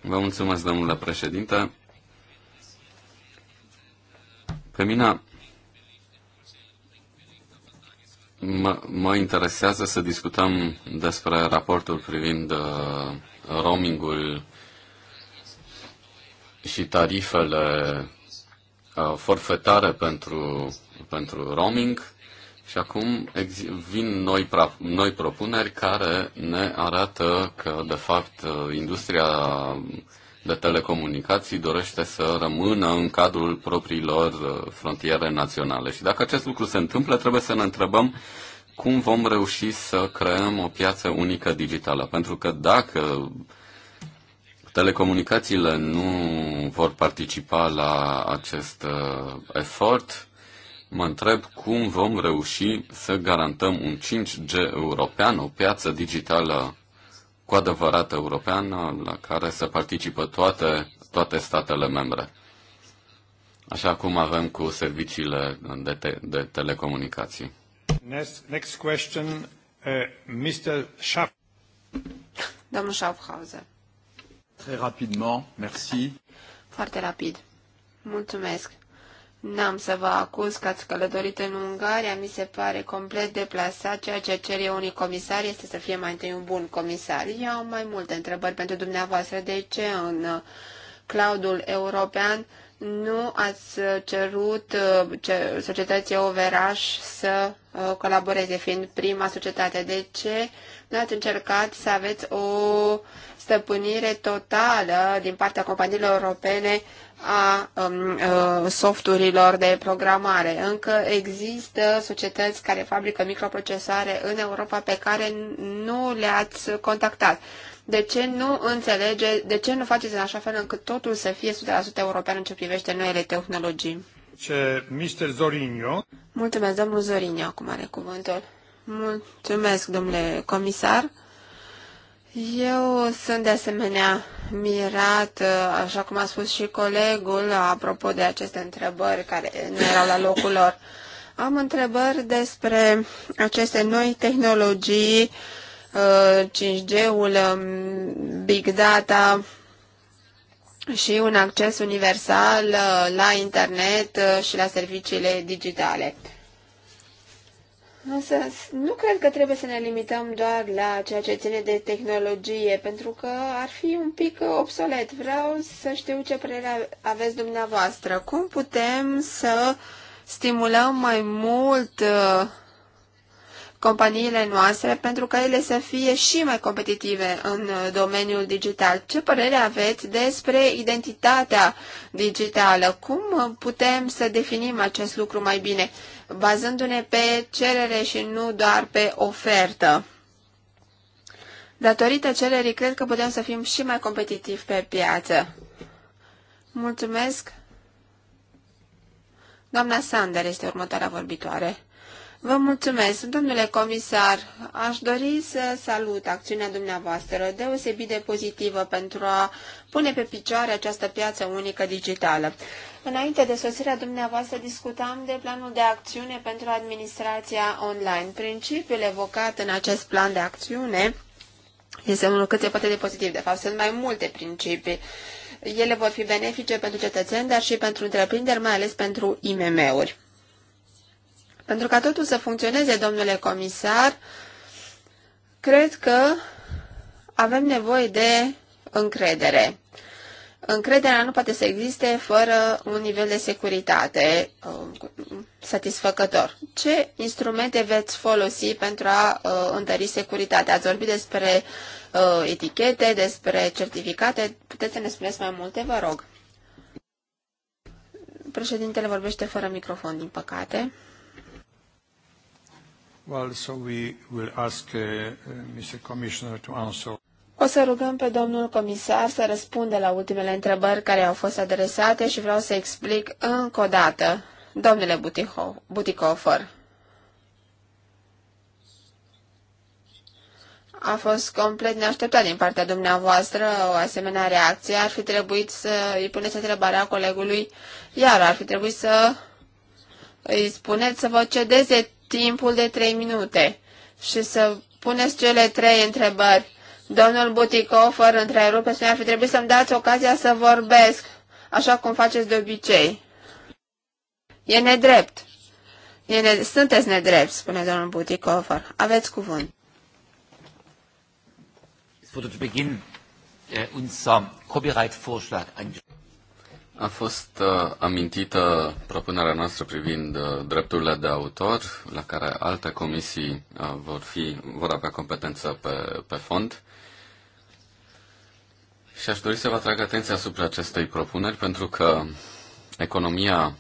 Vă mulțumesc, domnule președinte. Pe mine Mă, mă interesează să discutăm despre raportul privind uh, roamingul și tarifele uh, forfetare pentru, pentru roaming și acum vin noi, noi propuneri care ne arată că, de fapt, uh, industria de telecomunicații dorește să rămână în cadrul propriilor uh, frontiere naționale. Și dacă acest lucru se întâmplă, trebuie să ne întrebăm cum vom reuși să creăm o piață unică digitală. Pentru că dacă telecomunicațiile nu vor participa la acest uh, efort, mă întreb cum vom reuși să garantăm un 5G european, o piață digitală cu adevărat europeană la care să participă toate, toate statele membre. Așa cum avem cu serviciile de, te- de telecomunicații. Next, next question, uh, Mr. Schaff. Domnul Schaffhauser. Très rapidement, merci. Foarte rapid. Mulțumesc. N-am să vă acuz că ați călătorit în Ungaria, mi se pare complet deplasat. Ceea ce cer eu unui comisar este să fie mai întâi un bun comisar. Eu am mai multe întrebări pentru dumneavoastră. De ce în uh, cloudul european nu ați cerut uh, societății Overaș să uh, colaboreze, fiind prima societate. De ce nu ați încercat să aveți o stăpânire totală din partea companiilor europene a um, uh, softurilor de programare? Încă există societăți care fabrică microprocesoare în Europa pe care nu le-ați contactat de ce nu înțelege, de ce nu faceți în așa fel încât totul să fie 100% european în ce privește noile tehnologii? Ce, Mr. Zorinio. Mulțumesc, domnul Zorinio, acum are cuvântul. Mulțumesc, domnule comisar. Eu sunt de asemenea mirat, așa cum a spus și colegul, apropo de aceste întrebări care nu erau la locul lor. Am întrebări despre aceste noi tehnologii 5G-ul, um, Big Data și un acces universal uh, la internet uh, și la serviciile digitale. Însă nu cred că trebuie să ne limităm doar la ceea ce ține de tehnologie, pentru că ar fi un pic obsolet. Vreau să știu ce părere aveți dumneavoastră. Cum putem să stimulăm mai mult uh, companiile noastre pentru ca ele să fie și mai competitive în domeniul digital. Ce părere aveți despre identitatea digitală? Cum putem să definim acest lucru mai bine, bazându-ne pe cerere și nu doar pe ofertă? Datorită cererii, cred că putem să fim și mai competitivi pe piață. Mulțumesc! Doamna Sander este următoarea vorbitoare. Vă mulțumesc, domnule comisar. Aș dori să salut acțiunea dumneavoastră deosebit de pozitivă pentru a pune pe picioare această piață unică digitală. Înainte de sosirea dumneavoastră discutam de planul de acțiune pentru administrația online. Principiul evocat în acest plan de acțiune este unul cât se poate de pozitiv. De fapt, sunt mai multe principii. Ele vor fi benefice pentru cetățeni, dar și pentru întreprinderi, mai ales pentru IMM-uri. Pentru ca totul să funcționeze, domnule comisar, cred că avem nevoie de încredere. Încrederea nu poate să existe fără un nivel de securitate um, satisfăcător. Ce instrumente veți folosi pentru a uh, întări securitatea? Ați vorbit despre uh, etichete, despre certificate. Puteți să ne spuneți mai multe, vă rog. Președintele vorbește fără microfon, din păcate. Well, so we will ask uh, uh Mr. Commissioner to answer. O să rugăm pe domnul comisar să răspundă la ultimele întrebări care au fost adresate și vreau să explic încă o dată, domnule Butiho A fost complet neașteptat din partea dumneavoastră o asemenea reacție. Ar fi trebuit să îi puneți întrebarea colegului, iar ar fi trebuit să îi spuneți să vă cedeze timpul de trei minute și să puneți cele trei întrebări. Domnul Buticofer întrerupe, spune, ar fi trebuit să-mi dați ocazia să vorbesc, așa cum faceți de obicei. E nedrept. E ne... Sunteți nedrept, spune domnul Buticofer. Aveți cuvânt. Es wurde zu Beginn äh, unser Copyright-Vorschlag angesprochen. A fost uh, amintită propunerea noastră privind uh, drepturile de autor, la care alte comisii uh, vor, fi, vor avea competență pe, pe fond. Și aș dori să vă atrag atenția asupra acestei propuneri, pentru că economia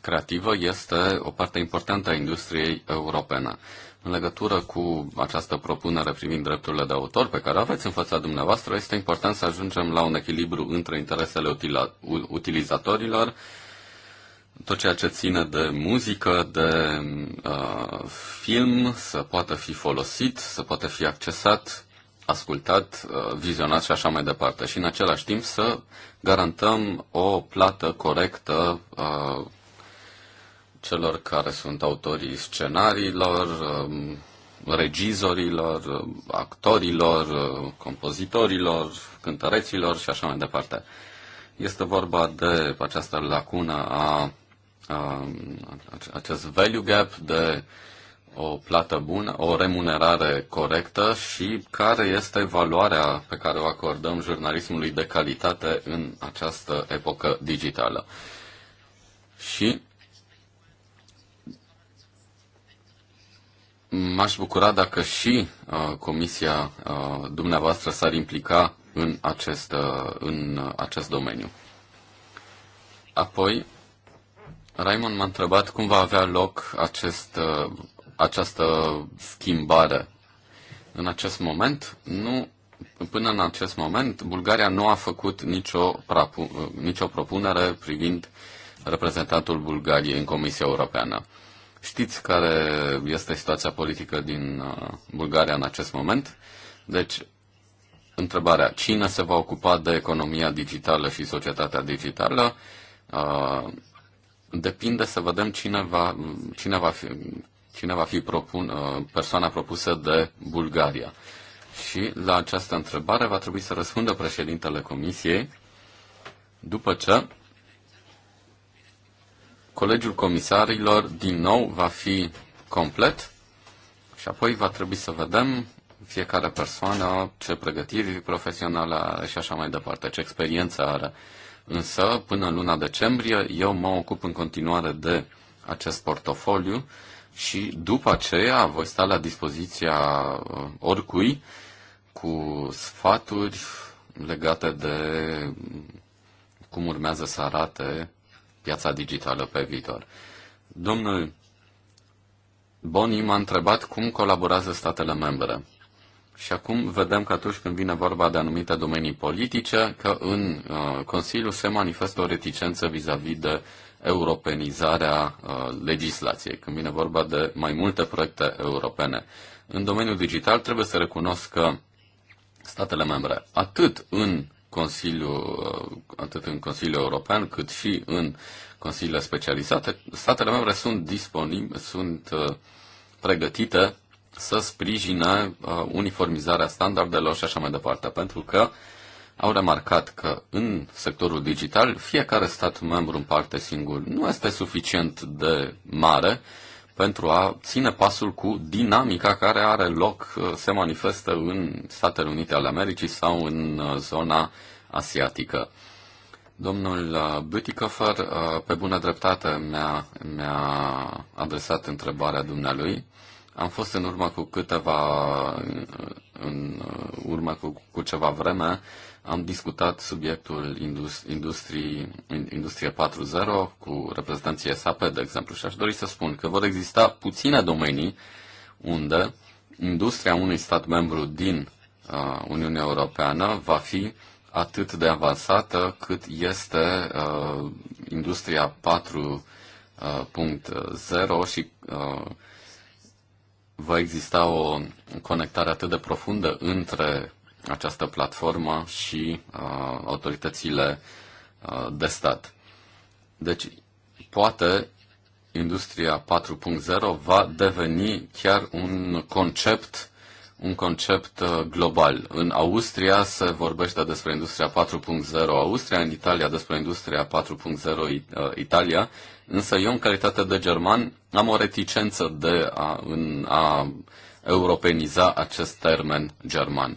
creativă este o parte importantă a industriei europene. În legătură cu această propunere privind drepturile de autor pe care aveți în fața dumneavoastră, este important să ajungem la un echilibru între interesele utilizatorilor, tot ceea ce ține de muzică, de uh, film, să poată fi folosit, să poată fi accesat, ascultat, uh, vizionat și așa mai departe. Și în același timp să garantăm o plată corectă uh, celor care sunt autorii scenariilor, um, regizorilor, um, actorilor, um, compozitorilor, cântăreților și așa mai departe. Este vorba de această lacună a, a acest value gap, de o plată bună, o remunerare corectă și care este valoarea pe care o acordăm jurnalismului de calitate în această epocă digitală. Și M-aș bucura dacă și uh, comisia uh, dumneavoastră s-ar implica în acest, uh, în acest domeniu. Apoi, Raymond m-a întrebat cum va avea loc acest, uh, această schimbare. În acest moment, nu, până în acest moment, Bulgaria nu a făcut nicio, prapu, uh, nicio propunere privind reprezentantul Bulgariei în Comisia Europeană. Știți care este situația politică din uh, Bulgaria în acest moment? Deci, întrebarea, cine se va ocupa de economia digitală și societatea digitală? Uh, depinde să vedem cine va, cine va fi, cine va fi propun, uh, persoana propusă de Bulgaria. Și la această întrebare va trebui să răspundă președintele Comisiei după ce Colegiul comisarilor din nou va fi complet și apoi va trebui să vedem fiecare persoană ce pregătiri profesionale are și așa mai departe, ce experiență are. Însă, până în luna decembrie, eu mă ocup în continuare de acest portofoliu și după aceea voi sta la dispoziția uh, oricui cu sfaturi legate de cum urmează să arate piața digitală pe viitor. Domnul Boni m-a întrebat cum colaborează statele membre. Și acum vedem că atunci când vine vorba de anumite domenii politice, că în uh, Consiliu se manifestă o reticență vis-a-vis -vis de europenizarea uh, legislației, când vine vorba de mai multe proiecte europene. În domeniul digital trebuie să recunosc că statele membre, atât în Consiliu, uh, atât în Consiliul European, cât și în Consiliile specializate, statele membre sunt disponibile, sunt uh, pregătite să sprijine uh, uniformizarea standardelor și așa mai departe, pentru că au remarcat că în sectorul digital fiecare stat membru în parte singur nu este suficient de mare pentru a ține pasul cu dinamica care are loc, uh, se manifestă în Statele Unite ale Americii sau în uh, zona asiatică. Domnul uh, Butikofer, pe bună dreptate, mi-a, mi-a adresat întrebarea dumnealui. Am fost în urmă cu câteva, în urmă cu, cu ceva vreme, am discutat subiectul industrie, industrie 4.0 cu reprezentanții SAP, de exemplu, și aș dori să spun că vor exista puține domenii unde industria unui stat membru din uh, Uniunea Europeană va fi atât de avansată cât este uh, industria 4.0 uh, și uh, va exista o conectare atât de profundă între această platformă și uh, autoritățile uh, de stat. Deci, poate industria 4.0 va deveni chiar un concept un concept uh, global. În Austria se vorbește despre industria 4.0 Austria, în Italia despre industria 4.0 uh, Italia, însă eu, în calitate de german, am o reticență de a, în a europeniza acest termen german.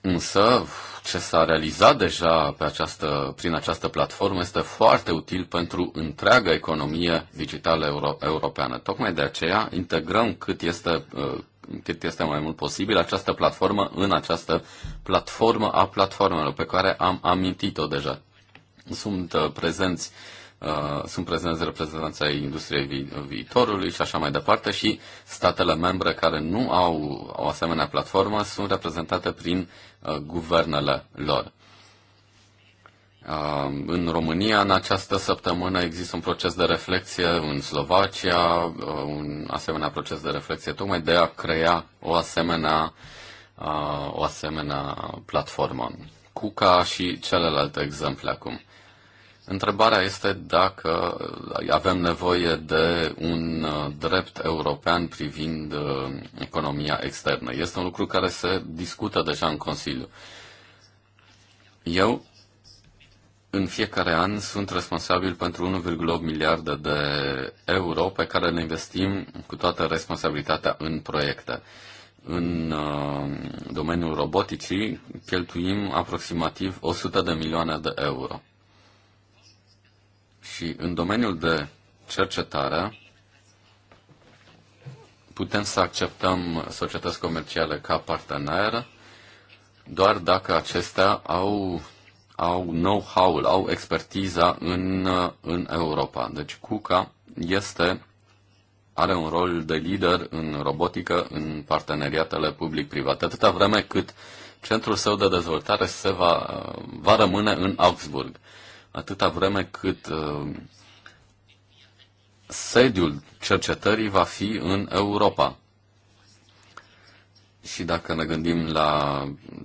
Însă, ce s-a realizat deja pe această, prin această platformă este foarte util pentru întreaga economie digitală euro- europeană. Tocmai de aceea integrăm cât este, uh, cât este mai mult posibil această platformă în această platformă a platformelor pe care am amintit-o deja. Sunt uh, prezenți uh, Uh, sunt prezenți reprezentanța industriei vi- viitorului și așa mai departe și statele membre care nu au o asemenea platformă sunt reprezentate prin uh, guvernele lor. Uh, în România, în această săptămână, există un proces de reflexie, în Slovacia, uh, un asemenea proces de reflexie, tocmai de a crea o asemenea, o asemenea platformă. Cuca și celelalte exemple acum. Întrebarea este dacă avem nevoie de un uh, drept european privind uh, economia externă. Este un lucru care se discută deja în Consiliu. Eu, în fiecare an, sunt responsabil pentru 1,8 miliarde de euro pe care le investim cu toată responsabilitatea în proiecte în uh, domeniul roboticii cheltuim aproximativ 100 de milioane de euro. Și în domeniul de cercetare putem să acceptăm societăți comerciale ca partener doar dacă acestea au, au know-how-ul, au expertiza în, în Europa. Deci CUCA este, are un rol de lider în robotică, în parteneriatele public-private, atâta vreme cât centrul său de dezvoltare se va, va rămâne în Augsburg atâta vreme cât uh, sediul cercetării va fi în Europa. Și dacă ne gândim la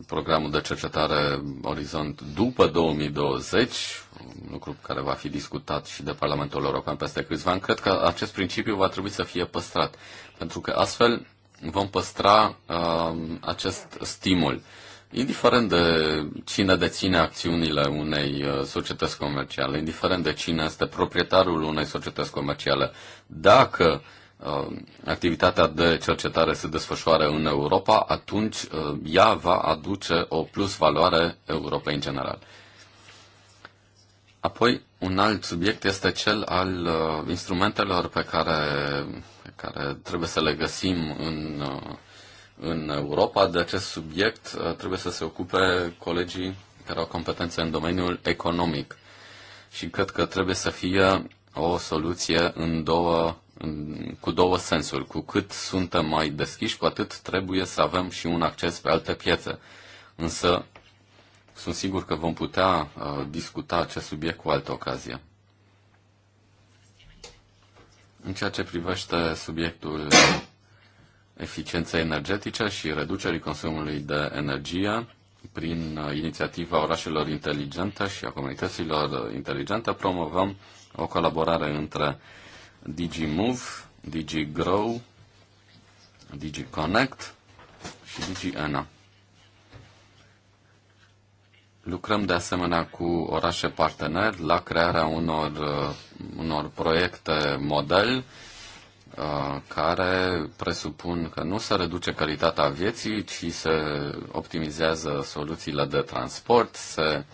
programul de cercetare Orizont după 2020, un lucru care va fi discutat și de Parlamentul European peste câțiva ani, cred că acest principiu va trebui să fie păstrat, pentru că astfel vom păstra uh, acest stimul indiferent de cine deține acțiunile unei uh, societăți comerciale, indiferent de cine este proprietarul unei societăți comerciale, dacă uh, activitatea de cercetare se desfășoară în Europa, atunci uh, ea va aduce o plus valoare Europei în general. Apoi, un alt subiect este cel al instrumentelor pe care, pe care trebuie să le găsim în în Europa, de acest subiect uh, trebuie să se ocupe colegii care au competențe în domeniul economic. Și cred că trebuie să fie o soluție în două, în, cu două sensuri. Cu cât suntem mai deschiși, cu atât trebuie să avem și un acces pe alte piețe. Însă sunt sigur că vom putea uh, discuta acest subiect cu altă ocazie. În ceea ce privește subiectul eficienței energetice și reducerii consumului de energie prin inițiativa orașelor inteligente și a comunităților inteligente promovăm o colaborare între DigiMove, DigiGrow, DigiConnect și DigiENA. Lucrăm de asemenea cu orașe parteneri la crearea unor, unor proiecte model Uh, care presupun că nu se reduce calitatea vieții, ci se optimizează soluțiile de transport, se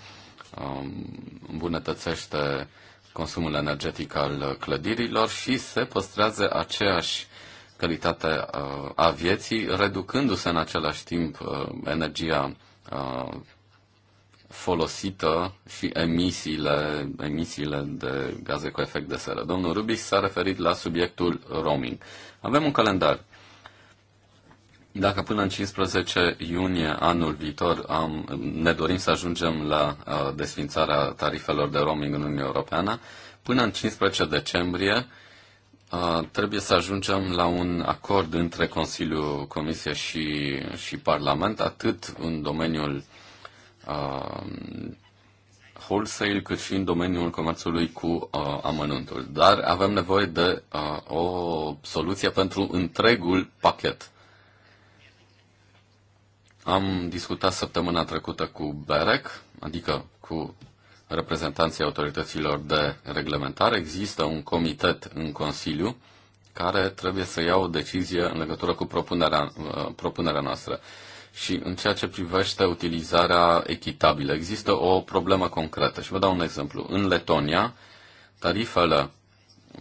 um, îmbunătățește consumul energetic al clădirilor și se păstrează aceeași calitate uh, a vieții, reducându-se în același timp uh, energia folosită și emisiile, emisiile de gaze cu efect de seră. Domnul Rubic s-a referit la subiectul roaming. Avem un calendar. Dacă până în 15 iunie anul viitor am, ne dorim să ajungem la uh, desfințarea tarifelor de roaming în Uniunea Europeană, până în 15 decembrie uh, trebuie să ajungem la un acord între Consiliul, Comisie și, și Parlament, atât în domeniul uh, uh, wholesale, cât și în domeniul comerțului cu uh, amănuntul. Dar avem nevoie de uh, o soluție pentru întregul pachet. Am discutat săptămâna trecută cu BEREC, adică cu reprezentanții autorităților de reglementare. Există un comitet în Consiliu care trebuie să ia o decizie în legătură cu propunerea, uh, propunerea noastră. Uh, și în ceea ce privește utilizarea echitabilă, există o problemă concretă. Și vă dau un exemplu. În Letonia, tarifele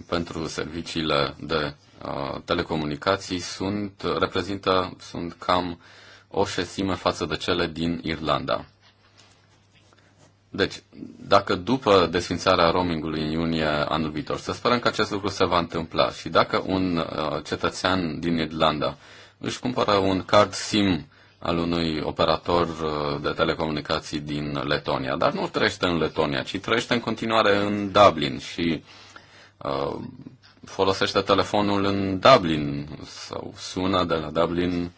pentru serviciile de uh, telecomunicații sunt, reprezintă, sunt cam o șesime față de cele din Irlanda. Deci, dacă după desfințarea roamingului în iunie anul viitor, să sperăm că acest lucru se va întâmpla și dacă un uh, cetățean din Irlanda își cumpără un card SIM al unui operator uh, de telecomunicații din Letonia. Dar nu trăiește în Letonia, ci trăiește în continuare în Dublin și uh, folosește telefonul în Dublin sau sună de la Dublin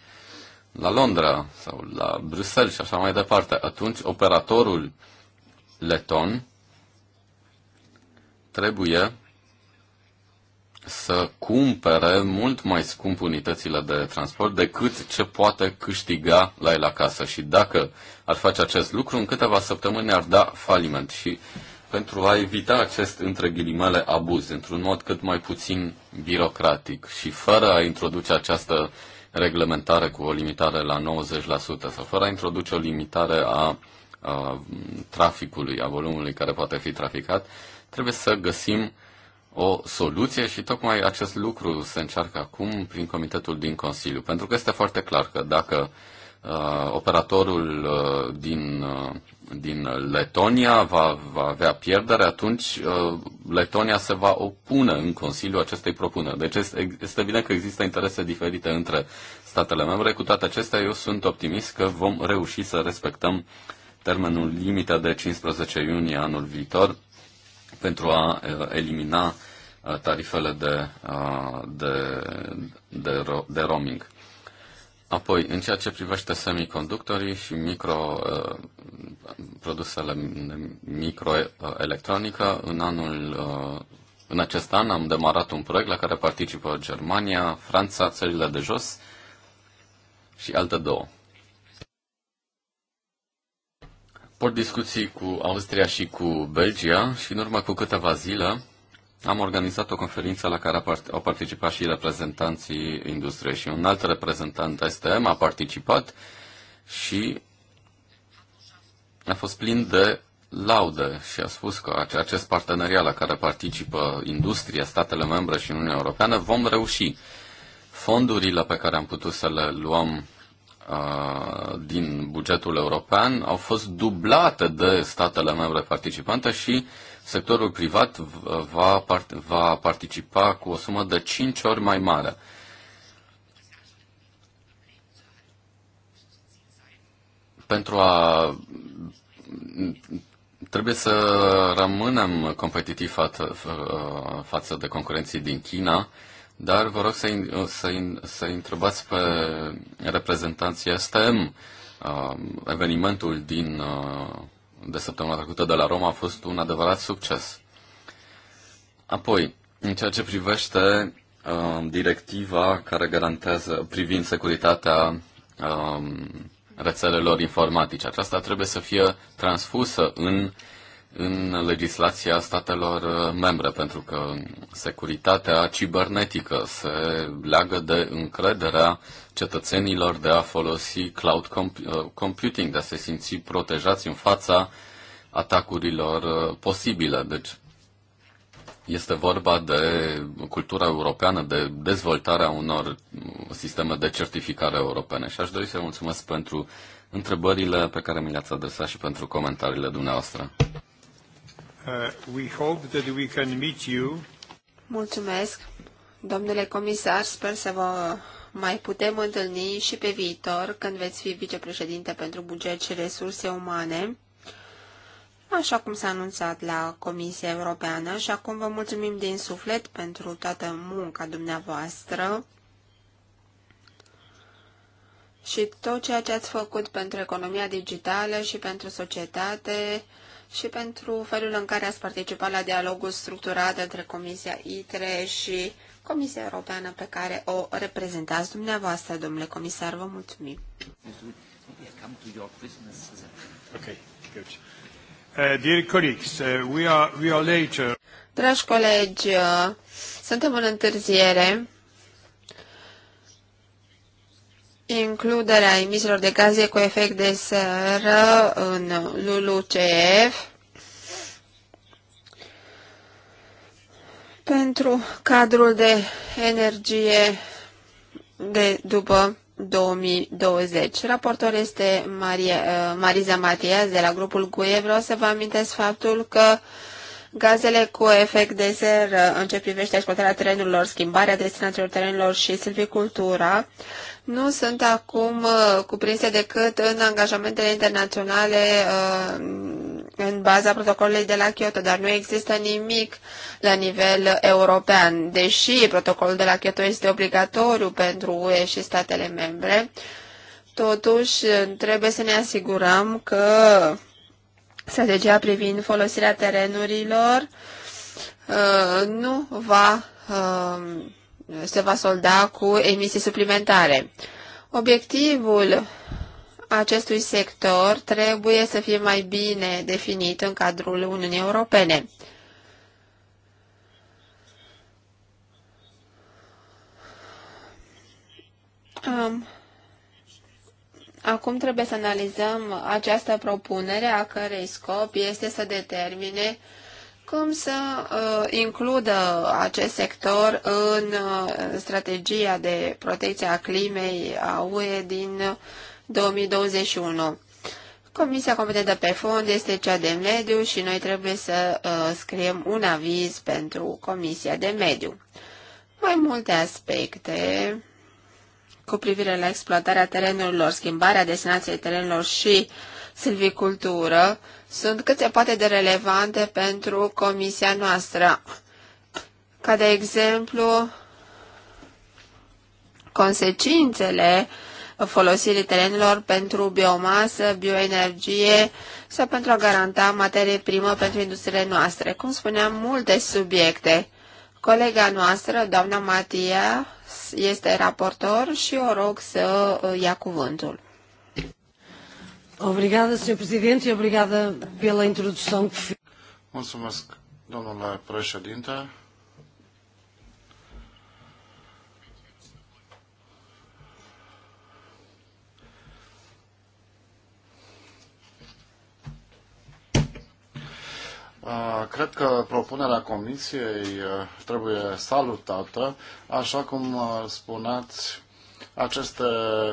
la Londra sau la Bruxelles și așa mai departe. Atunci operatorul leton trebuie să cumpere mult mai scump unitățile de transport decât ce poate câștiga la el acasă. Și dacă ar face acest lucru, în câteva săptămâni ar da faliment. Și pentru a evita acest, între ghilimele, abuz, într-un mod cât mai puțin birocratic și fără a introduce această reglementare cu o limitare la 90% sau fără a introduce o limitare a, a traficului, a volumului care poate fi traficat, trebuie să găsim o soluție și tocmai acest lucru se încearcă acum prin comitetul din Consiliu, pentru că este foarte clar că dacă uh, operatorul uh, din, uh, din Letonia va, va avea pierdere, atunci uh, Letonia se va opune în Consiliu acestei propuneri. Deci este, este evident că există interese diferite între statele membre. Cu toate acestea, eu sunt optimist că vom reuși să respectăm termenul limită de 15 iunie anul viitor pentru a eh, elimina eh, tarifele de, eh, de, de, de roaming. Apoi, în ceea ce privește semiconductorii și micro, produsele microelectronică, în anul în acest an am demarat un proiect la care participă Germania, Franța, țările de jos și alte două. Port discuții cu Austria și cu Belgia și în urmă cu câteva zile am organizat o conferință la care au participat și reprezentanții industriei și un alt reprezentant STM a participat și a fost plin de laudă și a spus că acest parteneriat la care participă industria, statele membre și Uniunea Europeană vom reuși. Fondurile pe care am putut să le luăm din bugetul european au fost dublate de statele membre participante și sectorul privat va, va participa cu o sumă de 5 ori mai mare. Pentru a trebuie să rămânem competitivi fa- față de concurenții din China dar vă rog să, uh, să, să întrebați pe reprezentanții STM. Uh, evenimentul din, uh, de săptămâna trecută de la Roma a fost un adevărat succes. Apoi, în ceea ce privește directiva care garantează privind securitatea um, rețelelor informatice, aceasta trebuie să fie transfusă în uh, în legislația statelor uh, membre, pentru că securitatea cibernetică se leagă de încrederea cetățenilor de a folosi cloud uh, computing, de a se simți protejați în fața atacurilor uh, posibile. Deci este vorba de cultura europeană, de dezvoltarea unor sisteme de certificare europene. Și aș dori să mulțumesc pentru întrebările pe care mi le-ați adresat și pentru comentariile dumneavoastră. Uh, we hope that we can meet you. Mulțumesc, domnule comisar, sper să vă mai putem întâlni și pe viitor când veți fi vicepreședinte pentru buget și resurse umane, așa cum s-a anunțat la Comisia Europeană și acum vă mulțumim din suflet pentru toată munca dumneavoastră și tot ceea ce ați făcut pentru economia digitală și pentru societate, și pentru felul în care ați participat la dialogul structurat între Comisia ITRE și Comisia Europeană pe care o reprezentați dumneavoastră, domnule comisar. Vă mulțumim. Uh, uh, uh. Dragi colegi, suntem în întârziere. includerea emisiilor de gaze cu efect de seră în LULUCF pentru cadrul de energie de după 2020. Raportor este Maria, uh, Mariza Matias de la grupul GUE. Vreau să vă amintesc faptul că Gazele cu efect de zer în ce privește exploatarea terenurilor, schimbarea destinațiilor terenurilor și silvicultura nu sunt acum uh, cuprinse decât în angajamentele internaționale uh, în baza protocolului de la Kyoto, dar nu există nimic la nivel european. Deși protocolul de la Kyoto este obligatoriu pentru UE și statele membre, totuși trebuie să ne asigurăm că strategia privind folosirea terenurilor uh, nu va se va solda cu emisii suplimentare. Obiectivul acestui sector trebuie să fie mai bine definit în cadrul Uniunii Europene. Um, acum trebuie să analizăm această propunere a cărei scop este să determine cum să uh, includă acest sector în uh, strategia de protecție a climei a UE din 2021. Comisia competentă pe fond este cea de mediu și noi trebuie să uh, scriem un aviz pentru Comisia de Mediu. Mai multe aspecte cu privire la exploatarea terenurilor, schimbarea destinației terenurilor și silvicultură, uh, sunt cât se poate de relevante pentru comisia noastră, ca de exemplu consecințele folosirii terenilor pentru biomasă, bioenergie sau pentru a garanta materie primă pentru industriile noastre. Cum spuneam, multe subiecte. Colega noastră, doamna Matia, este raportor și o rog să ia cuvântul. Obrigada, Sr. Presidente, e obrigada pela introdução que fez. Mulțumesc, domnule președinte. Cred că propunerea Comisiei trebuie salutată, așa cum spuneați aceste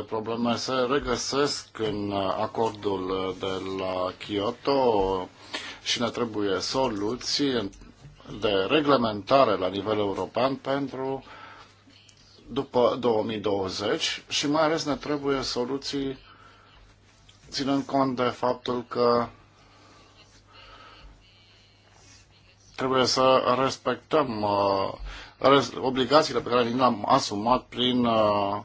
probleme se regăsesc în acordul de la Kyoto și ne trebuie soluții de reglementare la nivel european pentru după 2020 și mai ales ne trebuie soluții ținând cont de faptul că trebuie să respectăm uh, obligațiile pe care ni le-am asumat prin uh,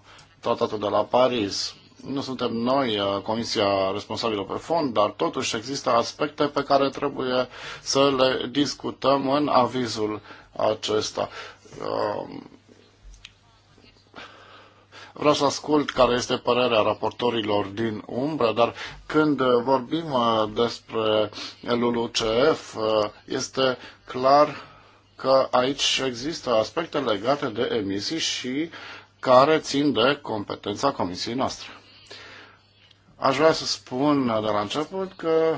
tratatul de la Paris. Nu suntem noi uh, comisia responsabilă pe fond, dar totuși există aspecte pe care trebuie să le discutăm în avizul acesta. Uh, Vreau să ascult care este părerea raportorilor din umbră, dar când vorbim uh, despre LULUCF, este clar că aici există aspecte legate de emisii și care țin de competența comisiei noastre. Aș vrea să spun de la început că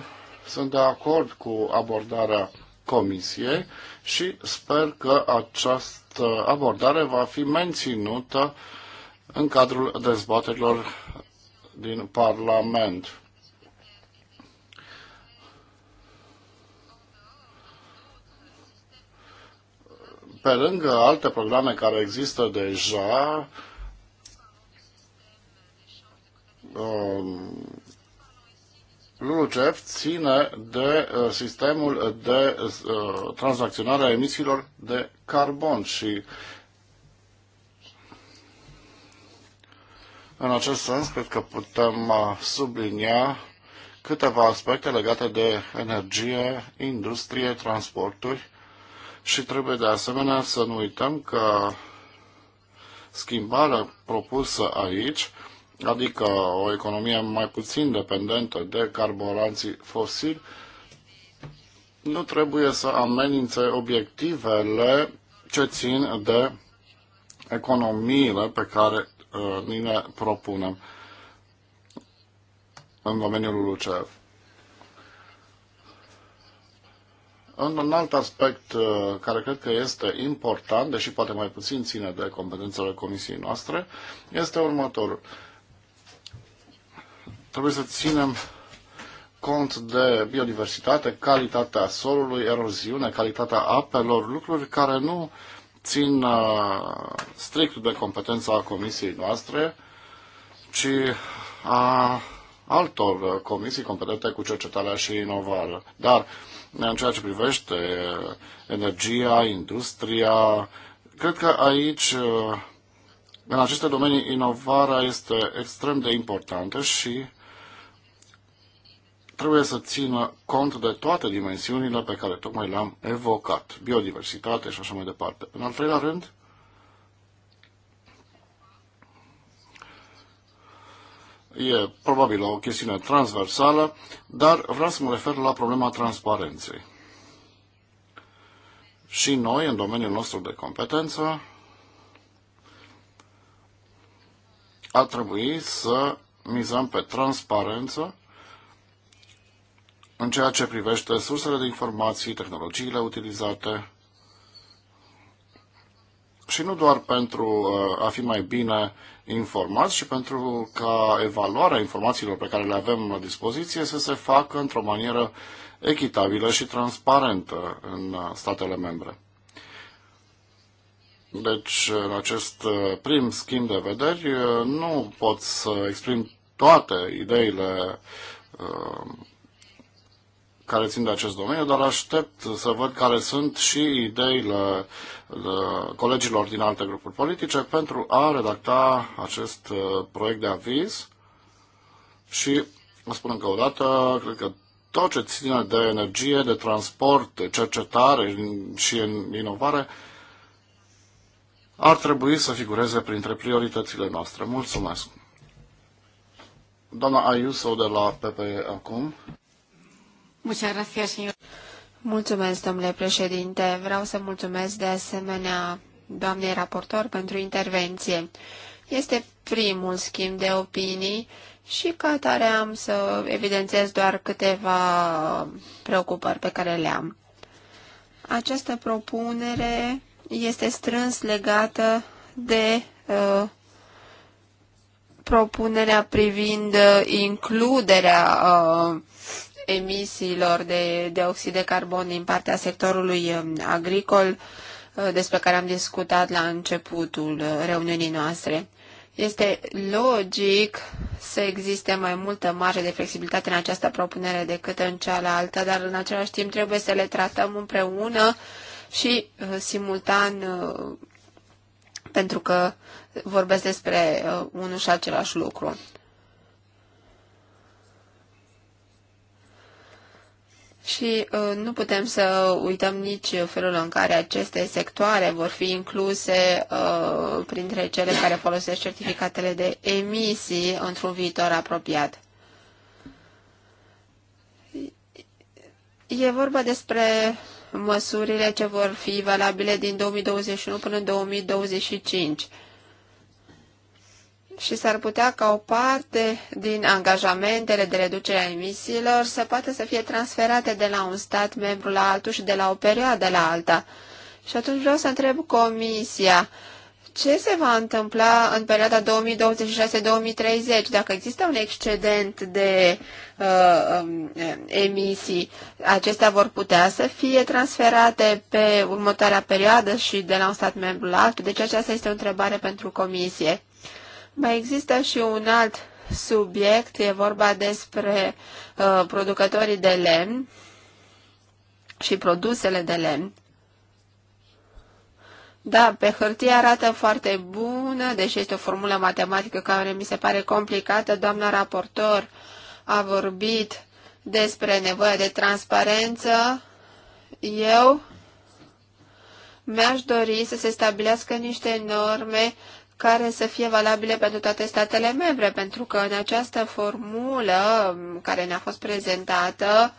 sunt de acord cu abordarea comisiei și sper că această abordare va fi menținută în cadrul dezbaterilor din Parlament. pe lângă alte programe care există deja, um, LULUCEF ține de uh, sistemul de uh, tranzacționare a emisiilor de carbon și în acest sens cred că putem uh, sublinia câteva aspecte legate de energie, industrie, transporturi și trebuie de asemenea să nu uităm că schimbarea propusă aici, adică o economie mai puțin dependentă de carburanții fosili, nu trebuie să amenințe obiectivele ce țin de economiile pe care uh, ni le propunem în domeniul LUCF. În un alt aspect uh, care cred că este important, deși poate mai puțin ține de competențele comisiei noastre, este următorul. Trebuie să ținem cont de biodiversitate, calitatea solului, eroziune, calitatea apelor, lucruri care nu țin uh, strict de competența comisiei noastre, ci a altor comisii competente cu cercetarea și inovarea. Dar în ceea ce privește uh, energia, industria. Cred că aici, uh, în aceste domenii, inovarea este extrem de importantă și trebuie să țină cont de toate dimensiunile pe care tocmai le-am evocat, biodiversitate și așa mai departe. În al treilea rând, e probabil o chestiune transversală, dar vreau să mă refer la problema transparenței. Și noi, în domeniul nostru de competență, a trebui să mizăm pe transparență în ceea ce privește sursele de informații, tehnologiile utilizate și nu doar pentru uh, a fi mai bine informați și pentru ca evaluarea informațiilor pe care le avem la dispoziție să se facă într-o manieră echitabilă și transparentă în statele membre. Deci, în acest uh, prim schimb de vederi, uh, nu pot să exprim toate ideile uh, care țin de acest domeniu, dar aștept să văd care sunt și ideile colegilor din alte grupuri politice pentru a redacta acest uh, proiect de aviz și, vă spun încă o dată, cred că tot ce ține de energie, de transport, de cercetare și inovare ar trebui să figureze printre prioritățile noastre. Mulțumesc! Doamna Ayuso de la PPE acum. Mulțumesc, domnule președinte. Vreau să mulțumesc de asemenea doamnei raportor pentru intervenție. Este primul schimb de opinii și ca atare am să evidențiez doar câteva preocupări pe care le am. Această propunere este strâns legată de uh, propunerea privind uh, includerea uh, emisiilor de dioxid de carbon din partea sectorului um, agricol uh, despre care am discutat la începutul uh, reuniunii noastre. Este logic să existe mai multă marge de flexibilitate în această propunere decât în cealaltă, dar în același timp trebuie să le tratăm împreună și uh, simultan pentru că vorbesc despre unul și același lucru. Și uh, nu putem să uităm nici felul în care aceste sectoare vor fi incluse uh, printre cele care folosesc certificatele de emisii într-un viitor apropiat. E vorba despre măsurile ce vor fi valabile din 2021 până în 2025 și s-ar putea ca o parte din angajamentele de reducere a emisiilor să poată să fie transferate de la un stat membru la altul și de la o perioadă la alta. Și atunci vreau să întreb Comisia, ce se va întâmpla în perioada 2026-2030 dacă există un excedent de uh, um, emisii? Acestea vor putea să fie transferate pe următoarea perioadă și de la un stat membru la altul? Deci aceasta este o întrebare pentru Comisie. Mai există și un alt subiect, e vorba despre uh, producătorii de lemn și produsele de lemn. Da, pe hârtie arată foarte bună, deși este o formulă matematică care mi se pare complicată. Doamna raportor a vorbit despre nevoia de transparență. Eu mi-aș dori să se stabilească niște norme uh, care să fie valabile pentru toate statele membre, pentru că în această formulă care ne-a fost prezentată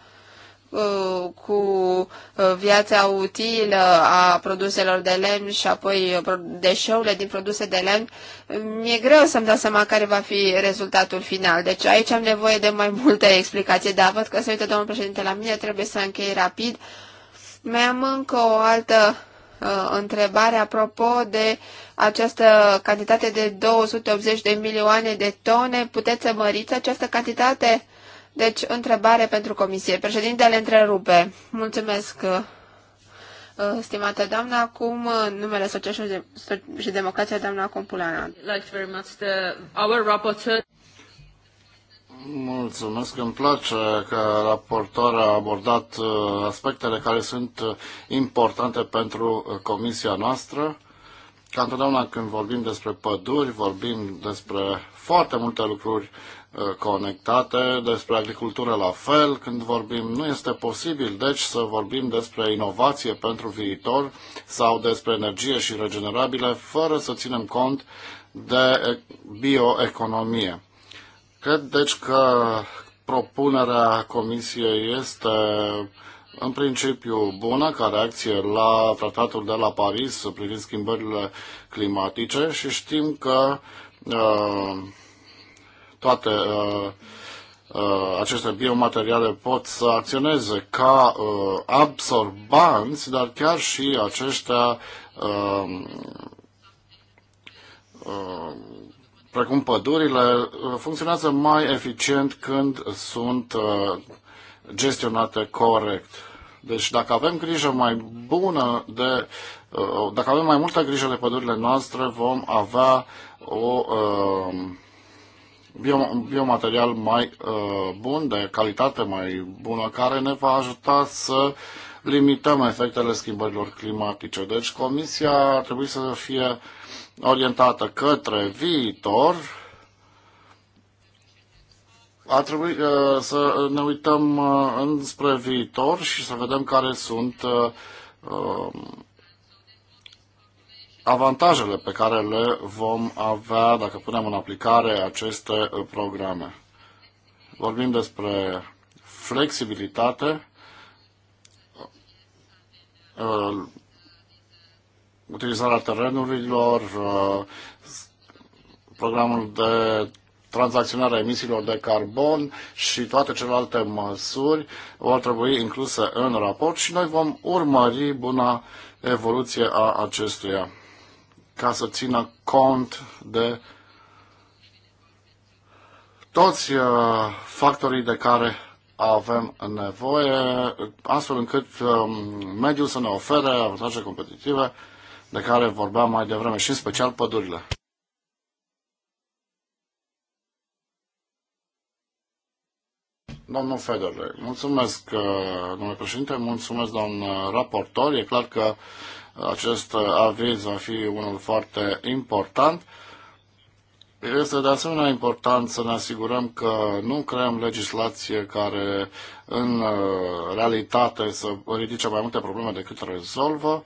uh, cu uh, viața utilă a produselor de lemn și apoi uh, deșeurile din produse de lemn, mi-e greu să-mi dau seama care va fi rezultatul final. Deci aici am nevoie de mai multe explicații, dar văd că se uită domnul președinte la mine, trebuie să închei rapid. Mai am încă o altă Uh, întrebare apropo de această cantitate de 280 de milioane de tone. Puteți să măriți această cantitate? Deci, întrebare pentru comisie. Președintele întrerupe. Mulțumesc, uh, uh, stimată doamnă. Acum, numele societății și Democrația, doamna Compulana. Like very much the, our rapporteur. Mulțumesc, îmi place că raportoarea a abordat uh, aspectele care sunt uh, importante pentru uh, comisia noastră. Ca întotdeauna când vorbim despre păduri, vorbim despre foarte multe lucruri conectate, despre agricultură la fel, când vorbim nu este posibil, deci să vorbim despre inovație pentru viitor sau despre energie și regenerabile, fără să ținem cont de bioeconomie. Cred deci că propunerea Comisiei este în principiu bună ca reacție la tratatul de la Paris privind schimbările climatice și știm că uh, toate uh, uh, aceste biomateriale pot să acționeze ca uh, absorbanți, dar chiar și aceștia uh, uh, precum pădurile, funcționează mai eficient când sunt uh, gestionate corect. Deci dacă avem grijă mai bună de, uh, dacă avem mai multă grijă de pădurile noastre, vom avea o un uh, biomaterial mai bun, de calitate mai bună, care ne va ajuta să limităm efectele schimbărilor climatice. Deci Comisia ar trebui să fie orientată către viitor, ar trebui uh, să ne uităm uh, înspre viitor și să vedem care sunt uh, um, avantajele pe care le vom avea dacă punem în aplicare aceste programe. Vorbim despre flexibilitate, utilizarea terenurilor, uh, programul de a emisiilor de carbon și toate celelalte măsuri vor trebui incluse în raport și noi vom urmări buna evoluție a acestuia ca să țină cont de toți uh, factorii de care avem nevoie, astfel încât um, mediul să ne ofere avantaje competitive de care vorbeam mai devreme și în special pădurile. Domnul Federle, mulțumesc, uh, domnule președinte, mulțumesc, domn raportor. E clar că acest aviz va fi unul foarte important. Este de asemenea important să ne asigurăm că nu creăm legislație care în uh, realitate să ridice mai multe probleme decât rezolvă.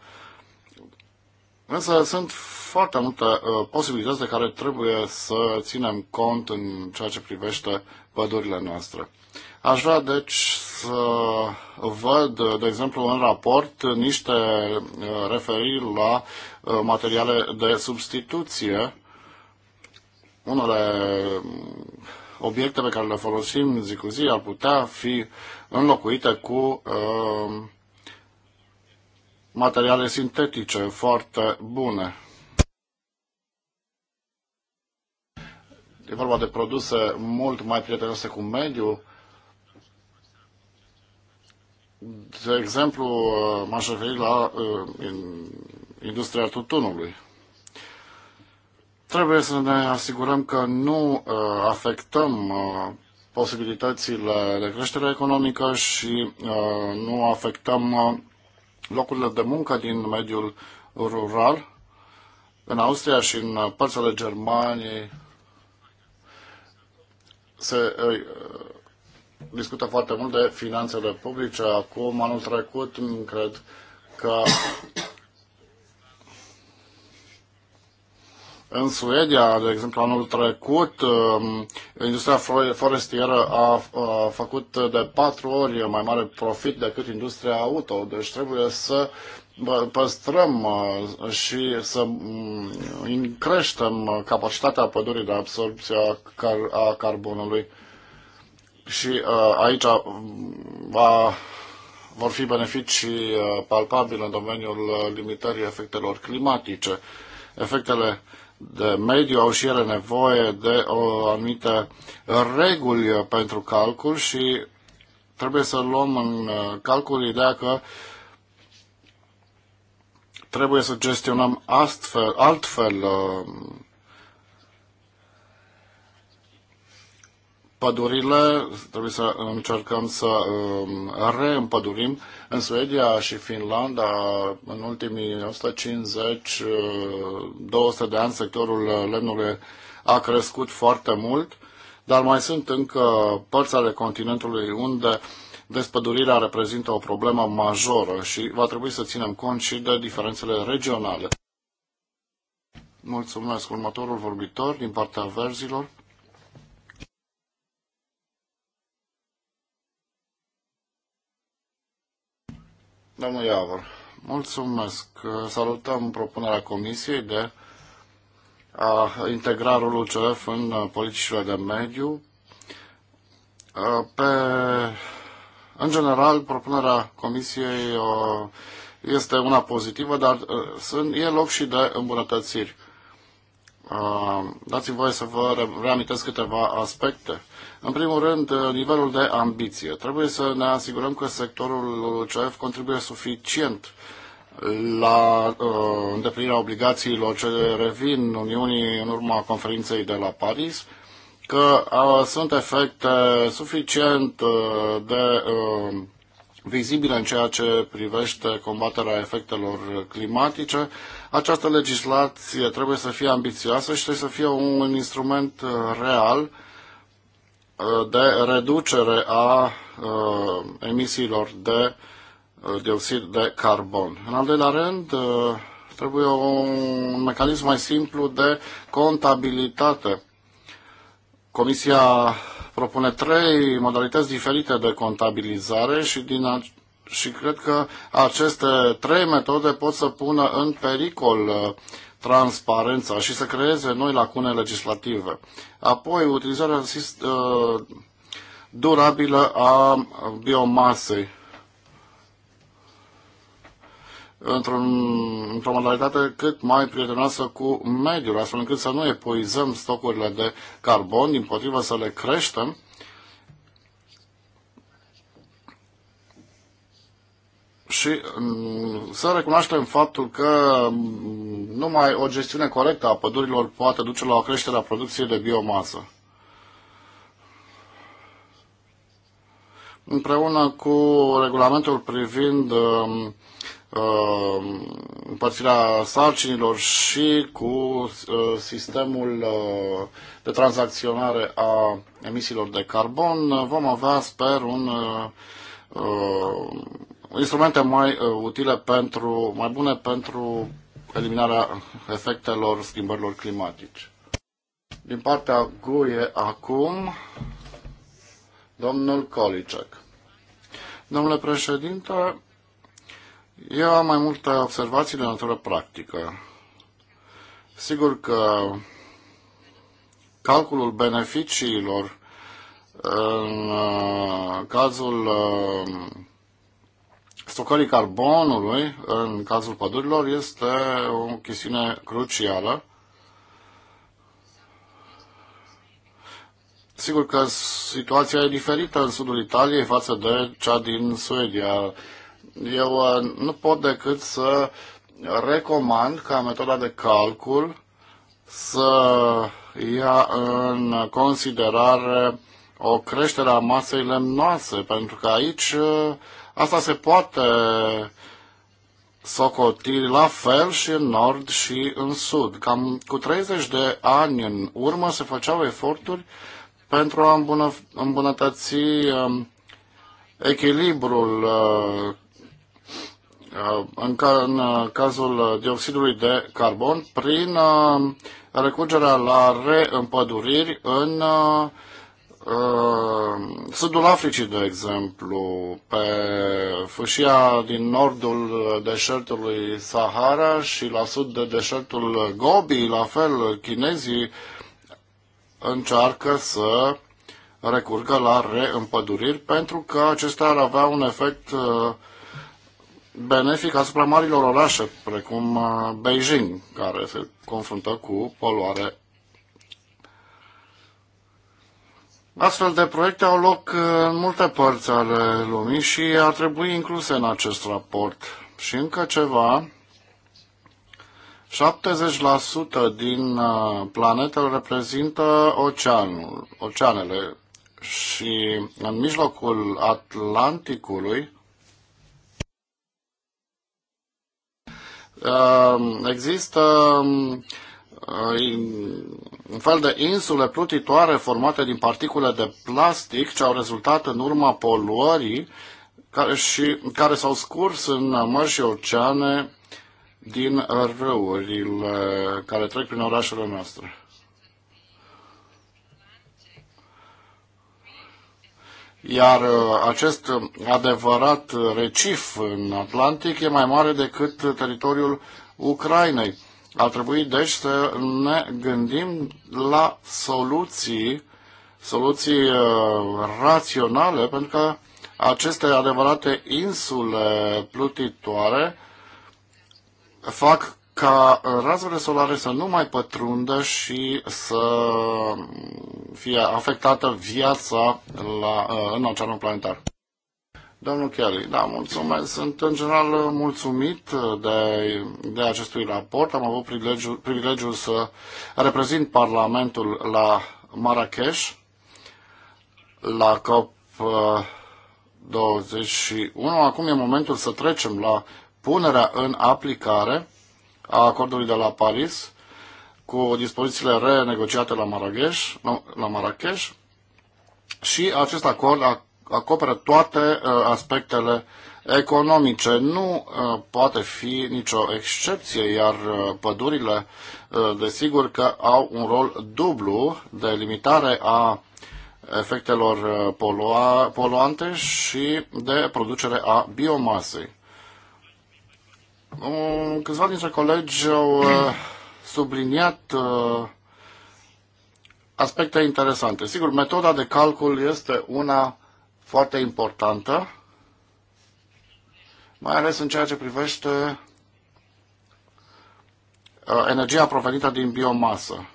Însă sunt foarte multe uh, posibilități de care trebuie să ținem cont în ceea ce privește pădurile noastre. Aș vrea, deci, să văd, de exemplu, în raport niște uh, referiri la uh, materiale de substituție. Unele um, obiecte pe care le folosim zi cu zi ar putea fi înlocuite cu uh, materiale sintetice foarte bune. E vorba de produse mult mai prietenoase cu mediul. De exemplu, m-aș referi la uh, industria tutunului. Trebuie să ne asigurăm că nu uh, afectăm uh, posibilitățile de creștere economică și nu afectăm locurile de muncă din mediul rural în Austria și în părțile Germaniei se eh, discută foarte mult de finanțele publice. Acum, anul trecut, cred că În Suedia, de exemplu, anul trecut, um, industria forestieră a făcut de patru ori mai mare profit decât industria auto, deci trebuie să păstrăm uh, și să mm, creștem capacitatea pădurii de absorbție a carbonului. Și uh, aici mm, va vor fi beneficii uh, palpabile în domeniul limitării efectelor climatice. Efectele de mediu au și ele nevoie de o anumită reguli pentru calcul și trebuie să luăm în uh, calcul ideea că trebuie să gestionăm astfel, altfel uh, pădurile, trebuie să încercăm să um, reîmpădurim. În Suedia și Finlanda, în ultimii 150-200 uh, de ani, sectorul uh, lemnului a crescut foarte mult, dar mai sunt încă părți ale continentului unde despădurirea reprezintă o problemă majoră și va trebui să ținem cont și de diferențele regionale. Mulțumesc. Următorul vorbitor din partea verzilor. Domnul Iavor, mulțumesc. Salutăm propunerea Comisiei de a integra rolul UCF în uh, politicile de mediu. Uh, pe, în general, propunerea Comisiei uh, este una pozitivă, dar sunt, e loc și de îmbunătățiri. Dați-mi voie să vă reamintesc câteva aspecte. În primul rând, nivelul de ambiție. Trebuie să ne asigurăm că sectorul CF contribuie suficient la uh, îndeplinirea obligațiilor ce revin Uniunii în urma conferinței de la Paris, că uh, sunt efecte suficient uh, de uh, vizibile în ceea ce privește combaterea efectelor climatice. Această legislație trebuie să fie ambițioasă și trebuie să fie un instrument uh, real uh, de reducere a uh, emisiilor de uh, dioxid de carbon. În al doilea rând, uh, trebuie un mecanism mai simplu de contabilitate. Comisia propune trei modalități diferite de contabilizare și, din și cred că aceste trei metode pot să pună în pericol transparența și să creeze noi lacune legislative. Apoi, utilizarea uh, durabilă a biomasei într-un, într modalitate cât mai prietenoasă cu mediul, astfel încât să nu epuizăm stocurile de carbon, din potrivă să le creștem. și mm, să recunoaștem faptul că numai o gestiune corectă a pădurilor poate duce la o creștere a producției de biomasă. Împreună cu regulamentul privind uh, împărțirea sarcinilor și cu uh, sistemul uh, de tranzacționare a emisiilor de carbon, vom avea, sper, un uh, uh instrumente mai utile pentru, mai bune pentru eliminarea efectelor schimbărilor climatice. Din partea GUE acum, domnul Kolicek. Domnule președinte, eu am mai multe observații de natură practică. Sigur că calculul beneficiilor în uh, cazul uh, stocării carbonului în cazul pădurilor este o chestiune crucială. Sigur că situația e diferită în sudul Italiei față de cea din Suedia. Eu uh, nu pot decât să recomand ca metoda de calcul să ia în considerare o creștere a masei lemnoase, pentru că aici uh, Asta se poate socoti la fel și în nord și în sud. Cam cu 30 de ani în urmă se făceau eforturi pentru a îmbunătăți um, echilibrul uh, uh, în, ca, în uh, cazul dioxidului de carbon prin recurgerea la reîmpăduriri în Ehm, sudul Africii, de exemplu, pe fâșia din nordul deșertului Sahara și la sud de deșertul Gobi, la fel, chinezii încearcă să recurgă la reîmpăduriri pentru că acestea ar avea un efect eh, benefic asupra marilor orașe, precum eh, Beijing, care se confruntă cu poluare Astfel de proiecte au loc uh, în multe părți ale lumii și ar trebui incluse în acest raport. Și încă ceva, 70% din uh, planetă reprezintă oceanul, oceanele și în mijlocul Atlanticului uh, există un fel de insule plutitoare formate din particule de plastic ce au rezultat în urma poluării care, și, care s-au scurs în mări și oceane din râurile care trec prin orașele noastre. Iar uh, acest adevărat recif în Atlantic e mai mare decât teritoriul Ucrainei. Ar trebui, deci, să ne gândim la soluții, soluții uh, raționale, pentru că aceste adevărate insule plutitoare fac ca razele solare să nu mai pătrundă și să fie afectată viața la, uh, în oceanul planetar. Domnul Kelly, da, mulțumesc. Sunt în general mulțumit de, de acestui raport. Am avut privilegiul, privilegiul să reprezint Parlamentul la Marrakesh, la COP21. Acum e momentul să trecem la punerea în aplicare a acordului de la Paris cu dispozițiile renegociate la Marrakesh, la Marrakesh și acest acord acoperă toate uh, aspectele economice. Nu uh, poate fi nicio excepție, iar uh, pădurile, desigur că au un rol dublu de limitare a efectelor polua, poluante și de producere a biomasei. Mm, câțiva dintre colegi au subliniat aspecte interesante. Sigur, metoda de calcul este una foarte importantă, mai ales în ceea ce privește uh, energia provenită din biomasă.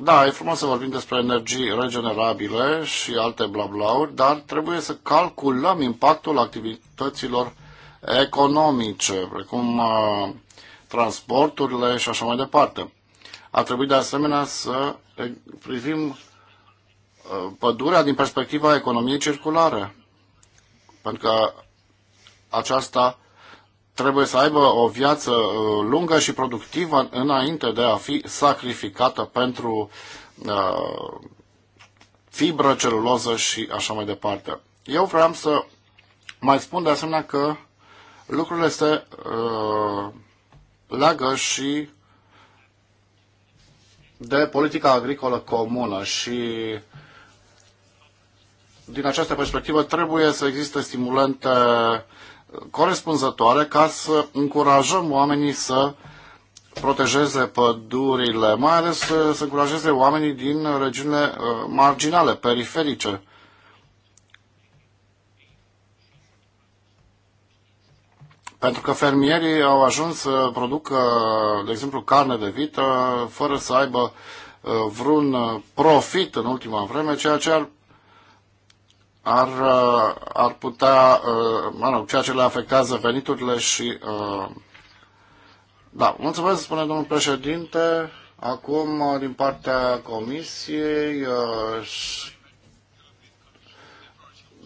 Da, e frumos să vorbim despre energii regenerabile și alte blablauri, dar trebuie să calculăm impactul activităților economice, precum uh, transporturile și așa mai departe. Ar trebui de asemenea să privim Uh, pădurea din perspectiva economiei circulare. Pentru că aceasta trebuie să aibă o viață uh, lungă și productivă înainte de a fi sacrificată pentru uh, fibră, celuloză și așa mai departe. Eu vreau să mai spun de asemenea că lucrurile se uh, leagă și de politica agricolă comună și din această perspectivă trebuie să existe stimulente corespunzătoare ca să încurajăm oamenii să protejeze pădurile, mai ales să, să încurajeze oamenii din regiunile uh, marginale, periferice. Pentru că fermierii au ajuns să producă, de exemplu, carne de vită fără să aibă uh, vreun profit în ultima vreme, ceea ce ar ar, uh, ar putea, uh, mă rog, ceea ce le afectează veniturile și... Uh, da, mulțumesc, spune domnul președinte. Acum, din partea comisiei,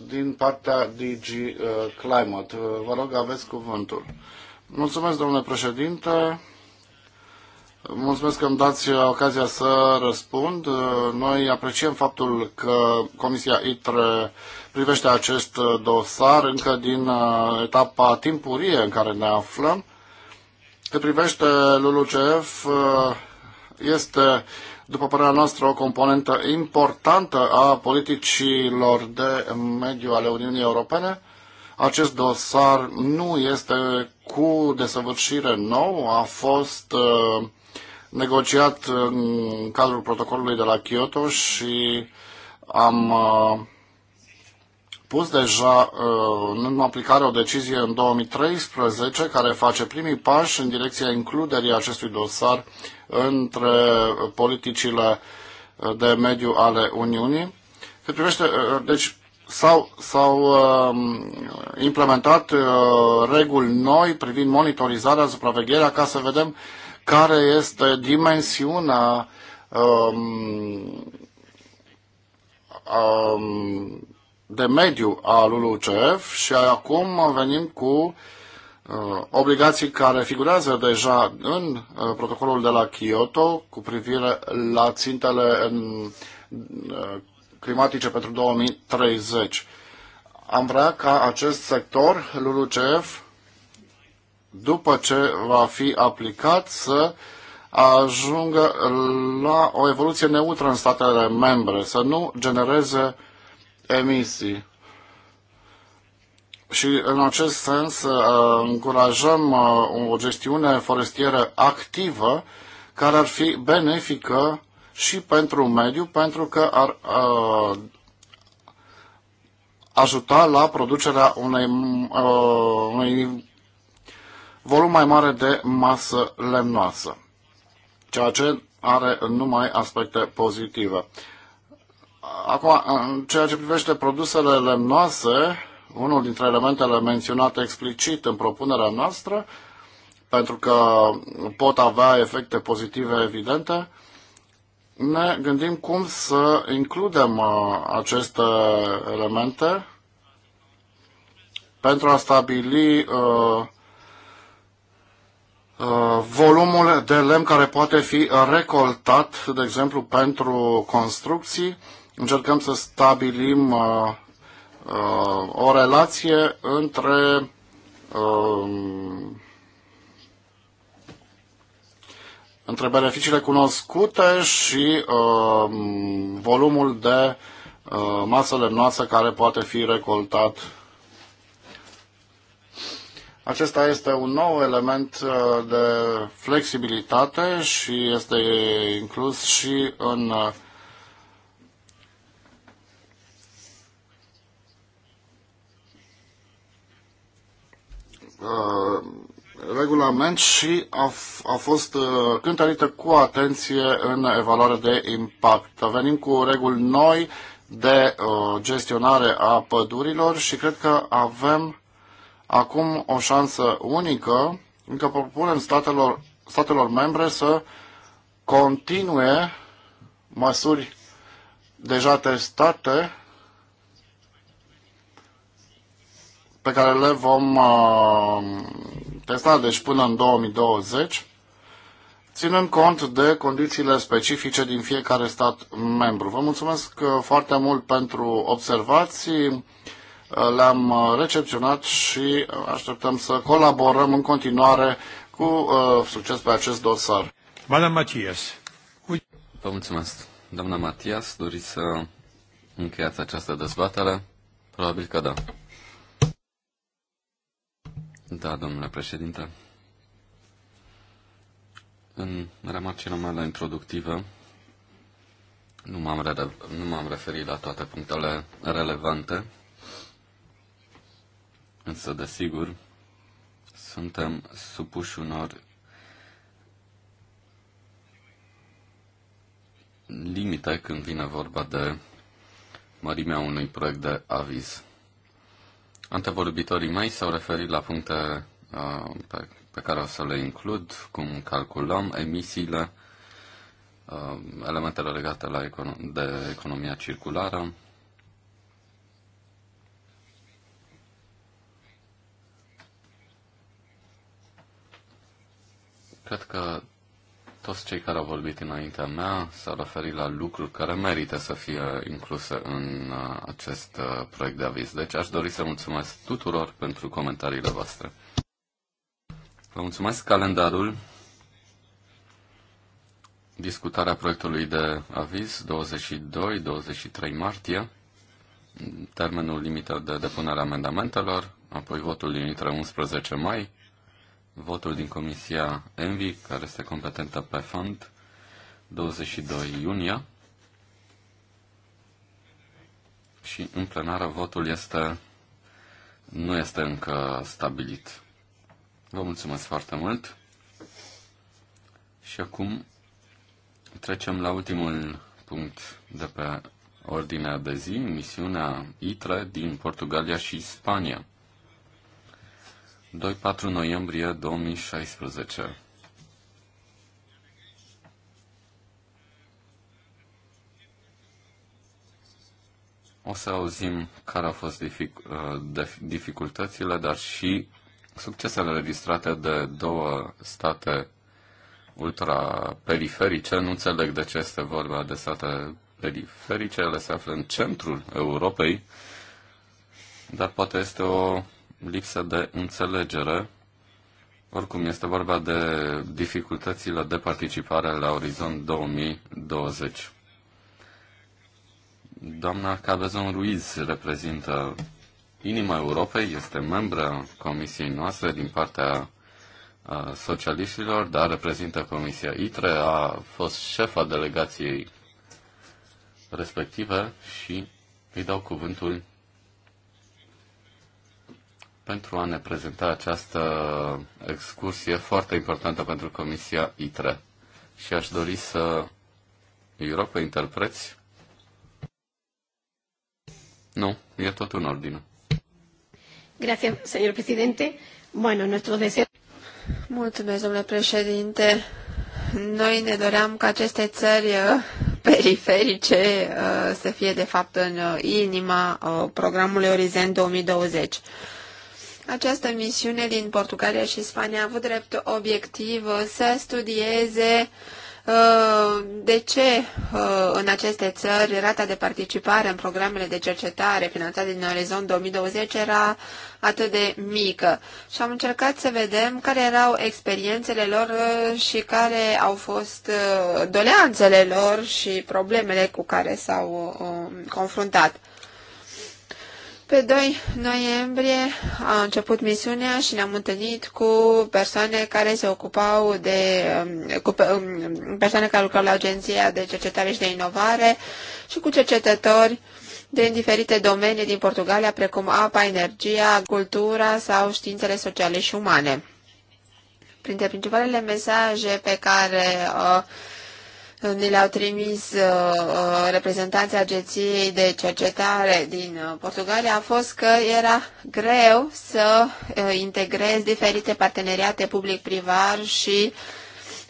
din partea DG Climate. Vă rog, aveți cuvântul. Mulțumesc, domnule președinte. Mulțumesc că îmi dați ocazia să răspund. Noi apreciem faptul că Comisia ITRE privește acest dosar încă din uh, etapa timpurie în care ne aflăm. Cât privește LULUCF, uh, este, după părerea noastră, o componentă importantă a politicilor de mediu ale Uniunii Europene. Acest dosar nu este cu desăvârșire nou, a fost uh, negociat în cadrul protocolului de la Kyoto și am uh, pus deja uh, în aplicare o decizie în 2013 care face primii pași în direcția includerii acestui dosar între politicile uh, de mediu ale Uniunii. Cât privește, deci s-au, s-au um, implementat reguli noi privind monitorizarea, supravegherea, ca să vedem care este dimensiunea um, um, de mediu a LULUCF și acum venim cu uh, obligații care figurează deja în uh, protocolul de la Kyoto cu privire la țintele în, uh, climatice pentru 2030. Am vrea ca acest sector, LULUCF, după ce va fi aplicat, să ajungă la o evoluție neutră în statele membre, să nu genereze emisii. Și în acest sens uh, încurajăm uh, o gestiune forestieră activă care ar fi benefică și pentru mediu, pentru că ar uh, ajuta la producerea unei, unei volum mai mare de masă lemnoasă, ceea ce are numai aspecte pozitive. Acum, în ceea ce privește produsele lemnoase, unul dintre elementele menționate explicit în propunerea noastră, pentru că pot avea efecte pozitive evidente, ne gândim cum să includem uh, aceste elemente pentru a stabili uh, Uh, volumul de lemn care poate fi recoltat, de exemplu, pentru construcții. Încercăm să stabilim uh, uh, o relație între um, între beneficiile cunoscute și uh, volumul de uh, masă lemnoasă care poate fi recoltat acesta este un nou element uh, de flexibilitate și este inclus și în uh, regulament și a, a fost uh, cântărită cu atenție în evaluarea de impact. Venim cu reguli noi de gestionare a pădurilor și cred că avem acum o șansă unică încă propunem statelor, statelor membre să continue măsuri deja testate pe care le vom uh, testa deci până în 2020, ținând cont de condițiile specifice din fiecare stat membru. Vă mulțumesc uh, foarte mult pentru observații le-am uh, recepționat și așteptăm să colaborăm în continuare cu uh, succes pe acest dosar. Madame Matias. Vă mulțumesc. Doamna Matias, doriți să încheiați această dezbatere? Probabil că da. Da, domnule președinte. În remarcile mele introductive, nu nu m-am referit la toate punctele relevante Însă, desigur, suntem supuși unor limite când vine vorba de mărimea unui proiect de aviz. Antevorbitorii mei s-au referit la puncte uh, pe, care o să le includ, cum calculăm emisiile, uh, elementele legate de economia circulară, Cred că toți cei care au vorbit înaintea mea s-au referit la lucruri care merită să fie incluse în uh, acest uh, proiect de aviz. Deci aș dori să mulțumesc tuturor pentru comentariile voastre. Vă mulțumesc calendarul. Discutarea proiectului de aviz 22-23 martie, termenul limită de depunere a amendamentelor, apoi votul din 11 mai, votul din Comisia ENVI, care este competentă pe fond, 22 iunie. Și în plenară votul este, nu este încă stabilit. Vă mulțumesc foarte mult. Și acum trecem la ultimul punct de pe ordinea de zi, misiunea ITRE din Portugalia și Spania. 2-4 noiembrie 2016. O să auzim care au fost uh, dificultățile, dar și succesele registrate de două state ultraperiferice. Nu înțeleg de ce este vorba de state periferice, ele se află în centrul Europei, dar poate este o lipsă de înțelegere. Oricum, este vorba de dificultățile de participare la Orizont 2020. Doamna Cabezon Ruiz reprezintă inima Europei, este membră comisiei noastre din partea socialiștilor, dar reprezintă Comisia ITRE, a fost șefa delegației respective și îi dau cuvântul pentru a ne prezenta această excursie foarte importantă pentru Comisia ITRE. Și aș dori să îi rog pe interpreți. Nu, e tot în ordine. Gracias, señor presidente. Bueno, nuestro deseo... Mulțumesc, domnule președinte. Noi ne doream ca aceste țări uh, periferice uh, să fie, de fapt, în uh, inima programului Orizont 2020. Această misiune din Portugalia și Spania a avut drept obiectiv uh, să studieze uh, de ce uh, în aceste țări rata de participare în programele de cercetare finanțate din Orizont 2020 era atât de mică? Și am încercat să vedem care erau experiențele lor și care au fost doleanțele lor și problemele cu care s-au confruntat. Pe 2 noiembrie a început misiunea și ne-am întâlnit cu persoane care se ocupau de um, cu um, persoane care lucrau la Agenția de Cercetare și de Inovare și cu cercetători din diferite domenii din Portugalia, precum apa, energia, cultura sau științele sociale și umane. Printre principalele mesaje pe care uh, ne le-au trimis uh, uh, reprezentanții agenției de cercetare din uh, Portugalia a fost că era greu să integrez diferite parteneriate public-privat și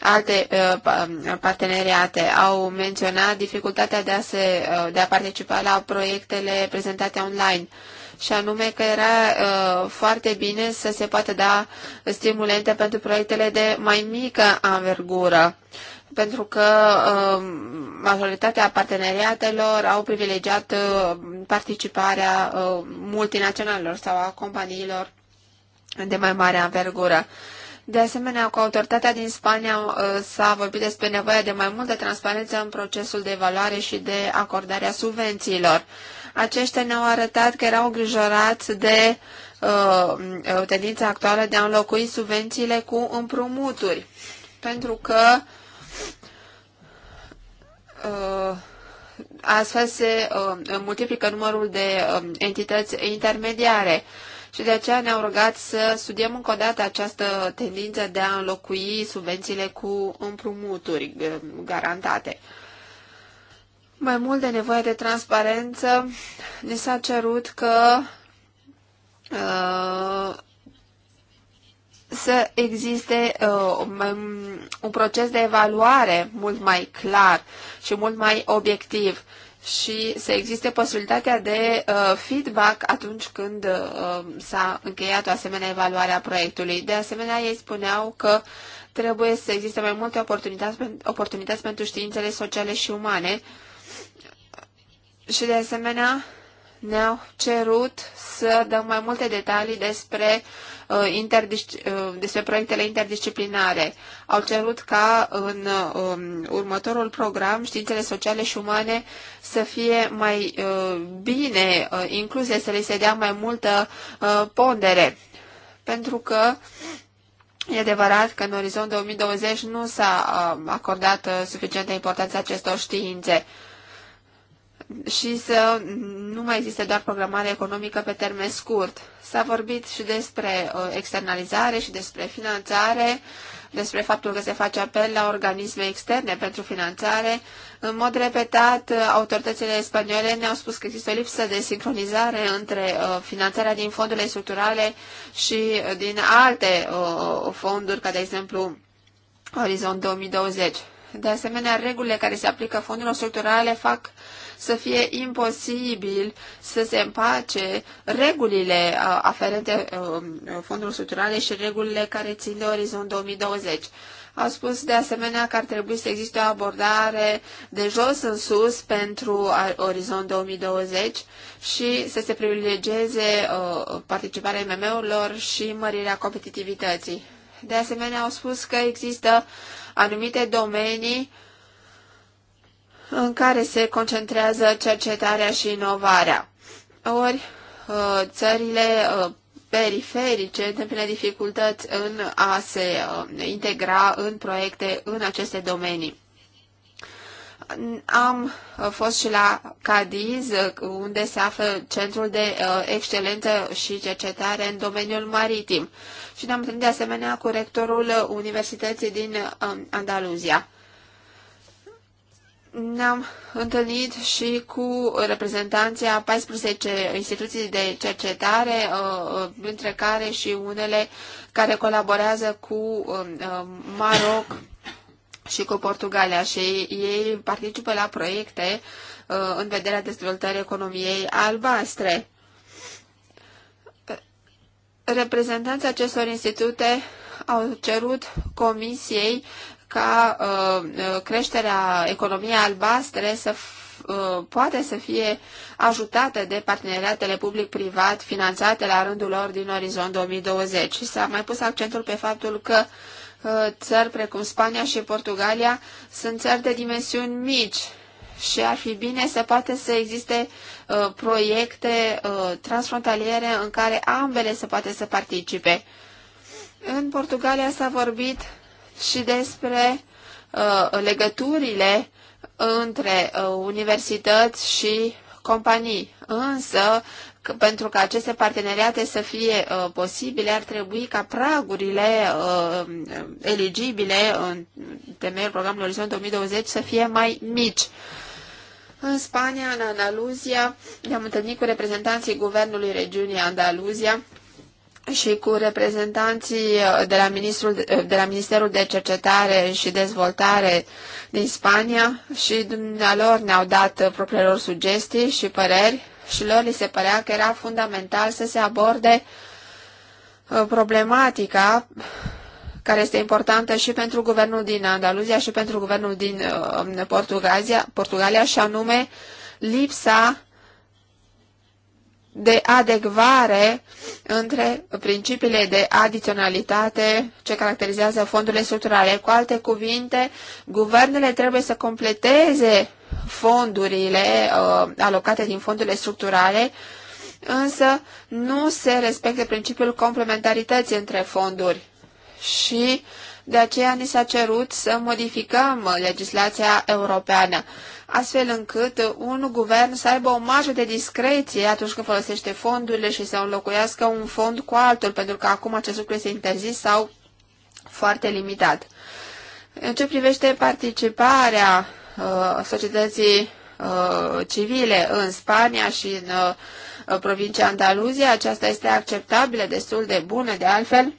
alte parteneriate. Au menționat dificultatea de a, se, de a participa la proiectele prezentate online și anume că era uh, foarte bine să se poată da stimulente pentru proiectele de mai mică anvergură pentru că um, majoritatea parteneriatelor au privilegiat uh, participarea uh, multinaționalelor sau a companiilor de mai mare anvergură. De asemenea, cu autoritatea din Spania uh, s-a vorbit despre nevoia de mai multă transparență în procesul de evaluare și de acordarea subvențiilor. Aceștia ne-au arătat că erau îngrijorați de uh, tendința actuală de a înlocui subvențiile cu împrumuturi, pentru că Uh, astfel se uh, multiplică numărul de um, entități intermediare. Și de aceea ne-au rugat să studiem încă o dată această tendință de a înlocui subvențiile cu împrumuturi uh, garantate. Mai mult de nevoie de transparență, ne s-a cerut că să existe uh, um, un proces de evaluare mult mai clar și mult mai obiectiv și să existe posibilitatea de uh, feedback atunci când uh, s-a încheiat o asemenea evaluare a proiectului. De asemenea, ei spuneau că trebuie să existe mai multe oportunități, oportunități pentru științele sociale și umane și, de asemenea, ne-au cerut să dăm mai multe detalii despre uh, Uh, uh, despre proiectele interdisciplinare. Au cerut ca în um, următorul program științele sociale și umane să fie mai uh, bine incluse, să le se dea mai multă pondere. Pentru că E adevărat că în orizont 2020 nu s-a acordat suficientă importanță acestor științe și să nu mai existe doar programare economică pe termen scurt. S-a vorbit și despre uh, externalizare și despre finanțare, despre faptul că se face apel la organisme externe pentru finanțare. În mod repetat, autoritățile spaniole ne-au spus că există o lipsă de sincronizare între uh, finanțarea din fondurile structurale și uh, din alte fonduri, ca de exemplu Orizont 2020. De asemenea, regulile care se aplică fondurilor structurale fac să fie imposibil să se împace regulile uh, aferente um, fondurilor structurale și regulile care țin de orizont 2020. A spus de asemenea că ar trebui să existe o abordare de jos în sus pentru Orizont 2020 și să se privilegieze uh, participarea MM-urilor și mărirea competitivității. De asemenea, au spus că există anumite domenii în care se concentrează cercetarea și inovarea. Ori uh, țările uh, periferice întâmpină dificultăți în a se uh, integra în proiecte în aceste domenii. Am uh, fost și la Cadiz, uh, unde se află Centrul de uh, Excelență și Cercetare în domeniul maritim și ne-am întâlnit de asemenea cu rectorul Universității din um, Andaluzia. Ne-am întâlnit și cu reprezentanții a 14 instituții de cercetare, între care și unele care colaborează cu um, Maroc și cu Portugalia și ei participă la proiecte uh, în vederea dezvoltării economiei albastre. Reprezentanții acestor institute au cerut Comisiei ca uh, uh, creșterea economiei albastre să poate să fie ajutată de parteneriatele public-privat finanțate la rândul lor din orizont 2020. S-a mai pus accentul pe faptul că Uh, țări precum Spania și Portugalia sunt țări de dimensiuni mici și ar fi bine să poate să existe uh, proiecte uh, transfrontaliere în care ambele să poate să participe. În Portugalia s-a vorbit și despre uh, legăturile între uh, universități și companii, însă că pentru ca aceste parteneriate să fie uh, posibile, ar trebui ca pragurile uh, eligibile în temeiul programului Orizont 2020 să fie mai mici. În Spania, în Andaluzia, ne-am întâlnit cu reprezentanții guvernului regiunii Andaluzia și cu reprezentanții uh, de la, ministrul, uh, de la Ministerul de Cercetare și Dezvoltare din Spania și dumnealor ne-au dat uh, propriilor sugestii și păreri și lor li se părea că era fundamental să se aborde uh, problematica care este importantă și pentru guvernul din Andaluzia și pentru guvernul din uh, Portugalia, Portugalia și anume lipsa de adecvare între principiile de adiționalitate ce caracterizează fondurile structurale. Cu alte cuvinte, guvernele trebuie să completeze fondurile uh, alocate din fondurile structurale, însă nu se respectă principiul complementarității între fonduri și de aceea ni s-a cerut să modificăm legislația europeană astfel încât un guvern să aibă o marjă de discreție atunci când folosește fondurile și să înlocuiască un fond cu altul, pentru că acum acest lucru este interzis sau foarte limitat. În ce privește participarea uh, societății uh, civile în Spania și în uh, provincia Andaluzia, aceasta este acceptabilă, destul de bună de altfel,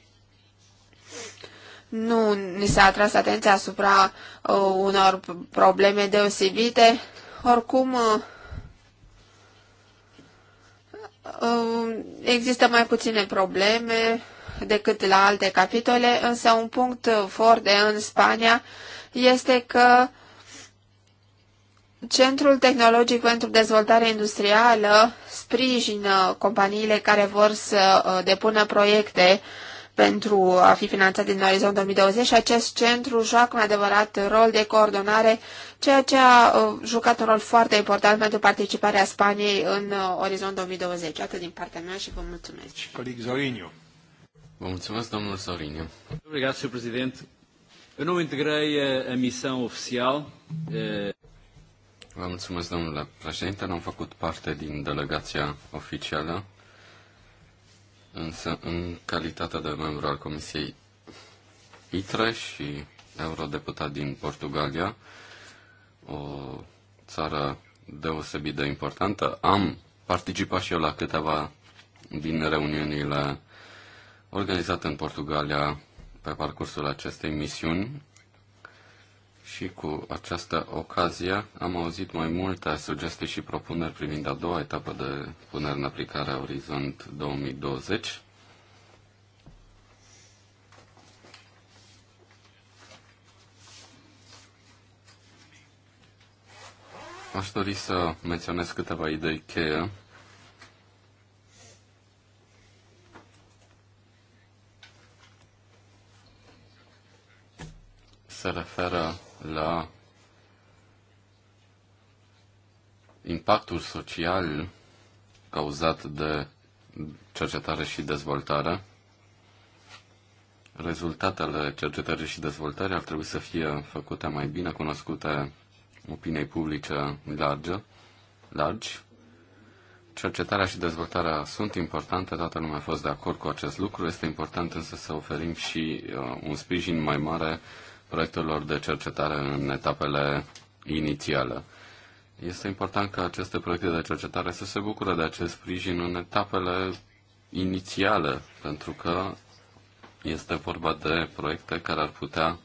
nu ni s-a atras atenția asupra uh, unor probleme deosebite. Oricum, uh, uh, există mai puține probleme decât la alte capitole, însă un punct foarte în Spania este că Centrul Tehnologic pentru Dezvoltare Industrială sprijină companiile care vor să uh, depună proiecte uh, pentru a fi finanțat din Orizont 2020 și acest centru joacă un adevărat rol de coordonare, ceea ce a uh, jucat un rol foarte important pentru participarea Spaniei în Orizont 2020. Atât din partea mea și vă mulțumesc. Coleg Zoriniu. Vă mulțumesc, domnul Zoriniu. Mulțumesc, domnul Presidente. Eu nu integrei a, misiunea oficială. Eh, vă mulțumesc, domnule președinte. N Am făcut parte din delegația oficială Însă, în calitatea de membru al Comisiei ITRE și eurodeputat din Portugalia, o țară deosebit de importantă, am participat și eu la câteva din reuniunile organizate în Portugalia pe parcursul acestei misiuni și cu această ocazie am auzit mai multe sugestii și propuneri privind a doua etapă de punere în aplicare a Orizont 2020. Aș dori să menționez câteva idei cheie se referă la impactul social cauzat de cercetare și dezvoltare. Rezultatele cercetării și dezvoltării ar trebui să fie făcute mai bine cunoscute opiniei publice largă, largi. Cercetarea și dezvoltarea sunt importante, toată lumea a fost de acord cu acest lucru, este important însă să oferim și uh, un sprijin mai mare uh, proiectelor de cercetare în etapele inițiale. Este important ca aceste proiecte de cercetare să se bucure de acest sprijin în etapele inițiale, pentru că este vorba de proiecte care ar putea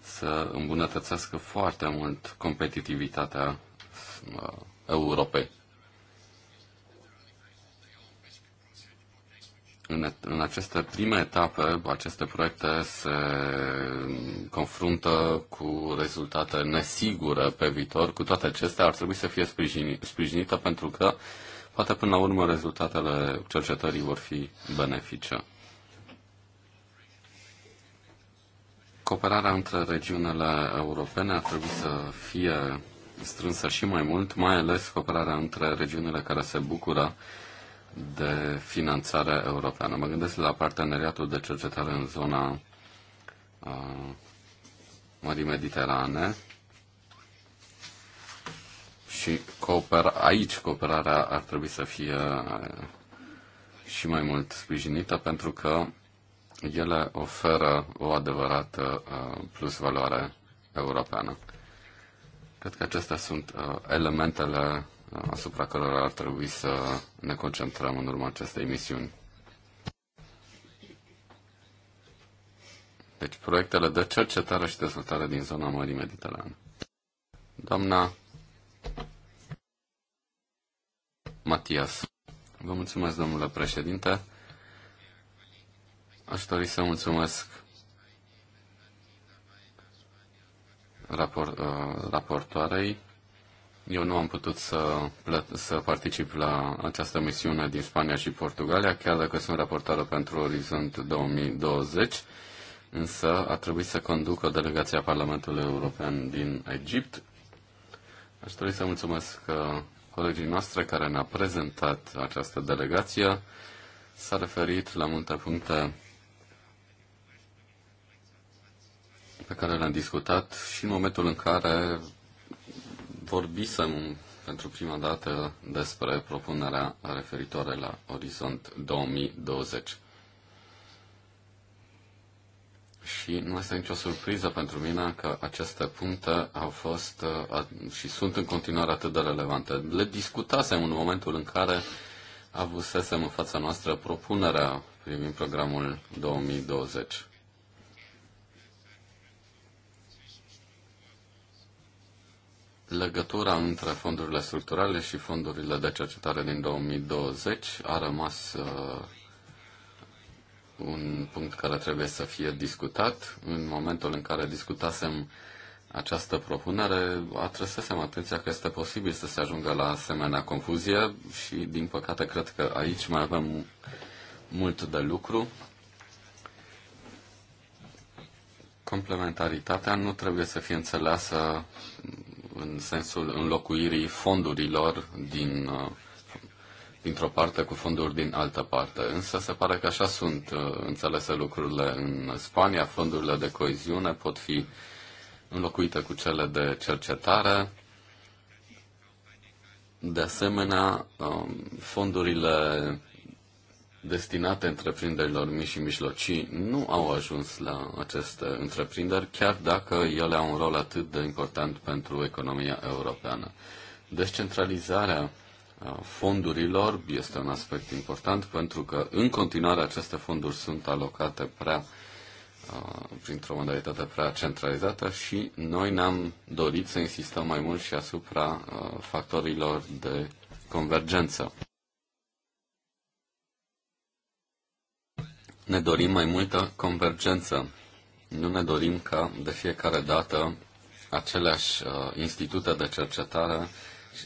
să îmbunătățească foarte mult competitivitatea uh, Europei. în, în aceste prime etape, aceste proiecte se confruntă cu rezultate nesigure pe viitor. Cu toate acestea, ar trebui să fie sprijinită, sprijinită pentru că poate până la urmă rezultatele cercetării vor fi benefice. Cooperarea între regiunile europene ar trebui să fie strânsă și mai mult, mai ales cooperarea între regiunile care se bucură de finanțare europeană. Mă gândesc la parteneriatul de cercetare în zona uh, Mării Mediterane și cooper- aici cooperarea ar trebui să fie și mai mult sprijinită pentru că ele oferă o adevărată plus valoare europeană. Cred că acestea sunt elementele asupra cărora ar trebui să ne concentrăm în urma acestei misiuni. Deci proiectele de cercetare și dezvoltare din zona Mării Mediterane. Doamna Matias. Vă mulțumesc, domnule președinte. Aș dori să mulțumesc rapor, uh, raportoarei eu nu am putut să, să particip la această misiune din Spania și Portugalia, chiar dacă sunt raportată pentru Orizont 2020, însă a trebuit să conduc o delegație a Parlamentului European din Egipt. Aș dori să mulțumesc uh, colegii noastre care ne-a prezentat această delegație. S-a referit la multe puncte pe care le-am discutat și în momentul în care vorbisem pentru prima dată despre propunerea referitoare la Orizont 2020. Și nu este nicio surpriză pentru mine că aceste puncte au fost uh, și sunt în continuare atât de relevante. Le discutasem în momentul în care avusesem în fața noastră propunerea privind programul 2020. Legătura între fondurile structurale și fondurile de cercetare din 2020 a rămas uh, un punct care trebuie să fie discutat. În momentul în care discutasem această propunere, atrăsesem atenția că este posibil să se ajungă la asemenea confuzie și, din păcate, cred că aici mai avem mult de lucru. Complementaritatea nu trebuie să fie înțeleasă în sensul înlocuirii fondurilor din, uh, dintr-o parte cu fonduri din altă parte. Însă se pare că așa sunt uh, înțelese lucrurile în Spania. Fondurile de coeziune pot fi înlocuite cu cele de cercetare. De asemenea, um, fondurile destinate întreprinderilor mici și mijlocii nu au ajuns la aceste întreprinderi, chiar dacă ele au un rol atât de important pentru economia europeană. Descentralizarea uh, fondurilor este un aspect important pentru că în continuare aceste fonduri sunt alocate prea uh, printr-o modalitate prea centralizată și noi ne-am dorit să insistăm mai mult și asupra uh, factorilor de convergență. ne dorim mai multă convergență. Nu ne dorim ca de fiecare dată aceleași uh, institute de cercetare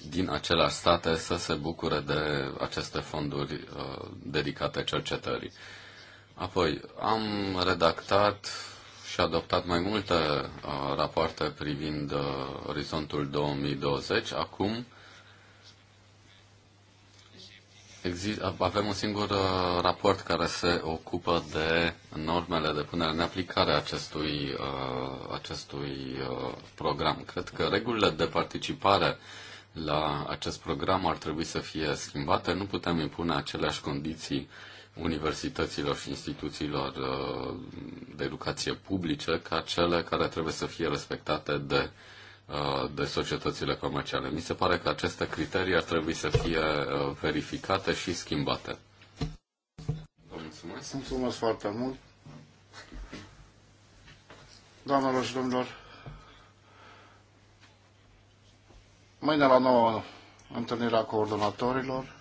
din aceleași state să se bucure de aceste fonduri uh, dedicate cercetării. Apoi, am redactat și adoptat mai multe uh, rapoarte privind orizontul 2020. Acum avem un singur uh, raport care se ocupă de normele de punere în aplicare a acestui, uh, acestui uh, program. Cred că regulile de participare la acest program ar trebui să fie schimbate. Nu putem impune aceleași condiții universităților și instituțiilor de educație publice ca cele care trebuie să fie respectate de uh, Uh, de societățile comerciale. Mi se pare că aceste criterii ar trebui să fie uh, verificate și schimbate. Vă mulțumesc. Mulțumesc foarte mult. Doamnelor și domnilor, mâine la nouă întâlnirea coordonatorilor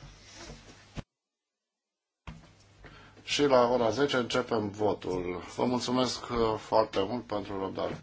și la ora 10 începem votul. Vă mulțumesc uh, foarte mult pentru răbdare.